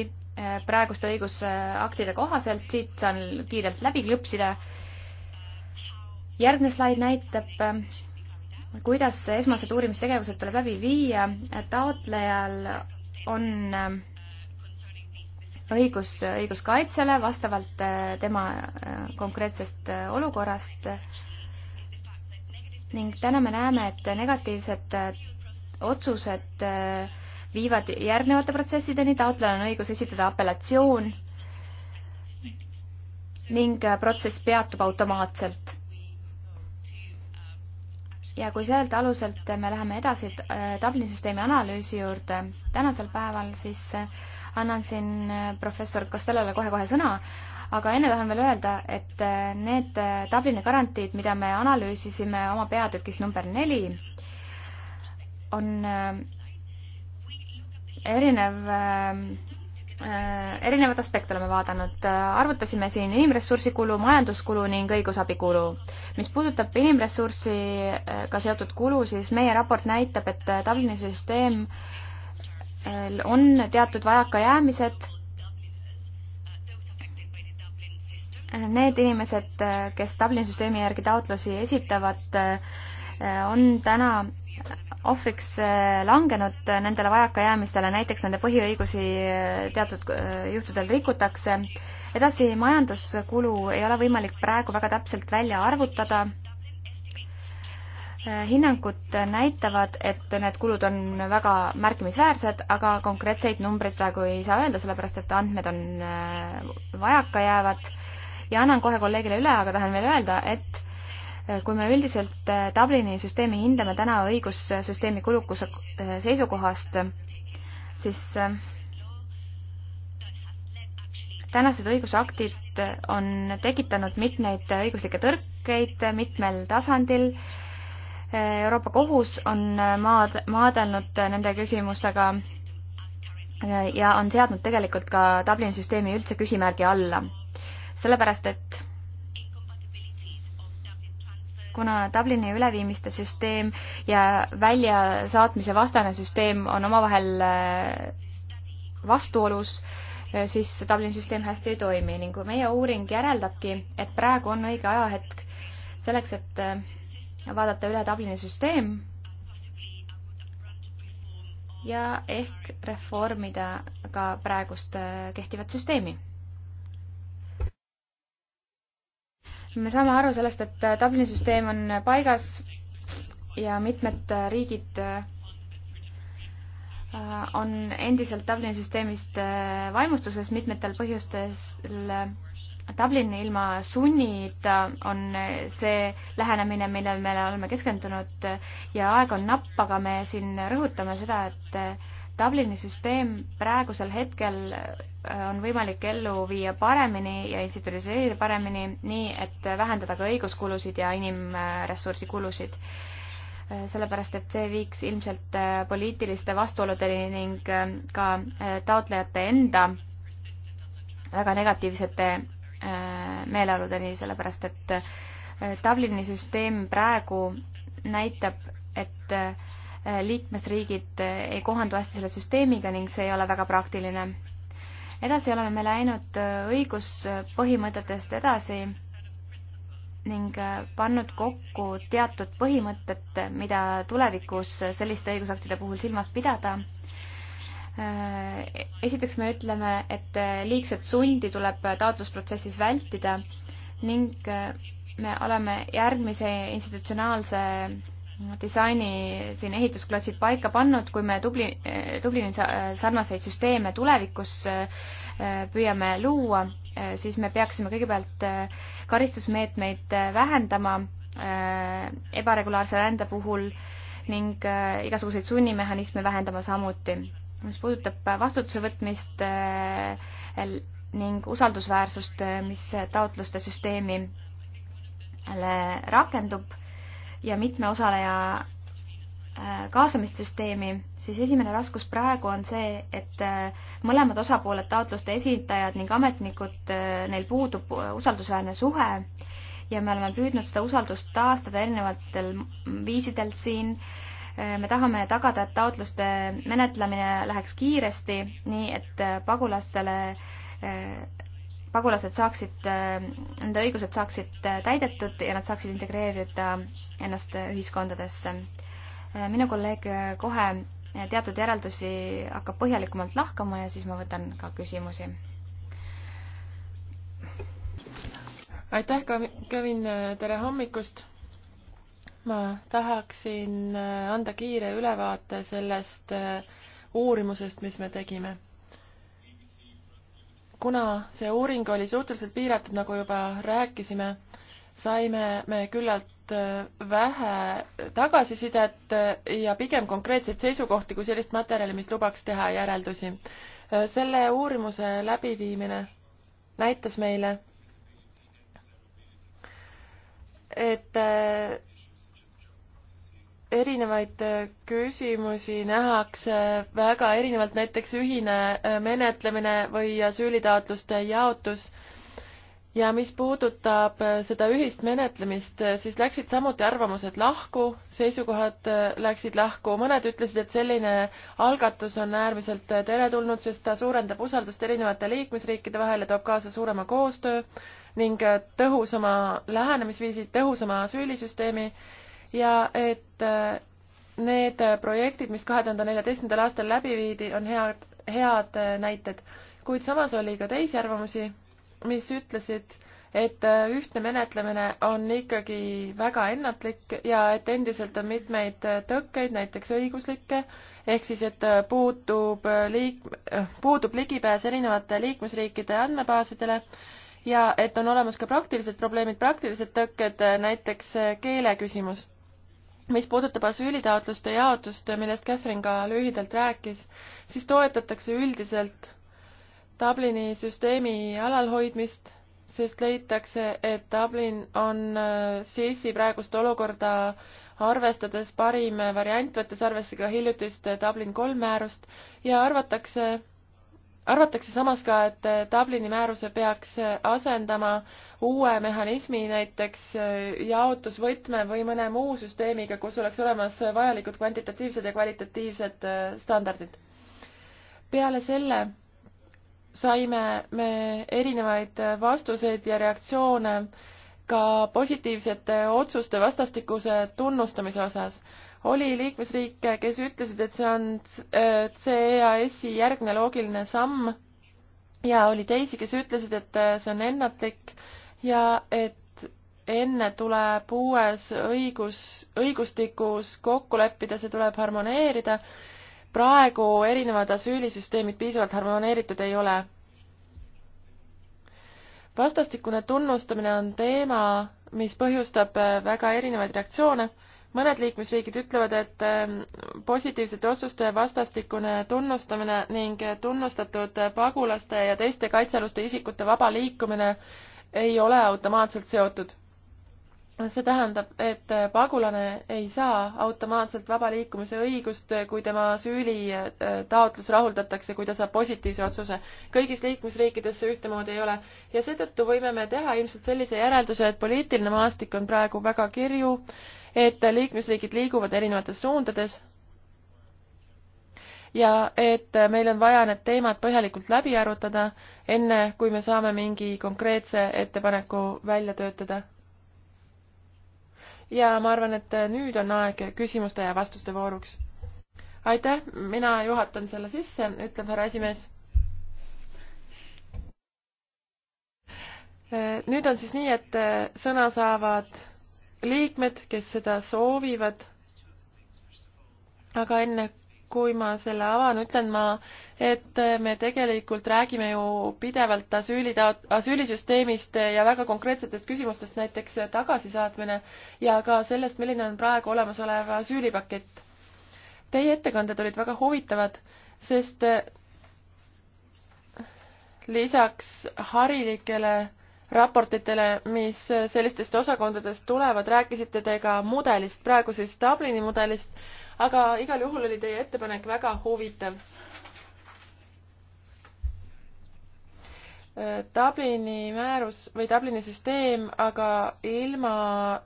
praeguste õigusaktide kohaselt, siit saan kiirelt läbi klõpsida. järgmine slaid näitab, kuidas esmased uurimistegevused tuleb läbi viia, taotlejal on äh, õigus õiguskaitsele vastavalt äh, tema äh, konkreetsest olukorrast ning täna me näeme, et negatiivsed otsused viivad järgnevate protsessideni, taotlejal on õigus esitada apellatsioon ning protsess peatub automaatselt ja kui sellelt aluselt me läheme edasi äh, Dublini süsteemi analüüsi juurde tänasel päeval, siis äh, annan siin äh, professor Costellole kohe-kohe sõna, aga enne tahan veel öelda, et need Dublini garantiid, mida me analüüsisime oma peatükis number neli, on erinev Äh, erinevaid aspekte oleme vaadanud, äh, arvutasime siin inimressursi kulu, majanduskulu ning õigusabikulu. mis puudutab inimressursiga äh, seotud kulu, siis meie raport näitab, et Dublini süsteem on teatud vajakajäämised. Need inimesed, kes Dublini süsteemi järgi taotlusi esitavad, on täna ohvriks äh, langenud nendele vajakajäämistele, näiteks nende põhiõigusi äh, teatud äh, juhtudel rikutakse. edasi, majanduskulu ei ole võimalik praegu väga täpselt välja arvutada. hinnangud näitavad, et need kulud on väga märkimisväärsed, aga konkreetseid numbreid praegu ei saa öelda, sellepärast et andmed on vajakajäävad ja annan kohe kolleegile üle, aga tahan veel öelda, et Äh, kui me üldiselt äh, Dublini süsteemi hindame täna õigussüsteemi kulukuse äh, seisukohast, siis tänased õigusaktid on tekitanud mitmeid õiguslikke tõrkeid mitmel tasandil. Euroopa Kohus on maad, maadelnud nende küsimustega ja on seadnud tegelikult ka Dublini süsteemi üldse küsimärgi alla. sellepärast, et kuna Dublini üleviimiste süsteem ja väljasaatmise vastane süsteem on omavahel äh, vastuolus, äh, siis Dublini süsteem hästi ei toimi ning meie uuring järeldabki, et praegu on õige ajahetk selleks, et äh, vaadata üle Dublini süsteem ja ehk reformida ka praegust kehtivat süsteemi me saame aru sellest, et äh, Dublini süsteem on äh, paigas ja mitmed äh, riigid on endiselt Dublini süsteemist vaimustuses mitmetel põhjustel. Dublin ilma sunnita on see lähenemine, millele me oleme keskendunud ja aeg on napp, aga me siin rõhutame seda, et Dublini süsteem praegusel hetkel äh, on võimalik ellu viia paremini ja institutsionaliseerida paremini, nii et vähendada ka õiguskulusid ja inimressursi kulusid. Äh, sellepärast, et see viiks ilmselt äh, poliitiliste vastuoludeni ning ka taotlejate enda väga negatiivsete meeleoludeni, sellepärast et Dublini süsteem praegu näitab, et Äh, liikmesriigid äh, ei kohandu hästi selle süsteemiga ning see ei ole väga praktiline. edasi oleme me läinud äh, õiguspõhimõtetest edasi ning pannud kokku teatud põhimõtted, mida tulevikus selliste õigusaktide puhul silmas pidada. esiteks me ütleme, et liigset sundi tuleb taotlusprotsessis vältida ning me oleme järgmise institutsionaalse disaini siin ehitusklotsid paika pannud, kui me tubli, Dublini sarnaseid süsteeme tulevikus äh, püüame luua, äh, siis me peaksime kõigepealt äh, karistusmeetmeid vähendama ebaregulaarse rände puhul ning igasuguseid sunnimehhanisme vähendama samuti. mis puudutab vastutuse võtmist ning usaldusväärsust, mis taotluste süsteemile rakendub ja mitme osaleja äh, kaasamist süsteemi, siis esimene raskus praegu on see, et äh, mõlemad osapooled, taotluste esindajad ning ametnikud, äh, neil puudub usaldusväärne suhe ja me oleme püüdnud seda usaldust taastada erinevatel viisidel siin. me tahame tagada, et taotluste menetlemine läheks kiiresti, nii et pagulastele pagulased saaksid, nende õigused saaksid täidetud ja nad saaksid integreerida ennast ühiskondadesse. minu kolleeg kohe teatud järeldusi hakkab põhjalikumalt lahkama ja siis ma võtan ka küsimusi. aitäh, Kevin, tere hommikust! ma tahaksin anda kiire ülevaate sellest äh, uurimusest, mis me tegime kuna see uuring oli suhteliselt piiratud, nagu juba rääkisime, saime me küllalt äh, vähe tagasisidet äh, ja pigem konkreetseid seisukohti kui sellist materjali, mis lubaks teha järeldusi. Äh, selle uurimuse läbiviimine näitas meile, et erinevaid äh, küsimusi nähakse väga erinevalt, näiteks ühine äh, menetlemine või asüülitaotluste jaotus. ja mis puudutab äh, seda ühist menetlemist, siis läksid samuti arvamused lahku, seisukohad läksid lahku, mõned ütlesid, et selline algatus on äärmiselt teretulnud, sest ta suurendab usaldust erinevate liikmesriikide vahel ja toob kaasa suurema koostöö ning tõhusama lähenemisviisi, tõhusama asüülisüsteemi ja et äh, need projektid, mis kahe tuhande neljateistkümnendal aastal läbi viidi, on head, head äh, näited. kuid samas oli ka teisi arvamusi, mis ütlesid, et äh, ühtne menetlemine on ikkagi väga ennatlik ja et endiselt on mitmeid tõkkeid, näiteks õiguslikke, ehk siis, et puutub liik-, puudub ligipääs erinevate liikmesriikide andmebaasidele ja et on olemas ka praktilised probleemid, praktilised tõkked, näiteks keele küsimus mis puudutab asüülitaotluste jaotust, millest Catherine ka lühidalt rääkis, siis toetatakse üldiselt Dublini süsteemi alalhoidmist, sest leitakse, et Dublin on CIS-i äh, praegust olukorda arvestades parim variant, võttes arvesse ka hiljutist äh, Dublin kolm määrust ja arvatakse, arvatakse samas ka, et äh, Dublini määruse peaks äh, asendama uue mehhanismi, näiteks äh, jaotusvõtme või mõne muu süsteemiga, kus oleks olemas vajalikud kvantitatiivsed ja kvalitatiivsed standardid. peale selle saime me erinevaid vastuseid ja reaktsioone ka positiivsete otsuste vastastikuse tunnustamise osas oli liikmesriike, kes ütlesid, et see on CEAS-i äh, järgne loogiline samm ja oli teisi, kes ütlesid, et äh, see on ennatlik ja et enne tuleb uues õigus, õigustikus kokku leppida, see tuleb harmoneerida. praegu erinevad asüülisüsteemid piisavalt harmoneeritud ei ole. vastastikune tunnustamine on teema, mis põhjustab äh, väga erinevaid reaktsioone mõned liikmesriigid ütlevad, et ähm, positiivsete otsuste vastastikune tunnustamine ning tunnustatud pagulaste ja teiste kaitsealuste isikute vaba liikumine ei ole automaatselt seotud. see tähendab, et pagulane ei saa automaatselt vaba liikumise õigust, kui tema süülitaotlus äh, rahuldatakse, kui ta saab positiivse otsuse. kõigis liikmesriikides see ühtemoodi ei ole ja seetõttu võime me teha ilmselt sellise järelduse, et poliitiline maastik on praegu väga kirju et liikmesriigid liiguvad erinevates suundades ja et meil on vaja need teemad põhjalikult läbi arutada, enne kui me saame mingi konkreetse ettepaneku välja töötada. ja ma arvan, et nüüd on aeg küsimuste ja vastuste vooruks. aitäh, mina juhatan selle sisse, ütleb härra esimees. nüüd on siis nii, et sõna saavad liikmed, kes seda soovivad. aga enne, kui ma selle avan, ütlen ma, et me tegelikult räägime ju pidevalt asüüli, asüülisüsteemist ja väga konkreetsetest küsimustest, näiteks tagasisaatmine ja ka sellest, milline on praegu olemasolev asüülipakett. Teie ettekanded olid väga huvitavad, sest lisaks harilikele raportitele, mis sellistest osakondadest tulevad, rääkisite te ka mudelist, praegu siis Dublini mudelist, aga igal juhul oli teie ettepanek väga huvitav. Dublini määrus või Dublini süsteem, aga ilma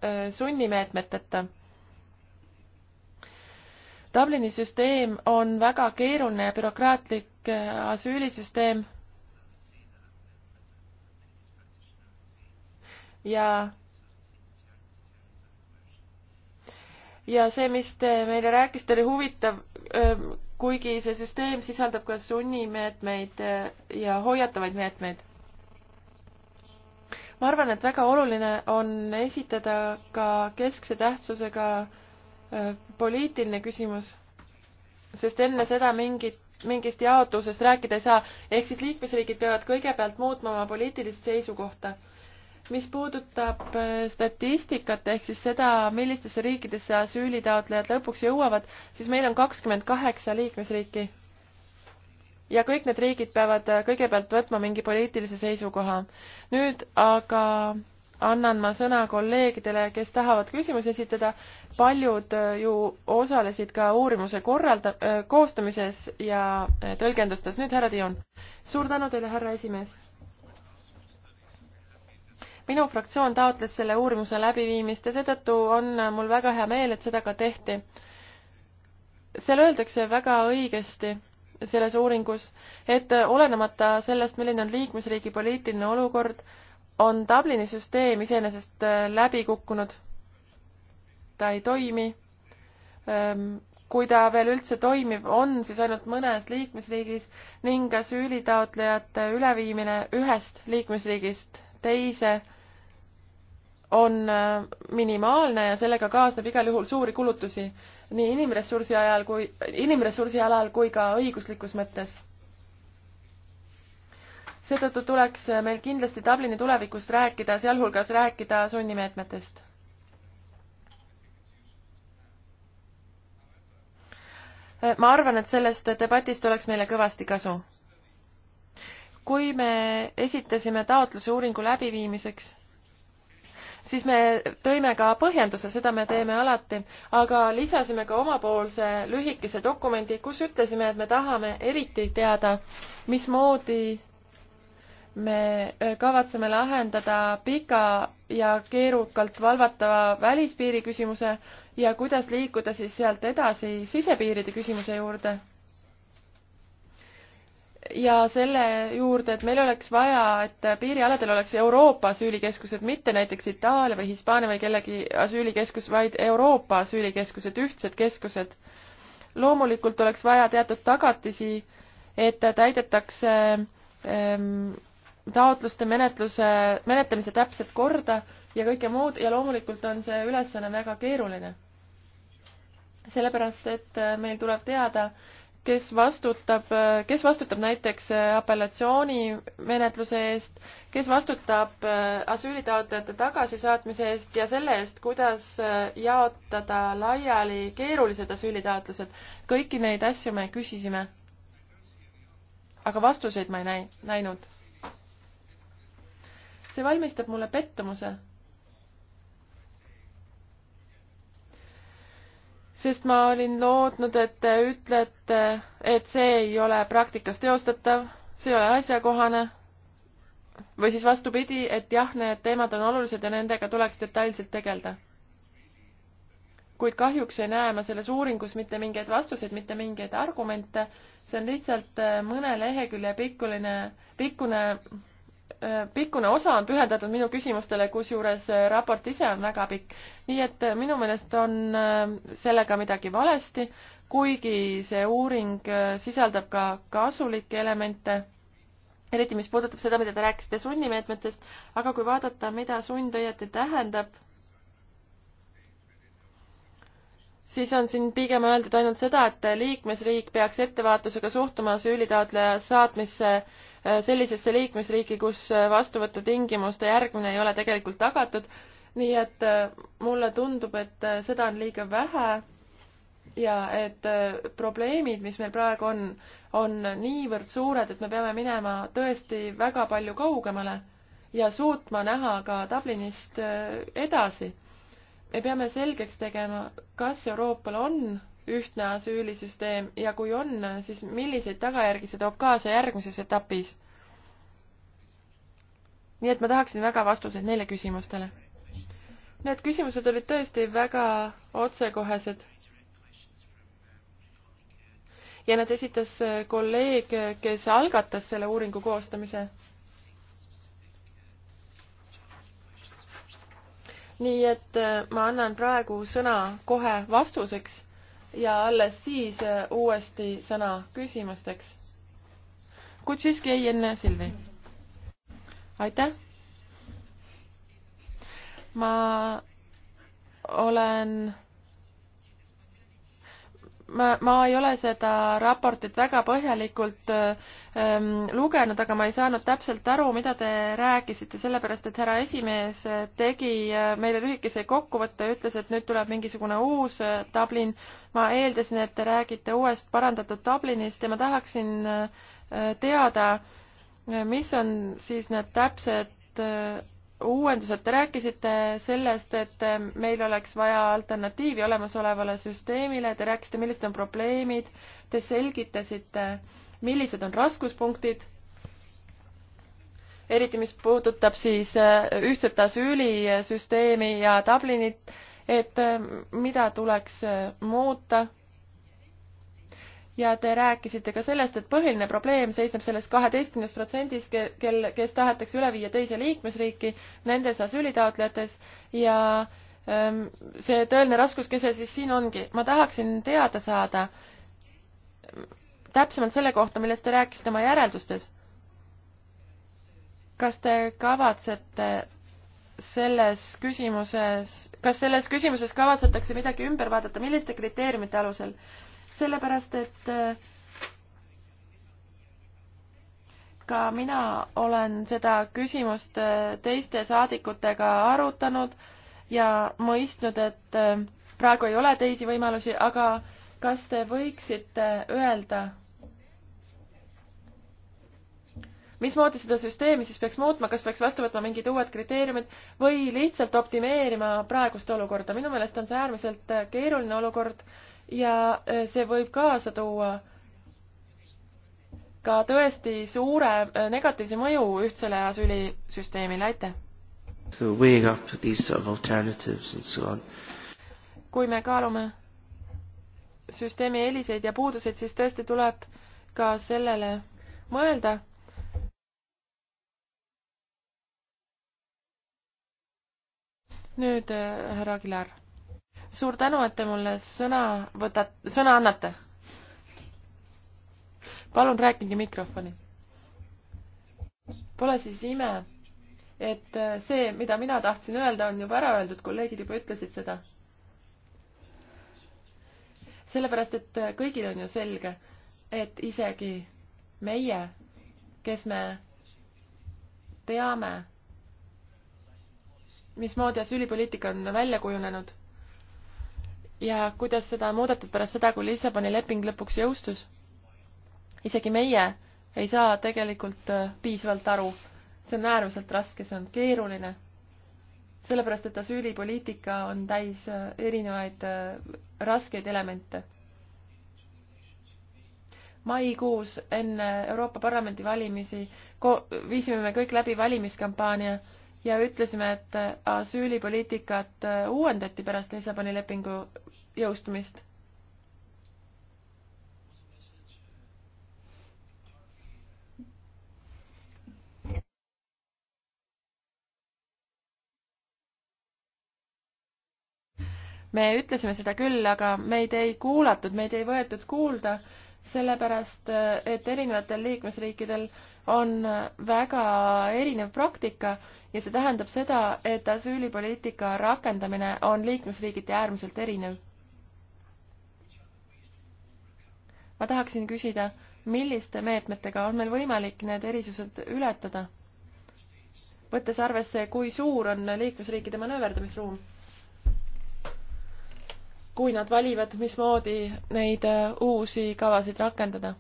äh, sunnimeetmeteta. Dublini süsteem on väga keeruline ja bürokraatlik äh, asüülisüsteem ja ja see, mis te meile rääkisite, oli huvitav, kuigi see süsteem sisaldab ka sunnimeetmeid ja hoiatavaid meetmeid. ma arvan, et väga oluline on esitada ka keskse tähtsusega poliitiline küsimus, sest enne seda mingit, mingist jaotusest rääkida ei saa, ehk siis liikmesriigid peavad kõigepealt muutma oma poliitilist seisukohta mis puudutab äh, statistikat ehk siis seda, millistesse riikidesse asüülitaotlejad lõpuks jõuavad, siis meil on kakskümmend kaheksa liikmesriiki. ja kõik need riigid peavad äh, kõigepealt võtma mingi poliitilise seisukoha. nüüd aga annan ma sõna kolleegidele, kes tahavad küsimusi esitada. paljud äh, ju osalesid ka uurimuse korralda-, koostamises ja tõlgendustes. nüüd härra Dion. suur tänu teile, härra esimees minu fraktsioon taotles selle uurimuse läbiviimist ja seetõttu on mul väga hea meel, et seda ka tehti. seal öeldakse väga õigesti selles uuringus, et olenemata sellest, milline on liikmesriigi poliitiline olukord, on Dublini süsteem iseenesest äh, läbi kukkunud. ta ei toimi. Ehm, kui ta veel üldse toimib, on siis ainult mõnes liikmesriigis ning asüülitaotlejate üleviimine ühest liikmesriigist teise on äh, minimaalne ja sellega kaasneb igal juhul suuri kulutusi nii inimressursi ajal kui, inimressursi alal kui ka õiguslikus mõttes. seetõttu tuleks meil kindlasti Dublini tulevikust rääkida, sealhulgas rääkida sunnimeetmetest. ma arvan, et sellest debatist oleks meile kõvasti kasu. kui me esitasime taotluse uuringu läbiviimiseks siis me tõime ka põhjenduse, seda me teeme alati, aga lisasime ka omapoolse lühikese dokumendi, kus ütlesime, et me tahame eriti teada, mismoodi me äh, kavatseme lahendada pika ja keerukalt valvatava välispiiri küsimuse ja kuidas liikuda siis sealt edasi sisepiiride küsimuse juurde ja selle juurde, et meil oleks vaja, et piirialadel oleks Euroopa asüülikeskused, mitte näiteks Itaalia või Hispaania või kellegi asüülikeskus, vaid Euroopa asüülikeskused, ühtsed keskused. loomulikult oleks vaja teatud tagatisi, et täidetakse ähm, taotluste menetluse, menetlemise täpset korda ja kõike muud ja loomulikult on see ülesanne väga keeruline. sellepärast, et meil tuleb teada, kes vastutab, kes vastutab näiteks äh, apellatsioonimenetluse eest, kes vastutab äh, asüülitaotlejate tagasisaatmise eest ja selle eest, kuidas äh, jaotada laiali keerulised asüülitaotlused. kõiki neid asju me küsisime. aga vastuseid ma ei näi-, näinud. see valmistab mulle pettumuse sest ma olin lootnud, et te ütlete, et see ei ole praktikas teostatav, see ei ole asjakohane. või siis vastupidi, et jah, need teemad on olulised ja nendega tuleks detailselt tegeleda. kuid kahjuks ei näe ma selles uuringus mitte mingeid vastuseid, mitte mingeid argumente, see on lihtsalt äh, mõne lehekülje pikkuline, pikkune pikkune osa on pühendatud minu küsimustele, kusjuures raport ise on väga pikk. nii et minu meelest on äh, sellega midagi valesti, kuigi see uuring äh, sisaldab ka kasulikke elemente, eriti mis puudutab seda, mida te rääkisite sunnimeetmetest, aga kui vaadata, mida sund õieti tähendab, siis on siin pigem öeldud ainult seda, et liikmesriik peaks ettevaatusega suhtuma süülitaotleja saatmisse äh, Äh, sellisesse liikmesriiki, kus äh, vastuvõtutingimuste järgmine ei ole tegelikult tagatud. nii et äh, mulle tundub, et seda on liiga vähe ja et probleemid, mis meil praegu on, on niivõrd suured, et me peame minema tõesti väga palju kaugemale ja suutma näha ka Dublinist edasi. me peame selgeks tegema, kas Euroopal on ühtne asüülisüsteem ja kui on, siis milliseid tagajärgi see toob kaasa järgmises etapis? nii et ma tahaksin väga vastuseid neile küsimustele. Need küsimused olid tõesti väga otsekohesed. ja nad esitas kolleeg, kes algatas selle uuringu koostamise nii et ma annan praegu sõna kohe vastuseks ja alles siis äh, uuesti sõna küsimusteks. kuid siiski ei enne Silvi. aitäh. ma olen ma, ma ei ole seda raportit väga põhjalikult ähm, lugenud, aga ma ei saanud täpselt aru, mida te rääkisite, sellepärast et härra esimees tegi äh, meile lühikese kokkuvõtte, ütles, et nüüd tuleb mingisugune uus äh, Dublin. ma eeldasin, et te räägite uuest parandatud Dublinist ja ma tahaksin äh, teada, mis on siis need täpsed äh, uuendused, te rääkisite sellest, et meil oleks vaja alternatiivi olemasolevale süsteemile, te rääkisite, millised on probleemid, te selgitasite, millised on raskuspunktid, eriti mis puudutab siis äh, ühtset asüülisüsteemi ja Dublinit, et äh, mida tuleks äh, muuta ja te rääkisite ka sellest, et põhiline probleem seisneb selles kaheteistkümnes protsendis, kel, kes tahetakse üle viia teise liikmesriiki, nendes asüülitaotlejates ja ähm, see tõeline raskuskese siis siin ongi. ma tahaksin teada saada täpsemalt selle kohta, millest te rääkisite oma järeldustes. kas te kavatsete selles küsimuses, kas selles küsimuses kavatsetakse midagi ümber vaadata, milliste kriteeriumite alusel? sellepärast et äh, ka mina olen seda küsimust äh, teiste saadikutega arutanud ja mõistnud, et äh, praegu ei ole teisi võimalusi, aga kas te võiksite öelda, mismoodi seda süsteemi siis peaks muutma, kas peaks vastu võtma mingid uued kriteeriumid või lihtsalt optimeerima praegust olukorda. minu meelest on see äärmiselt keeruline olukord ja äh, see võib kaasa tuua ka tõesti suure äh, negatiivse mõju ühtsele asüülisüsteemile, aitäh! kui me kaalume süsteemi eeliseid ja puuduseid, siis tõesti tuleb ka sellele mõelda nüüd äh, härra Aguilar suur tänu, et te mulle sõna võtate, sõna annate. palun rääkige mikrofoni. Pole siis ime, et see, mida mina tahtsin öelda, on juba ära öeldud, kolleegid juba ütlesid seda. sellepärast, et kõigil on ju selge, et isegi meie, kes me teame, mismoodi asüülipoliitika on välja kujunenud ja kuidas seda on muudetud pärast seda, kui Lissaboni leping lõpuks jõustus. isegi meie ei saa tegelikult äh, piisavalt aru. see on äärmiselt raske, see on keeruline. sellepärast, et asüülipoliitika on täis äh, erinevaid äh, raskeid elemente. maikuus enne Euroopa Parlamendi valimisi viisime me kõik läbi valimiskampaania ja ütlesime, et asüülipoliitikat uuendati pärast Lissaboni lepingu jõustumist. me ütlesime seda küll, aga meid ei kuulatud, meid ei võetud kuulda, sellepärast et erinevatel liikmesriikidel on väga erinev praktika ja see tähendab seda, et asüülipoliitika rakendamine on liikmesriigiti äärmiselt erinev. ma tahaksin küsida, milliste meetmetega on meil võimalik need erisused ületada? võttes arvesse, kui suur on liikmesriikide manööverdamisruum? kui nad valivad, mismoodi neid äh, uusi kavasid rakendada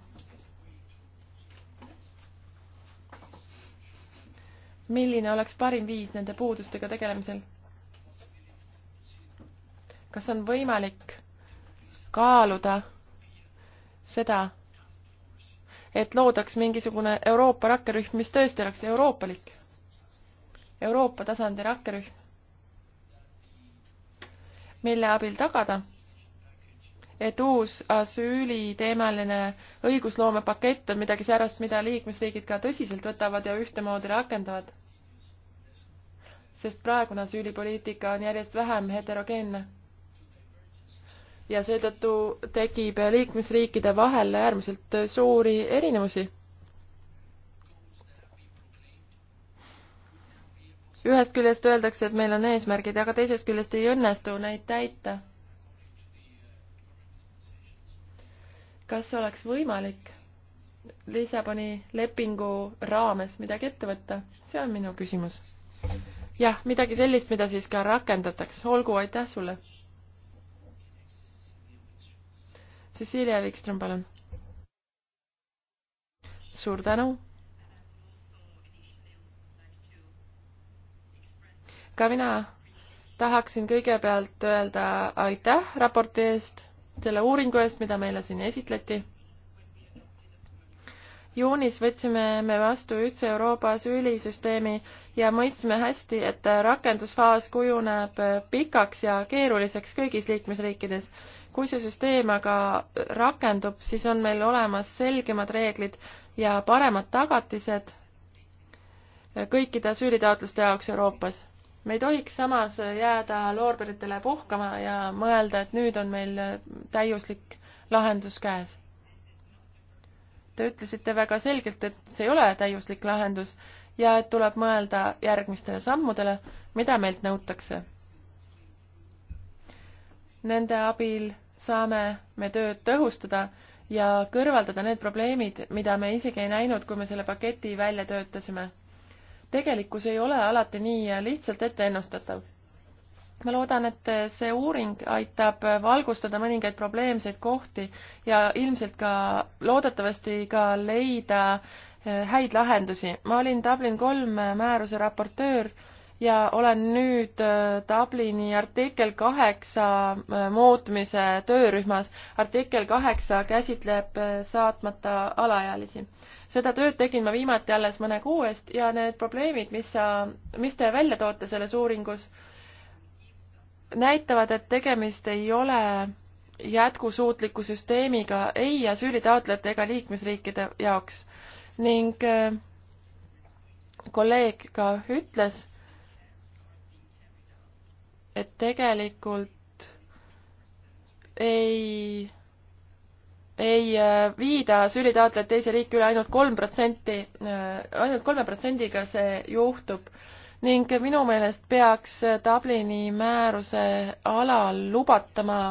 milline oleks parim viis nende puudustega tegelemisel? kas on võimalik kaaluda seda, et loodaks mingisugune Euroopa rakkerühm, mis tõesti oleks euroopalik, Euroopa tasandi rakkerühm, mille abil tagada, et uus asüüliteemaline õigusloomepakett on midagi säärast, mida liikmesriigid ka tõsiselt võtavad ja ühtemoodi rakendavad sest praegune asüülipoliitika on järjest vähem heterogeenne. ja seetõttu tekib liikmesriikide vahel äärmiselt suuri erinevusi. ühest küljest öeldakse, et meil on eesmärgid, aga teisest küljest ei õnnestu neid täita. kas oleks võimalik Lissaboni lepingu raames midagi ette võtta? see on minu küsimus jah, midagi sellist, mida siis ka rakendatakse, olgu, aitäh sulle. Cecilia Wikström, palun. suur tänu. ka mina tahaksin kõigepealt öelda aitäh raporti eest, selle uuringu eest, mida meile siin esitleti juunis võtsime me vastu ühtse Euroopa asüülisüsteemi ja mõistsime hästi, et rakendusfaas kujuneb pikaks ja keeruliseks kõigis liikmesriikides. kui see süsteem aga rakendub, siis on meil olemas selgemad reeglid ja paremad tagatised kõikide asüülitaotluste jaoks Euroopas. me ei tohiks samas jääda loorberitele puhkama ja mõelda, et nüüd on meil täiuslik lahendus käes Te ütlesite väga selgelt, et see ei ole täiuslik lahendus ja et tuleb mõelda järgmistele sammudele, mida meilt nõutakse. Nende abil saame me tööd tõhustada ja kõrvaldada need probleemid, mida me isegi ei näinud, kui me selle paketi välja töötasime. tegelikkus ei ole alati nii lihtsalt ette ennustatav ma loodan, et see uuring aitab valgustada mõningaid probleemseid kohti ja ilmselt ka loodetavasti ka leida eh, häid lahendusi. ma olin Dublin kolm määruse raportöör ja olen nüüd eh, Dublini artikkel kaheksa eh, muutmise töörühmas. artikkel kaheksa käsitleb saatmata alaealisi. seda tööd tegin ma viimati alles mõne kuu eest ja need probleemid, mis sa, mis te välja toote selles uuringus, näitavad, et tegemist ei ole jätkusuutliku süsteemiga ei asüülitaotlejate ega liikmesriikide jaoks ning äh, kolleeg ka ütles, et tegelikult ei, ei äh, viida asüülitaotlejad teise riiki üle ainult kolm protsenti, äh, ainult kolme protsendiga see juhtub ning minu meelest peaks Dublini määruse alal lubatama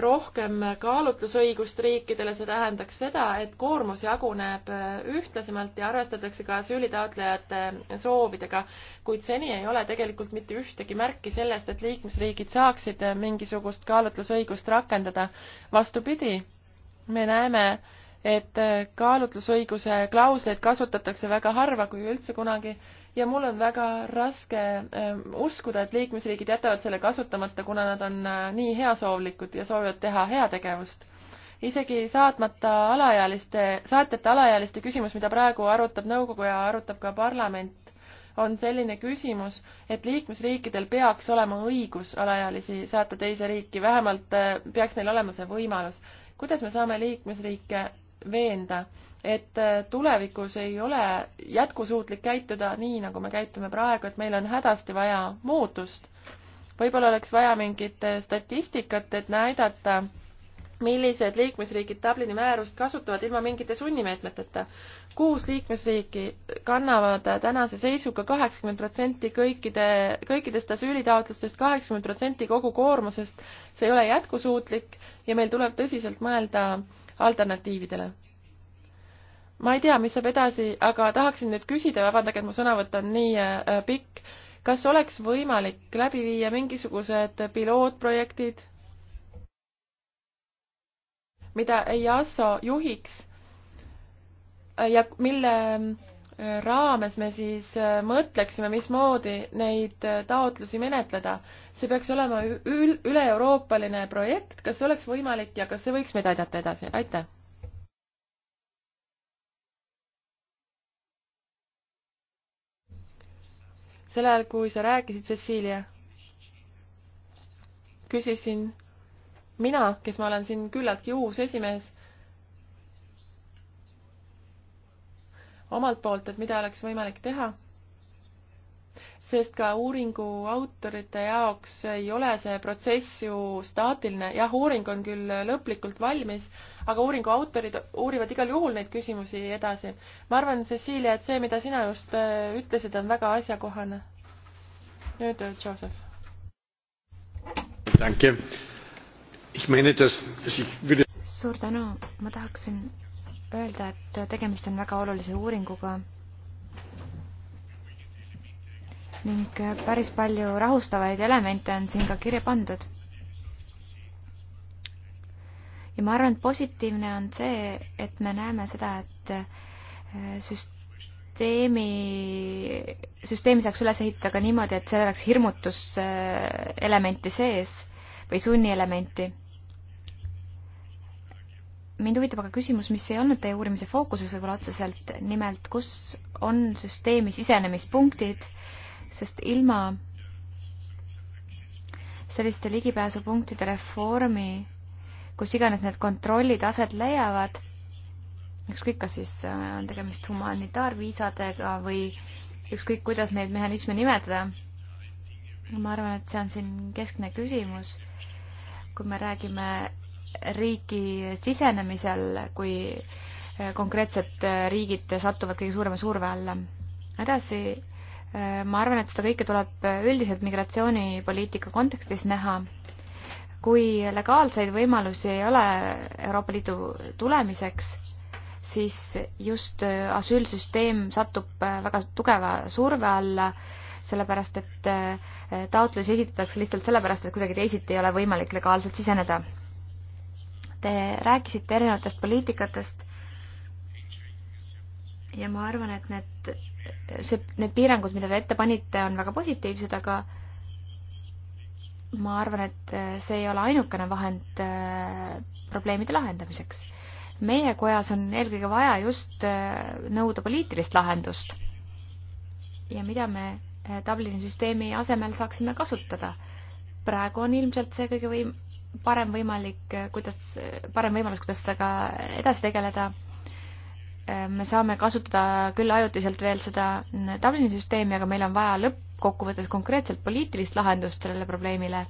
rohkem kaalutlusõigust riikidele, see tähendaks seda, et koormus jaguneb ühtlasemalt ja arvestatakse ka asüülitaotlejate soovidega, kuid seni ei ole tegelikult mitte ühtegi märki sellest, et liikmesriigid saaksid mingisugust kaalutlusõigust rakendada. vastupidi, me näeme, et kaalutlusõiguse klausleid kasutatakse väga harva, kui üldse kunagi ja mul on väga raske ähm, uskuda, et liikmesriigid jätavad selle kasutamata, kuna nad on äh, nii heasoovlikud ja soovivad teha heategevust. isegi saatmata alaealiste, saatjate alaealiste küsimus, mida praegu arutab nõukogu ja arutab ka parlament, on selline küsimus, et liikmesriikidel peaks olema õigus alaealisi saata teise riiki, vähemalt äh, peaks neil olema see võimalus. kuidas me saame liikmesriike veenda? et äh, tulevikus ei ole jätkusuutlik käituda nii, nagu me käitume praegu, et meil on hädasti vaja muutust. võib-olla oleks vaja mingit äh, statistikat, et näidata, millised liikmesriigid Dublini määrust kasutavad ilma mingite sunnimeetmeteta. kuus liikmesriiki kannavad tänase seisuga kaheksakümmend protsenti kõikide, kõikidest asüülitaotlustest, kaheksakümmend protsenti kogu koormusest. see ei ole jätkusuutlik ja meil tuleb tõsiselt mõelda alternatiividele ma ei tea, mis saab edasi, aga tahaksin nüüd küsida, vabandage, et mu sõnavõtt on nii äh, äh pikk, kas oleks võimalik läbi viia mingisugused pilootprojektid, mida EASO juhiks ja mille äh, raames me siis äh, mõtleksime, mismoodi neid taotlusi menetleda. see peaks olema üle-euroopaline projekt, kas see oleks võimalik ja kas see võiks meid aidata edasi, aitäh! sel ajal, kui sa rääkisid, Cecilia, küsisin mina, kes ma olen siin küllaltki uus esimees, omalt poolt, et mida oleks võimalik teha sest ka uuringu autorite jaoks ei ole see protsess ju staatiline. jah, uuring on küll lõplikult valmis, aga uuringu autorid uurivad igal juhul neid küsimusi edasi. ma arvan, Cecilia, et see, mida sina just äh, ütlesid, on väga asjakohane. nüüd äh, Joseph. suur tänu, ma tahaksin öelda, et tegemist on väga olulise uuringuga ning päris palju rahustavaid elemente on siin ka kirja pandud. ja ma arvan, et positiivne on see, et me näeme seda, et äh, süsteemi, süsteemi saaks üles ehitada ka niimoodi, et seal oleks hirmutuselementi äh, sees või sunnielementi mind huvitab aga küsimus, mis ei olnud teie uurimise fookuses võib-olla otseselt, nimelt kus on süsteemi sisenemispunktid sest ilma selliste ligipääsupunktide reformi, kus iganes need kontrollid aset leiavad, ükskõik, kas siis äh, on tegemist humanitaarviisadega või ükskõik, kuidas neid mehhanisme nimetada, ma arvan, et see on siin keskne küsimus, kui me räägime riiki sisenemisel, kui äh, konkreetsed äh, riigid satuvad kõige suurema surve alla. edasi Äh, ma arvan, et seda kõike tuleb äh, üldiselt migratsioonipoliitika kontekstis näha. kui legaalseid võimalusi ei ole Euroopa Liidu tulemiseks, siis just äh, asüülsüsteem satub väga tugeva surve alla, sellepärast et taotlusi esitatakse lihtsalt sellepärast, et kuidagi teisiti ei ole võimalik legaalselt siseneda. Te rääkisite erinevatest poliitikatest ja ma arvan, et need see, need piirangud, mida te ette panite, on väga positiivsed, aga ma arvan, et äh, see ei ole ainukene vahend äh, probleemide lahendamiseks. meie kojas on eelkõige vaja just äh, nõuda poliitilist lahendust. ja mida me Dublini süsteemi asemel saaksime kasutada. praegu on ilmselt see kõige võim-, parem võimalik, kuidas, parem võimalus, kuidas sellega edasi tegeleda Ehm, me saame kasutada küll ajutiselt veel seda Dublini süsteemi, aga meil on vaja lõppkokkuvõttes konkreetselt poliitilist lahendust sellele probleemile.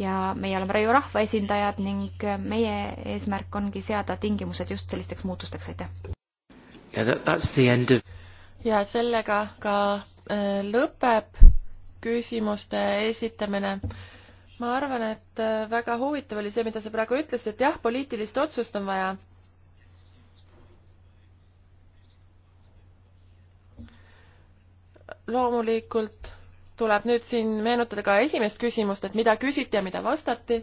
ja meie oleme Raiu rahvaesindajad ning meie eesmärk ongi seada tingimused just sellisteks muutusteks, aitäh! ja sellega ka äh, lõpeb küsimuste esitamine ma arvan, et äh, väga huvitav oli see, mida sa praegu ütlesid, et jah, poliitilist otsust on vaja, loomulikult tuleb nüüd siin meenutada ka esimest küsimust, et mida küsiti ja mida vastati.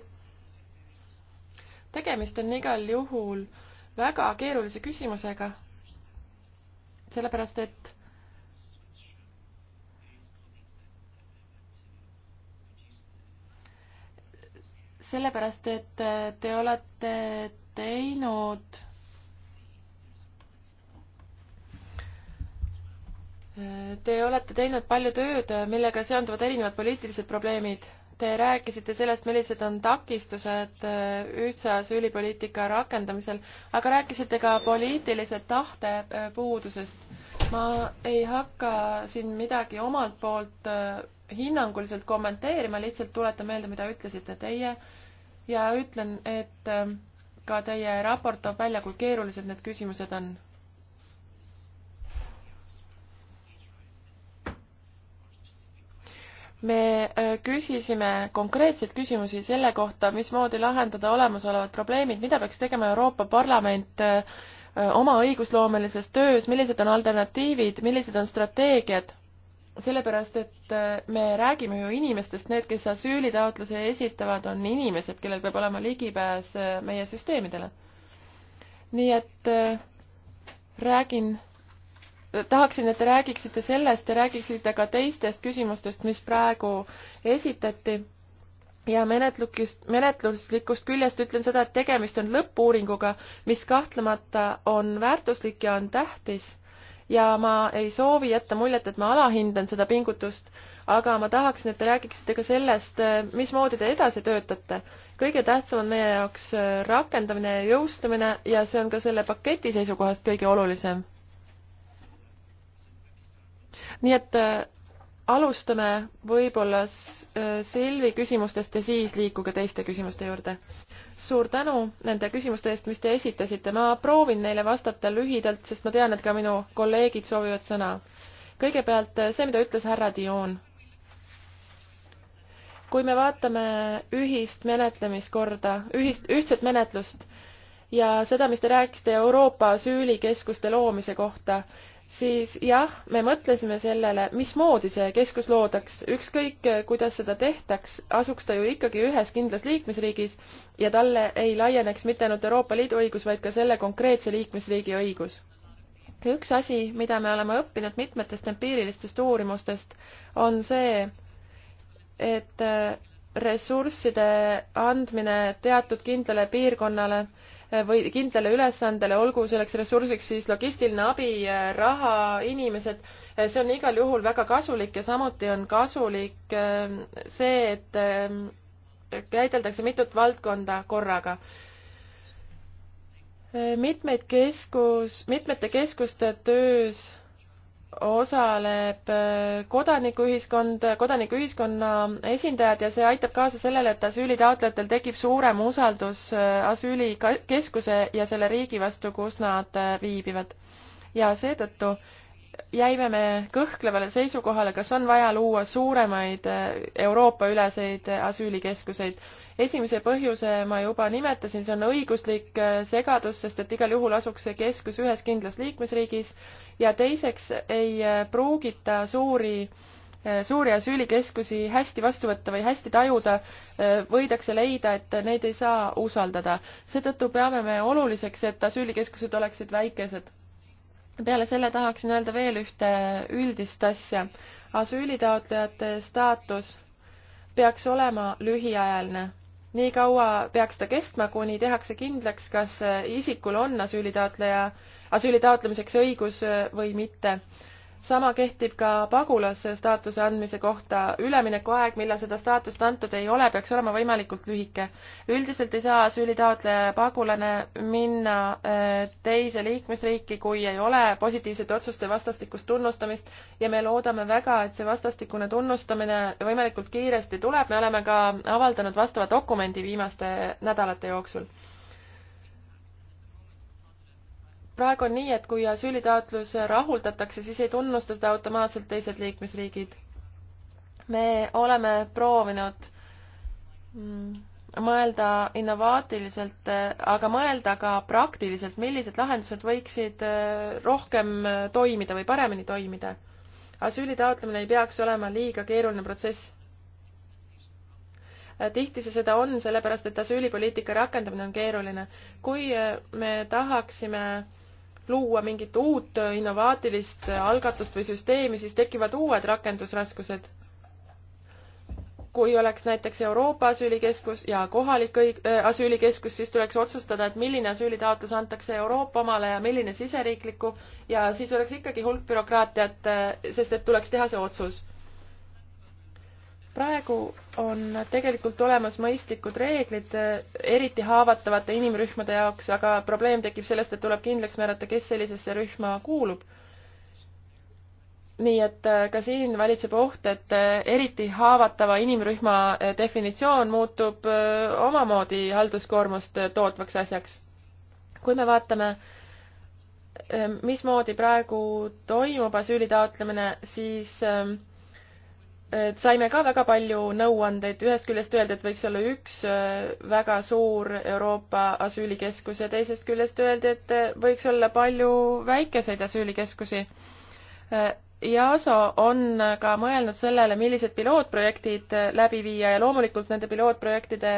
tegemist on igal juhul väga keerulise küsimusega, sellepärast et sellepärast, et te olete teinud Te olete teinud palju tööd, millega seonduvad erinevad poliitilised probleemid. Te rääkisite sellest, millised on takistused äh, ühtse asüülipoliitika rakendamisel, aga rääkisite ka poliitilise tahte äh, puudusest. ma ei hakka siin midagi omalt poolt äh, hinnanguliselt kommenteerima, lihtsalt tuletan meelde, mida ütlesite teie ja ütlen, et ka teie raport toob välja, kui keerulised need küsimused on me äh, küsisime konkreetseid küsimusi selle kohta, mismoodi lahendada olemasolevad probleemid, mida peaks tegema Euroopa Parlament äh, äh, oma õigusloomelises töös, millised on alternatiivid, millised on strateegiad, sellepärast et me räägime ju inimestest, need, kes asüülitaotluse esitavad, on inimesed, kellel peab olema ligipääs meie süsteemidele. nii et räägin tahaksin, et te räägiksite sellest ja räägiksite ka teistest küsimustest, mis praegu esitati ja menetlukist, menetluslikust küljest ütlen seda, et tegemist on lõppuuringuga, mis kahtlemata on väärtuslik ja on tähtis ja ma ei soovi jätta muljet, et ma alahindan seda pingutust, aga ma tahaksin, et te räägiksite ka sellest, mismoodi te edasi töötate. kõige tähtsam on meie jaoks rakendamine ja jõustumine ja see on ka selle paketi seisukohast kõige olulisem nii et äh, alustame võib-olla äh, Silvi küsimustest ja siis liikuge teiste küsimuste juurde. suur tänu nende küsimuste eest, mis te esitasite, ma proovin neile vastata lühidalt, sest ma tean, et ka minu kolleegid soovivad sõna. kõigepealt äh, see, mida ütles härra Dion. kui me vaatame ühist menetlemiskorda, ühist, ühtset menetlust ja seda, mis te rääkisite Euroopa süülikeskuste loomise kohta, siis jah, me mõtlesime sellele, mismoodi see keskus loodaks, ükskõik eh, kuidas seda tehtaks, asuks ta ju ikkagi ühes kindlas liikmesriigis ja talle ei laieneks mitte ainult Euroopa Liidu õigus, vaid ka selle konkreetse liikmesriigi õigus. üks asi, mida me oleme õppinud mitmetest empiirilistest uurimustest, on see, et eh, ressursside andmine teatud kindlale piirkonnale äh, või kindlale ülesandele, olgu selleks ressursiks siis logistiline abi, raha, inimesed, see on igal juhul väga kasulik ja samuti on kasulik eh, see, et eh, käideldakse mitut valdkonda korraga eh, mitmeid keskus, mitmete keskuste töös osaleb äh, kodanikuühiskond, kodanikuühiskonna esindajad ja see aitab kaasa sellele, et asüülitaotlejatel tekib suurem usaldus äh, asüülikeskuse ja selle riigi vastu, kus nad äh, viibivad. ja seetõttu jäime me kõhklevale seisukohale, kas on vaja luua suuremaid Euroopa-üleseid asüülikeskuseid esimese põhjuse ma juba nimetasin, see on õiguslik äh, segadus, sest et igal juhul asuks see keskus ühes kindlas liikmesriigis ja teiseks ei äh, pruugita suuri äh, suuri asüülikeskusi hästi vastu võtta või hästi tajuda, võidakse leida, et neid ei saa usaldada. seetõttu peame me oluliseks, et asüülikeskused oleksid väikesed. peale selle tahaksin öelda veel ühte üldist asja. asüülitaotlejate staatus peaks olema lühiajaline nii kaua peaks ta kestma, kuni tehakse kindlaks, kas isikul on asüülitaotleja, asüüli taotlemiseks õigus või mitte sama kehtib ka pagulase staatuse andmise kohta. üleminekuaeg, millal seda staatust antud ei ole, peaks olema võimalikult lühike. üldiselt ei saa asüülitaotleja ja pagulane minna äh, teise liikmesriiki, kui ei ole positiivsete otsuste vastastikust tunnustamist ja me loodame väga, et see vastastikune tunnustamine võimalikult kiiresti tuleb. me oleme ka avaldanud vastava dokumendi viimaste nädalate jooksul praegu on nii, et kui asüülitaotlus rahuldatakse, siis ei tunnusta seda automaatselt teised liikmesriigid. me oleme proovinud mm, mõelda innovaatiliselt, aga mõelda ka praktiliselt, millised lahendused võiksid eh, rohkem eh, toimida või paremini toimida. asüüli taotlemine ei peaks olema liiga keeruline protsess. Eh, tihti see seda on, sellepärast et asüülipoliitika rakendamine on keeruline. kui me tahaksime luua mingit uut innovaatilist algatust või süsteemi, siis tekivad uued rakendusraskused. kui oleks näiteks Euroopa asüülikeskus ja kohalik õig-, äh, asüülikeskus, siis tuleks otsustada, et milline asüülitaotlus antakse Euroopa omale ja milline siseriikliku ja siis oleks ikkagi hulk bürokraatiat, äh, sest et tuleks teha see otsus praegu on tegelikult olemas mõistlikud reeglid, eriti haavatavate inimrühmade jaoks, aga probleem tekib sellest, et tuleb kindlaks määrata, kes sellisesse rühma kuulub. nii et äh, ka siin valitseb oht, et äh, eriti haavatava inimrühma äh, definitsioon muutub omamoodi halduskoormust tootvaks asjaks. kui me vaatame mismoodi praegu toimub asüüli taotlemine, siis äh, et saime ka väga palju nõuandeid, ühest küljest öeldi, et võiks olla üks äh, väga suur Euroopa asüülikeskus ja teisest küljest öeldi, et äh, võiks olla palju väikeseid asüülikeskusi. EASO äh, on ka mõelnud sellele, millised pilootprojektid läbi viia ja loomulikult nende pilootprojektide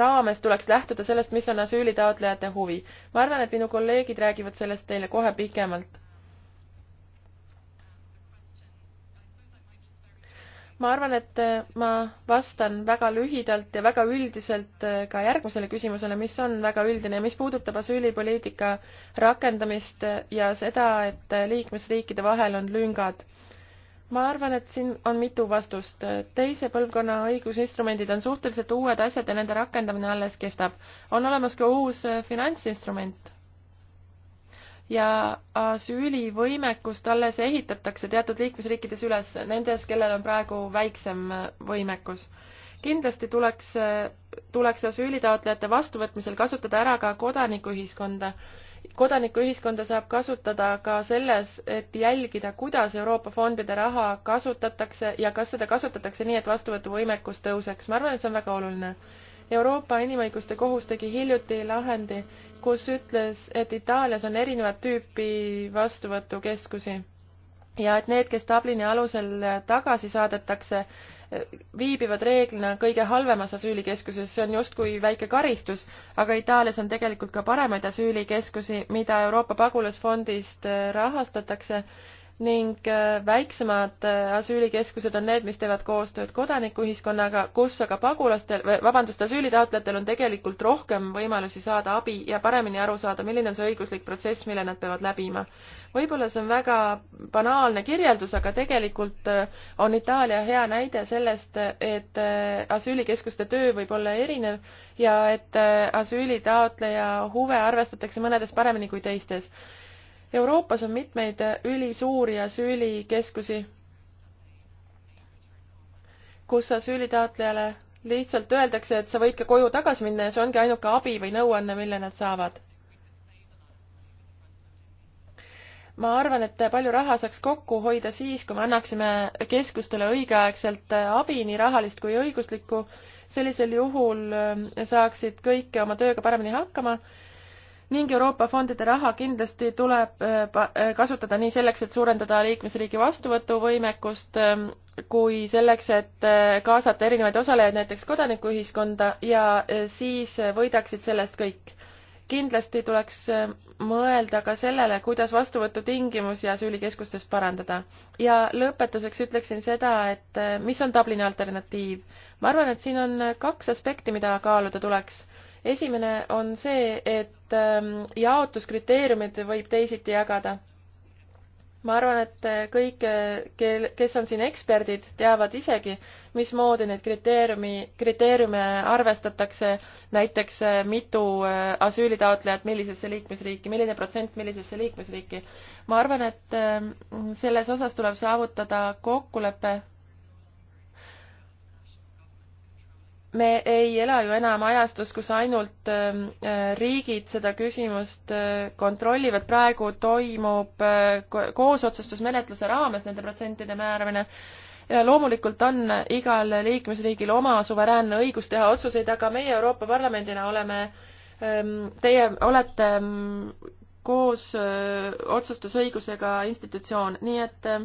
raames tuleks lähtuda sellest, mis on asüülitaotlejate huvi. ma arvan, et minu kolleegid räägivad sellest teile kohe pikemalt ma arvan, et äh, ma vastan väga lühidalt ja väga üldiselt äh, ka järgmisele küsimusele, mis on väga üldine ja mis puudutab asüülipoliitika rakendamist äh, ja seda, et liikmesriikide vahel on lüngad. ma arvan, et siin on mitu vastust. teise põlvkonna õigusinstrumendid on suhteliselt uued asjad ja nende rakendamine alles kestab. on olemas ka uus finantsinstrument ja asüülivõimekust alles ehitatakse teatud liikmesriikides üles, nendes, kellel on praegu väiksem võimekus. kindlasti tuleks, tuleks asüülitaotlejate vastuvõtmisel kasutada ära ka kodanikuühiskonda. kodanikuühiskonda saab kasutada ka selles, et jälgida, kuidas Euroopa fondide raha kasutatakse ja kas seda kasutatakse nii, et vastuvõtuvõimekus tõuseks. ma arvan, et see on väga oluline Euroopa Inimõiguste Kohus tegi hiljuti lahendi, kus ütles, et Itaalias on erinevat tüüpi vastuvõtukeskusi ja et need, kes Dublini alusel tagasi saadetakse, viibivad reeglina kõige halvemas asüülikeskuses, see on justkui väike karistus, aga Itaalias on tegelikult ka paremaid asüülikeskusi, mida Euroopa pagulasfondist rahastatakse ning äh, väiksemad äh, asüülikeskused on need, mis teevad koostööd kodanikuühiskonnaga, kus aga pagulastel, vabandust, asüülitaotlejatel on tegelikult rohkem võimalusi saada abi ja paremini aru saada, milline on see õiguslik protsess, mille nad peavad läbima. võib-olla see on väga banaalne kirjeldus, aga tegelikult äh, on Itaalia hea näide sellest, et asüülikeskuste töö võib olla erinev ja et asüülitaotleja huve arvestatakse mõnedes paremini kui teistes Euroopas on mitmeid ülisuuri asüülikeskusi, kus asüülitaotlejale lihtsalt öeldakse, et sa võid ka koju tagasi minna ja see ongi ainuke abi või nõuanne, mille nad saavad. ma arvan, et palju raha saaks kokku hoida siis, kui me annaksime keskustele õigeaegselt abi, nii rahalist kui õiguslikku. sellisel juhul saaksid kõik oma tööga paremini hakkama ning Euroopa fondide raha kindlasti tuleb äh, äh, kasutada nii selleks, et suurendada liikmesriigi vastuvõtuvõimekust, ähm, kui selleks, et äh, kaasata erinevaid osalejaid, näiteks kodanikuühiskonda ja siis võidaksid sellest kõik. kindlasti tuleks mõelda ka sellele, kuidas vastuvõtutingimusi asüülikeskustes parandada. ja lõpetuseks ütleksin seda, et mis on Dublini alternatiiv. ma arvan, et siin on kaks aspekti, mida kaaluda tuleks esimene on see, et ähm, jaotuskriteeriumid võib teisiti jagada. ma arvan, et äh, kõik, äh, kel, kes on siin eksperdid, teavad isegi, mismoodi neid kriteeriumi, kriteeriume arvestatakse, näiteks äh, mitu asüülitaotlejat millisesse liikmesriiki, milline protsent millisesse liikmesriiki. ma arvan, et ähm, selles osas tuleb saavutada kokkulepe me ei ela ju enam ajastus, kus ainult ähm, äh, riigid seda küsimust äh, kontrollivad, praegu toimub äh, koosotsustusmenetluse raames nende protsentide määramine. loomulikult on igal liikmesriigil oma suveräänne õigus teha otsuseid, aga meie Euroopa Parlamendina oleme, ähm, teie olete ähm, koos otsustusõigusega institutsioon, nii et äh,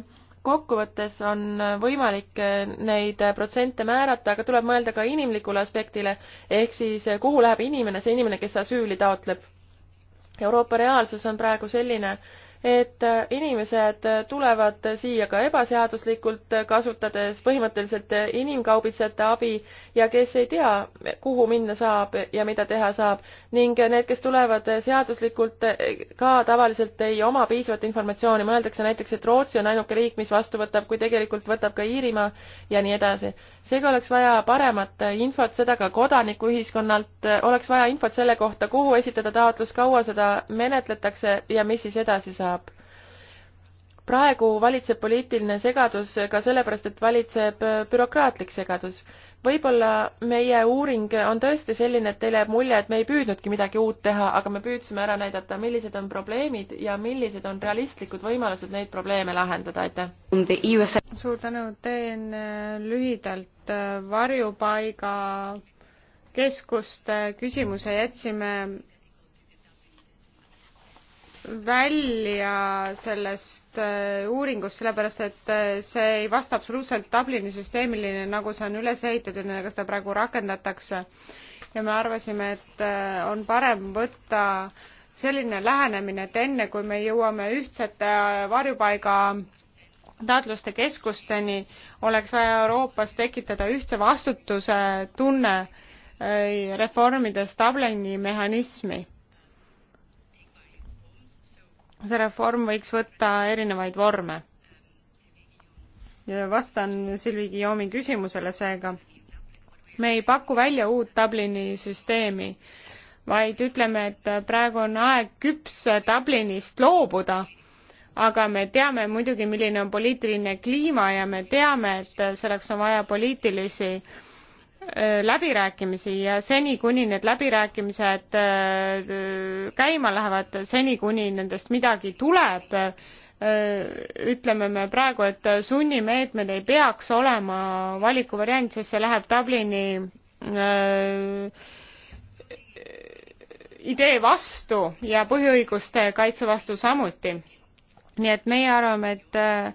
kokkuvõttes on võimalik äh, neid äh, protsente määrata, aga tuleb mõelda ka inimlikule aspektile, ehk siis äh, kuhu läheb inimene, see inimene, kes asüüli taotleb. Euroopa reaalsus on praegu selline, et äh, inimesed äh, tulevad siia ka ebaseaduslikult, äh, kasutades põhimõtteliselt inimkaubitsejate abi ja kes ei tea, kuhu minna saab ja mida teha saab ning need, kes tulevad seaduslikult, ka tavaliselt ei oma piisavat informatsiooni, mõeldakse näiteks, et Rootsi on ainuke riik, mis vastu võtab, kui tegelikult võtab ka Iirimaa ja nii edasi seega oleks vaja paremat infot, seda ka kodanikuühiskonnalt, oleks vaja infot selle kohta, kuhu esitada taotlus, kaua seda menetletakse ja mis siis edasi saab. praegu valitseb poliitiline segadus ka sellepärast, et valitseb bürokraatlik segadus võib-olla meie uuring on tõesti selline, et teile jääb mulje, et me ei püüdnudki midagi uut teha, aga me püüdsime ära näidata, millised on probleemid ja millised on realistlikud võimalused neid probleeme lahendada, aitäh! suur tänu, teen äh, lühidalt äh, varjupaiga keskuste küsimuse jätsime välja sellest äh, uuringust, sellepärast et äh, see ei vasta absoluutselt Dublini süsteemile, nagu see on üles ehitatud ja nagu seda praegu rakendatakse. ja me arvasime, et äh, on parem võtta selline lähenemine, et enne kui me jõuame ühtsete varjupaiga taotluste keskusteni, oleks vaja Euroopas tekitada ühtse vastutuse tunne reformides Dublini mehhanismi see reform võiks võtta erinevaid vorme. vastan Silvi Guillaume'i küsimusele seega. me ei paku välja uut Dublini süsteemi, vaid ütleme, et praegu on aeg küps Dublinist loobuda, aga me teame muidugi, milline on poliitiline kliima ja me teame, et selleks on vaja poliitilisi äh, Äh, läbirääkimisi ja seni, kuni need läbirääkimised äh, käima lähevad, seni, kuni nendest midagi tuleb, äh, ütleme me praegu, et sunnimeetmed ei peaks olema valikuvariant, sest see läheb Dublini äh, idee vastu ja põhiõiguste kaitse vastu samuti. nii et meie arvame, et äh,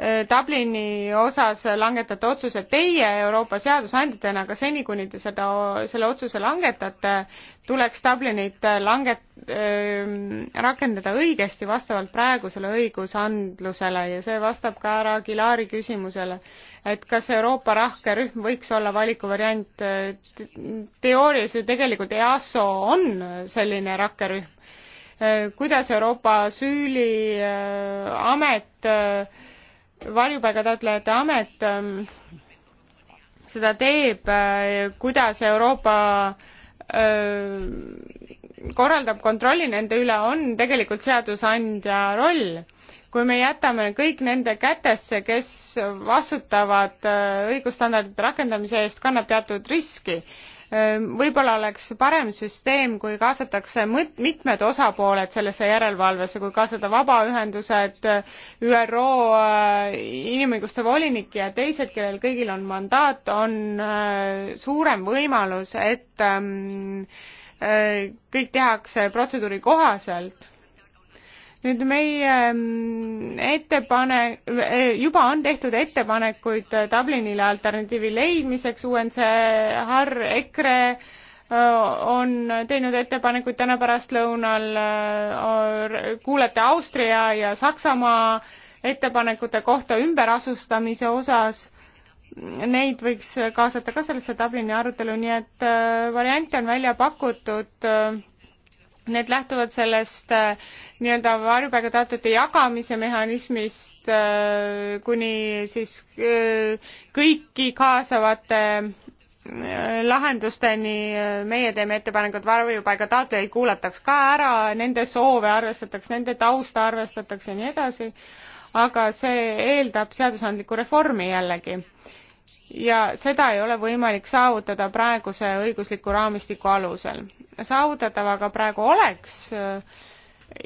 Äh, Dublini osas langetate otsuse teie Euroopa seadusandjatena, aga seni, kuni te seda, selle otsuse langetate, tuleks Dublinit äh, langet- äh,, rakendada õigesti vastavalt praegusele õigusandlusele ja see vastab ka härra Aguilari küsimusele, et kas Euroopa rahkerühm võiks olla valikuvariant. Äh, teoorias ju tegelikult EASO on selline rakkerühm. kuidas Euroopa Süüliamet äh, varjupaigataotlejate amet ähm, seda teeb, äh, kuidas Euroopa äh, korraldab kontrolli nende üle, on tegelikult seadusandja roll. kui me jätame kõik nende kätesse, kes vastutavad äh, õigusstandardite rakendamise eest, kannab teatud riski Ehm, võib-olla oleks parem süsteem, kui kaasatakse mitmed osapooled sellesse järelevalvesse, kui kaasata vabaühendused, ÜRO äh, inimõiguste volinik ja teised, kellel kõigil on mandaat, on äh, suurem võimalus, et ehm, äh, kõik tehakse protseduuri kohaselt nüüd meie mm, ettepanek, eh, juba on tehtud ettepanekuid eh, Dublinile alternatiivi leidmiseks, UNCHR, EKRE eh, on teinud ettepanekuid täna pärastlõunal, kuulete Austria ja Saksamaa ettepanekute kohta ümberasustamise osas neid võiks kaasata ka sellesse Dublini arutelu, nii et variante on välja pakutud äh, need lähtuvad sellest äh, nii-öelda varjupaiga taotlejate jagamise mehhanismist äh, kuni siis äh, kõiki kaasavate lahendusteni meie teeme ettepaneku, et varjupaiga taotlejaid kuulataks ka ära, nende soove arvestataks, nende tausta arvestatakse ja nii edasi, aga see eeldab seadusandlikku reformi jällegi ja seda ei ole võimalik saavutada praeguse õigusliku raamistiku alusel. saavutatav aga praegu oleks äh,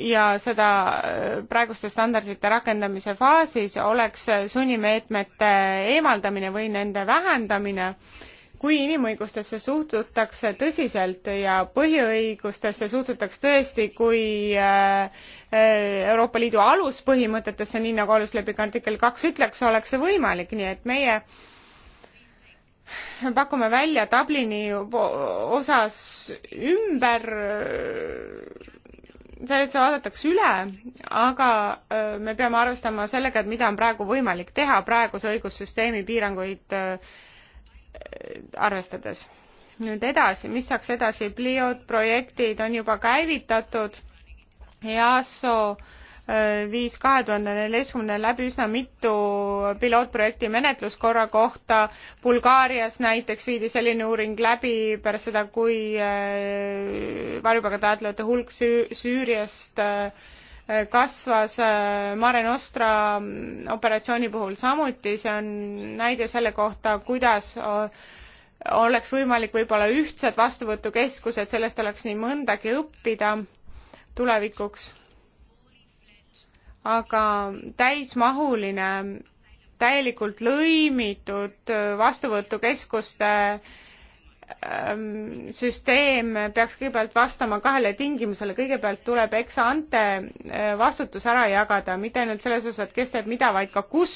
ja seda äh, praeguste standardite rakendamise faasis oleks äh, sunnimeetmete eemaldamine või nende vähendamine, kui inimõigustesse suhtutakse tõsiselt ja põhiõigustesse suhtutakse tõesti kui Euroopa Liidu aluspõhimõtetesse, nii nagu alusleping artikkel kaks ütleks, oleks see võimalik, nii et meie pakume välja Dublini osas ümber, see, et see vaadatakse üle, aga me peame arvestama sellega, et mida on praegu võimalik teha praeguse õigussüsteemi piiranguid arvestades. nüüd edasi, mis saaks edasi, PLIO projektid on juba käivitatud, EASO äh, viis kahe tuhande neljateistkümnendal läbi üsna mitu pilootprojekti menetluskorra kohta. Bulgaarias näiteks viidi selline uuring läbi pärast seda, kui äh, varjupaiga taotlejate hulk Süüriast äh, kasvas äh, Mare Nostra mm, operatsiooni puhul samuti, see on näide selle kohta, kuidas oleks võimalik võib-olla ühtsed vastuvõtukeskused, sellest oleks nii mõndagi õppida tulevikuks aga täismahuline, täielikult lõimitud vastuvõtukeskuste ähm, süsteem peaks kõigepealt vastama kahele tingimusele, kõigepealt tuleb eks ante äh, vastutus ära jagada, mitte ainult selles osas, et kes teeb mida, vaid ka kus,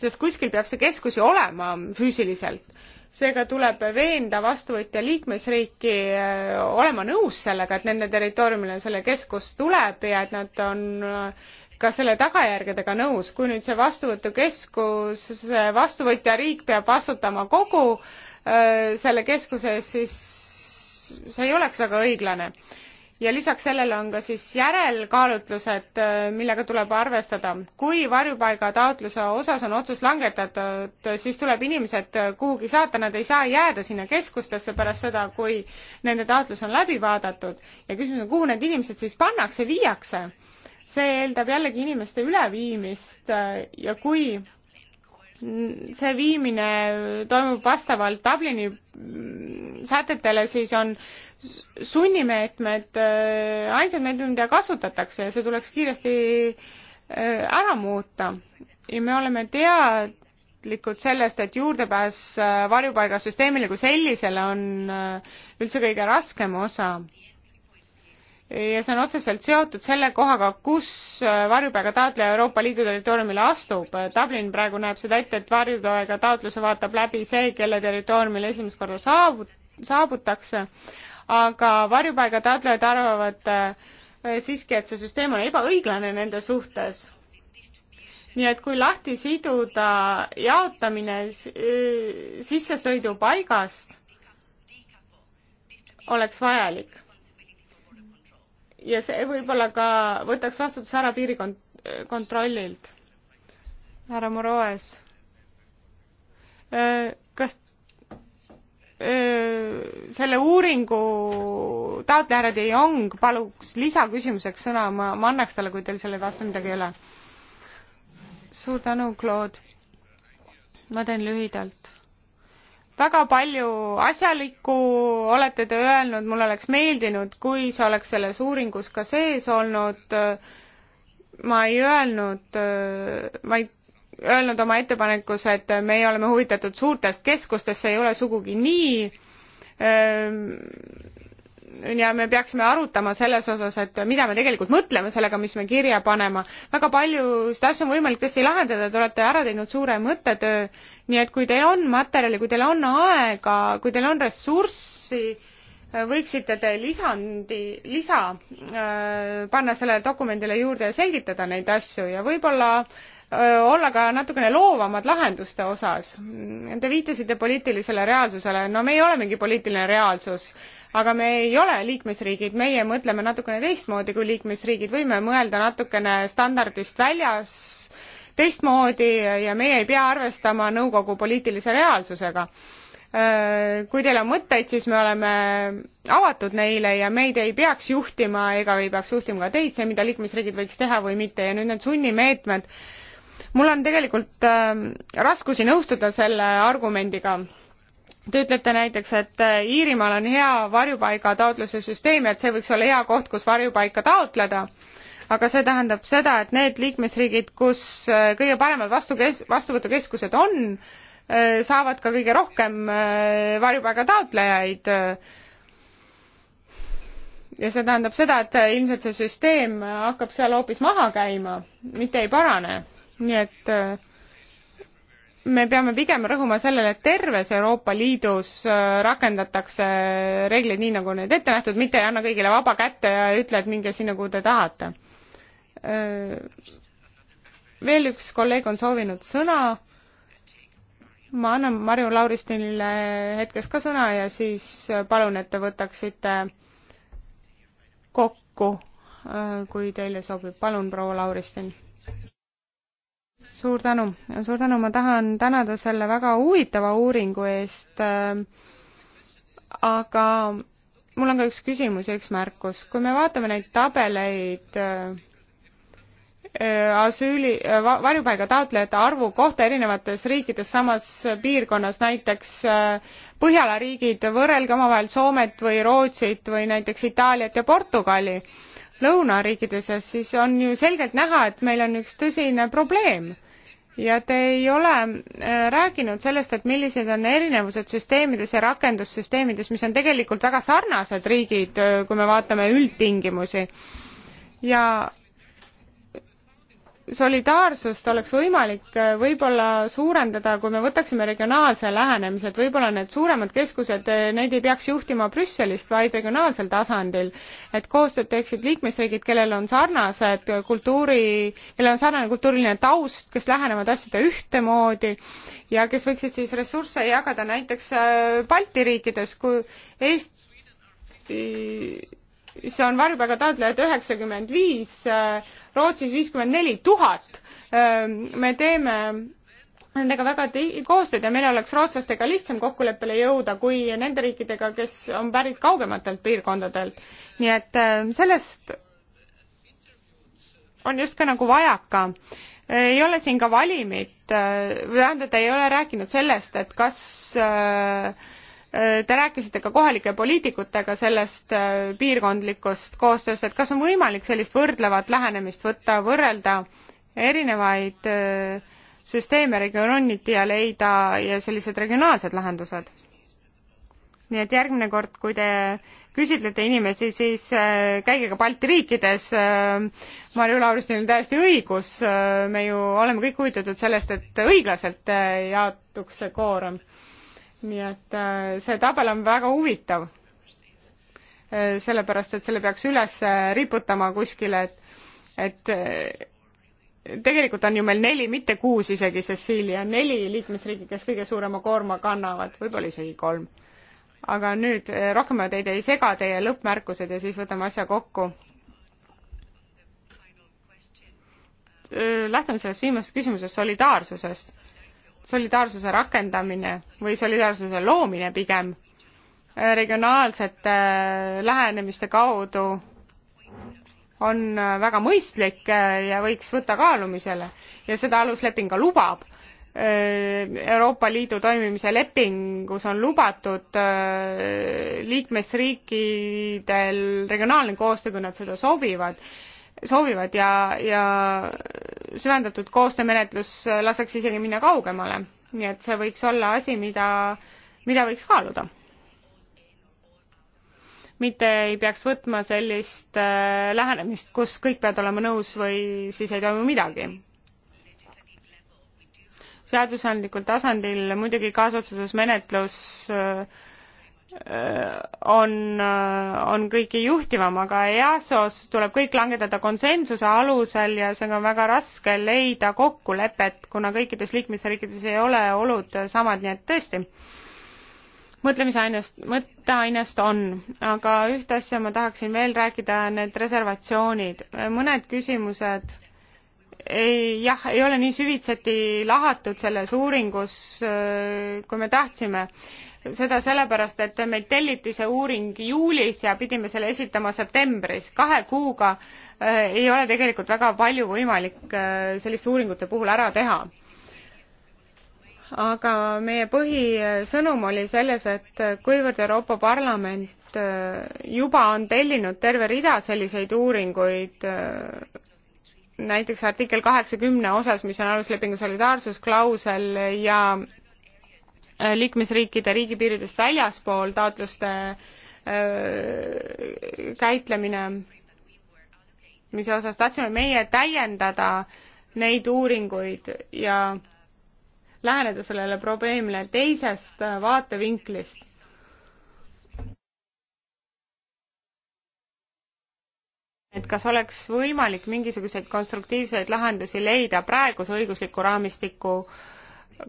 sest kuskil peab see keskus ju olema füüsiliselt. seega tuleb veenda vastuvõtja liikmesriiki äh, olema nõus sellega, et nende territooriumile selle keskus tuleb ja et nad on äh, ka selle tagajärgedega nõus, kui nüüd see vastuvõtukeskus, see vastuvõtja riik peab vastutama kogu öö, äh, selle keskuse eest, siis see ei oleks väga õiglane. ja lisaks sellele on ka siis järelkaalutlused, äh, millega tuleb arvestada. kui varjupaigataotluse osas on otsus langetatud, siis tuleb inimesed kuhugi saata, nad ei saa jääda sinna keskustesse pärast seda, kui nende taotlus on läbi vaadatud ja küsimus on, kuhu need inimesed siis pannakse, viiakse see eeldab jällegi inimeste üleviimist äh, ja kui see viimine toimub vastavalt Dublini mm, sätetele, siis on sunnimeetmed äh, ainsad meetmed, mida kasutatakse ja see tuleks kiiresti äh, ära muuta. ja me oleme teadlikud sellest, et juurdepääs varjupaigasüsteemile kui sellisele on üldse kõige raskem osa ja see on otseselt seotud selle kohaga, kus äh, varjupaiga taotleja Euroopa Liidu territooriumile astub. Dublin praegu näeb seda ette, et varjupaiga taotluse vaatab läbi see, kelle territooriumile esimest korda saabu-, saabutakse, aga varjupaiga taotlejad arvavad äh, siiski, et see süsteem on ebaõiglane nende suhtes. nii et kui lahti siduda jaotamine äh, sissesõidupaigast, oleks vajalik ja see võib-olla ka võtaks vastutuse ära piirikontrollilt. härra Moroes, äh, kas äh, selle uuringu taotleja härra De Jong paluks lisaküsimuseks sõna, ma, ma annaks talle, kui teil selle vastu midagi ei ole. suur tänu, Claude. ma teen lühidalt väga palju asjalikku olete te öelnud, mul oleks meeldinud, kui see oleks selles uuringus ka sees olnud. ma ei öelnud, ma ei öelnud oma ettepanekus, et meie oleme huvitatud suurtest keskustest, see ei ole sugugi nii ja me peaksime arutama selles osas, et mida me tegelikult mõtleme sellega, mis me kirja panema. väga palju seda asja on võimalik tõesti lahendada, te olete ära teinud suure mõttetöö, nii et kui teil on materjali, kui teil on aega, kui teil on ressurssi, võiksite te lisandi, lisa äh, panna sellele dokumendile juurde ja selgitada neid asju ja võib-olla äh, olla ka natukene loovamad lahenduste osas. Te viitasite poliitilisele reaalsusele, no meie olemegi poliitiline reaalsus, aga me ei ole liikmesriigid, meie mõtleme natukene teistmoodi kui liikmesriigid, võime mõelda natukene standardist väljas, teistmoodi ja meie ei pea arvestama nõukogu poliitilise reaalsusega kui teil on mõtteid, siis me oleme avatud neile ja meid ei peaks juhtima ega ei peaks juhtima ka teid, see, mida liikmesriigid võiks teha või mitte ja nüüd need sunnimeetmed äh, mul on tegelikult äh, raskusi nõustuda selle argumendiga te ütlete näiteks et äh, iirimaal on hea varjupaigataotluse süsteem ja et see võiks olla hea koht kus varjupaika taotleda aga see tähendab seda et need liikmesriigid kus äh, kõige paremad vastukes- vastuvõtukeskused on äh, saavad ka kõige rohkem varjupaigataotlejaid ja see tähendab seda et ilmselt see süsteem hakkab seal hoopis maha käima mitte ei parane nii et äh, me peame pigem rõhuma sellele, et terves Euroopa Liidus äh, rakendatakse reegleid nii, nagu need ette nähtud, mitte ei anna kõigile vaba kätte ja ei ütle, et minge sinna, kuhu te tahate. Äh, veel üks kolleeg on soovinud sõna. ma annan Marju Lauristinile hetkes ka sõna ja siis palun, et te võtaksite kokku, kui teile sobib. palun, proua Lauristin suur tänu, suur tänu, ma tahan tänada selle väga huvitava uuringu eest äh,. aga mul on ka üks küsimus ja üks märkus, kui me vaatame neid tabeleid äh, asüüli äh,, varjupaiga taotlejate arvu kohta erinevates riikides samas piirkonnas, näiteks äh, Põhjala riigid, võrrelge omavahel Soomet või Rootsit või näiteks Itaaliat ja Portugali lõunariikides, siis on ju selgelt näha, et meil on üks tõsine probleem ja te ei ole äh, rääkinud sellest, et millised on erinevused süsteemides ja rakendussüsteemides, mis on tegelikult väga sarnased riigid, äh, kui me vaatame üldtingimusi. ja solidaarsust oleks võimalik äh, võib-olla suurendada, kui me võtaksime regionaalse lähenemise, et võib-olla need suuremad keskused, äh, neid ei peaks juhtima Brüsselist, vaid regionaalsel tasandil. et koostööd teeksid liikmesriigid, kellel on sarnased kultuuri, kellel on sarnane kultuuriline taust, kes lähenevad asjade ühtemoodi ja kes võiksid siis ressursse jagada näiteks äh, Balti riikides, kui Eesti see on varjupaiga taotlejad üheksakümmend viis, Rootsis viiskümmend neli tuhat. me teeme nendega väga koostööd ja meil oleks rootslastega lihtsam kokkuleppele jõuda kui nende riikidega, kes on pärit kaugematelt piirkondadelt. nii et äh, sellest on justkui nagu vajaka. ei ole siin ka valimit, äh, või tähendab, ei ole rääkinud sellest, et kas äh, Äh, te rääkisite ka kohalike poliitikutega sellest äh, piirkondlikust koostööst, et kas on võimalik sellist võrdlevat lähenemist võtta, võrrelda erinevaid äh, süsteeme regiooniti ja leida ja sellised regionaalsed lahendused? nii et järgmine kord, kui te küsitlete inimesi, siis käige ka Balti riikides. Marju Lauristinil on täiesti õigus, me ju oleme kõik huvitatud sellest, et õiglaselt jaotuks see koorem nii et äh, see tabel on väga huvitav, äh, sellepärast et selle peaks üles äh, riputama kuskile, et, et tegelikult on ju meil neli, mitte kuus isegi, Cecilia, neli liikmesriigi, kes kõige suurema koorma kannavad, võib-olla isegi kolm. aga nüüd rohkem ma teid ei sega, teie lõppmärkused ja siis võtame asja kokku. lähtume sellest viimasest küsimusest, solidaarsusest solidaarsuse rakendamine või solidaarsuse loomine pigem regionaalsete äh, lähenemiste kaudu on äh, väga mõistlik äh, ja võiks võtta kaalumisele ja seda alusleping ka lubab. Euroopa Liidu toimimise lepingus on lubatud liikmesriikidel regionaalne koostöö, kui nad seda soovivad soovivad ja, ja süvendatud koostöömenetlus laseks isegi minna kaugemale. nii et see võiks olla asi, mida, mida võiks kaaluda. mitte ei peaks võtma sellist äh, lähenemist, kus kõik peavad olema nõus või siis ei toimu midagi. seadusandlikul tasandil muidugi kaasotsustusmenetlus äh, Äh, on, äh, on kõige juhtivam, aga EASO-s tuleb kõik langetada konsensuse alusel ja see on väga raske leida kokkulepet, kuna kõikides liikmesriikides ei ole olud samad, nii et tõesti, mõtlemisainest, mõtteainest on, aga ühte asja ma tahaksin veel rääkida, need reservatsioonid. mõned küsimused ei, jah, ei ole nii süvitseti lahatud selles uuringus, äh, kui me tahtsime seda sellepärast, et meilt telliti see uuring juulis ja pidime selle esitama septembris. kahe kuuga äh, ei ole tegelikult väga palju võimalik äh, selliste uuringute puhul ära teha. aga meie põhisõnum oli selles, et kuivõrd Euroopa Parlament äh, juba on tellinud terve rida selliseid uuringuid äh,, näiteks artikkel kaheksakümne osas, mis on aluslepingu solidaarsusklausel ja liikmesriikide riigipiiridest väljaspool taotluste käitlemine, mis osas tahtsime meie täiendada neid uuringuid ja läheneda sellele probleemile teisest vaatevinklist. et kas oleks võimalik mingisuguseid konstruktiivseid lahendusi leida praeguse õigusliku raamistiku äh,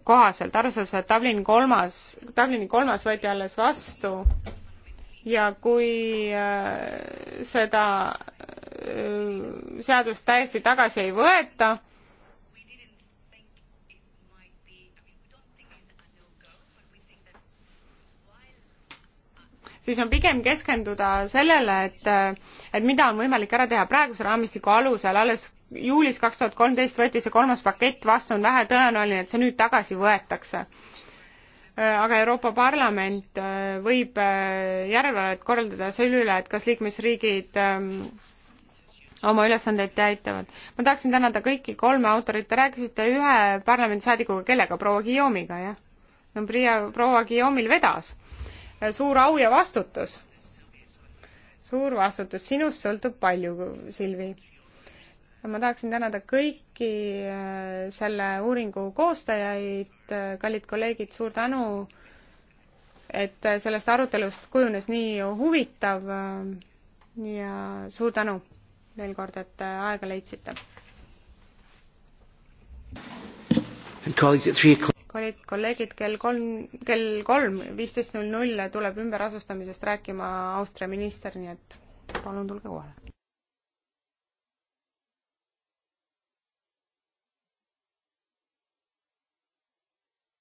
kohaselt, arvestades, et Dublin kolmas, Dublini kolmas võeti alles vastu ja kui äh, seda äh, seadust täiesti tagasi ei võeta, siis on pigem keskenduda sellele, et, et mida on võimalik ära teha praeguse raamistiku alusel, alles juulis kaks tuhat kolmteist võeti see kolmas pakett vastu, on vähetõenäoline, et see nüüd tagasi võetakse. Äh, aga Euroopa Parlament äh, võib äh, järelevalvet korraldada selle üle, et kas liikmesriigid ähm, oma ülesandeid täitavad. ma tahaksin tänada kõiki kolme autorit, te rääkisite ühe parlamendisaadikuga, kellega, proua Guillaume'iga, jah? no Priia, proua Guillaume'il vedas. suur au ja vastutus. suur vastutus, sinust sõltub palju, Silvi ma tahaksin tänada kõiki äh, selle uuringu koostajaid, kallid kolleegid, suur tänu, et sellest arutelust kujunes nii huvitav äh, ja suur tänu veel kord, et äh, aega leidsite. kallid kolleegid, kell kolm, kell kolm viisteist null null tuleb ümberasustamisest rääkima Austria minister, nii et palun tulge kohale.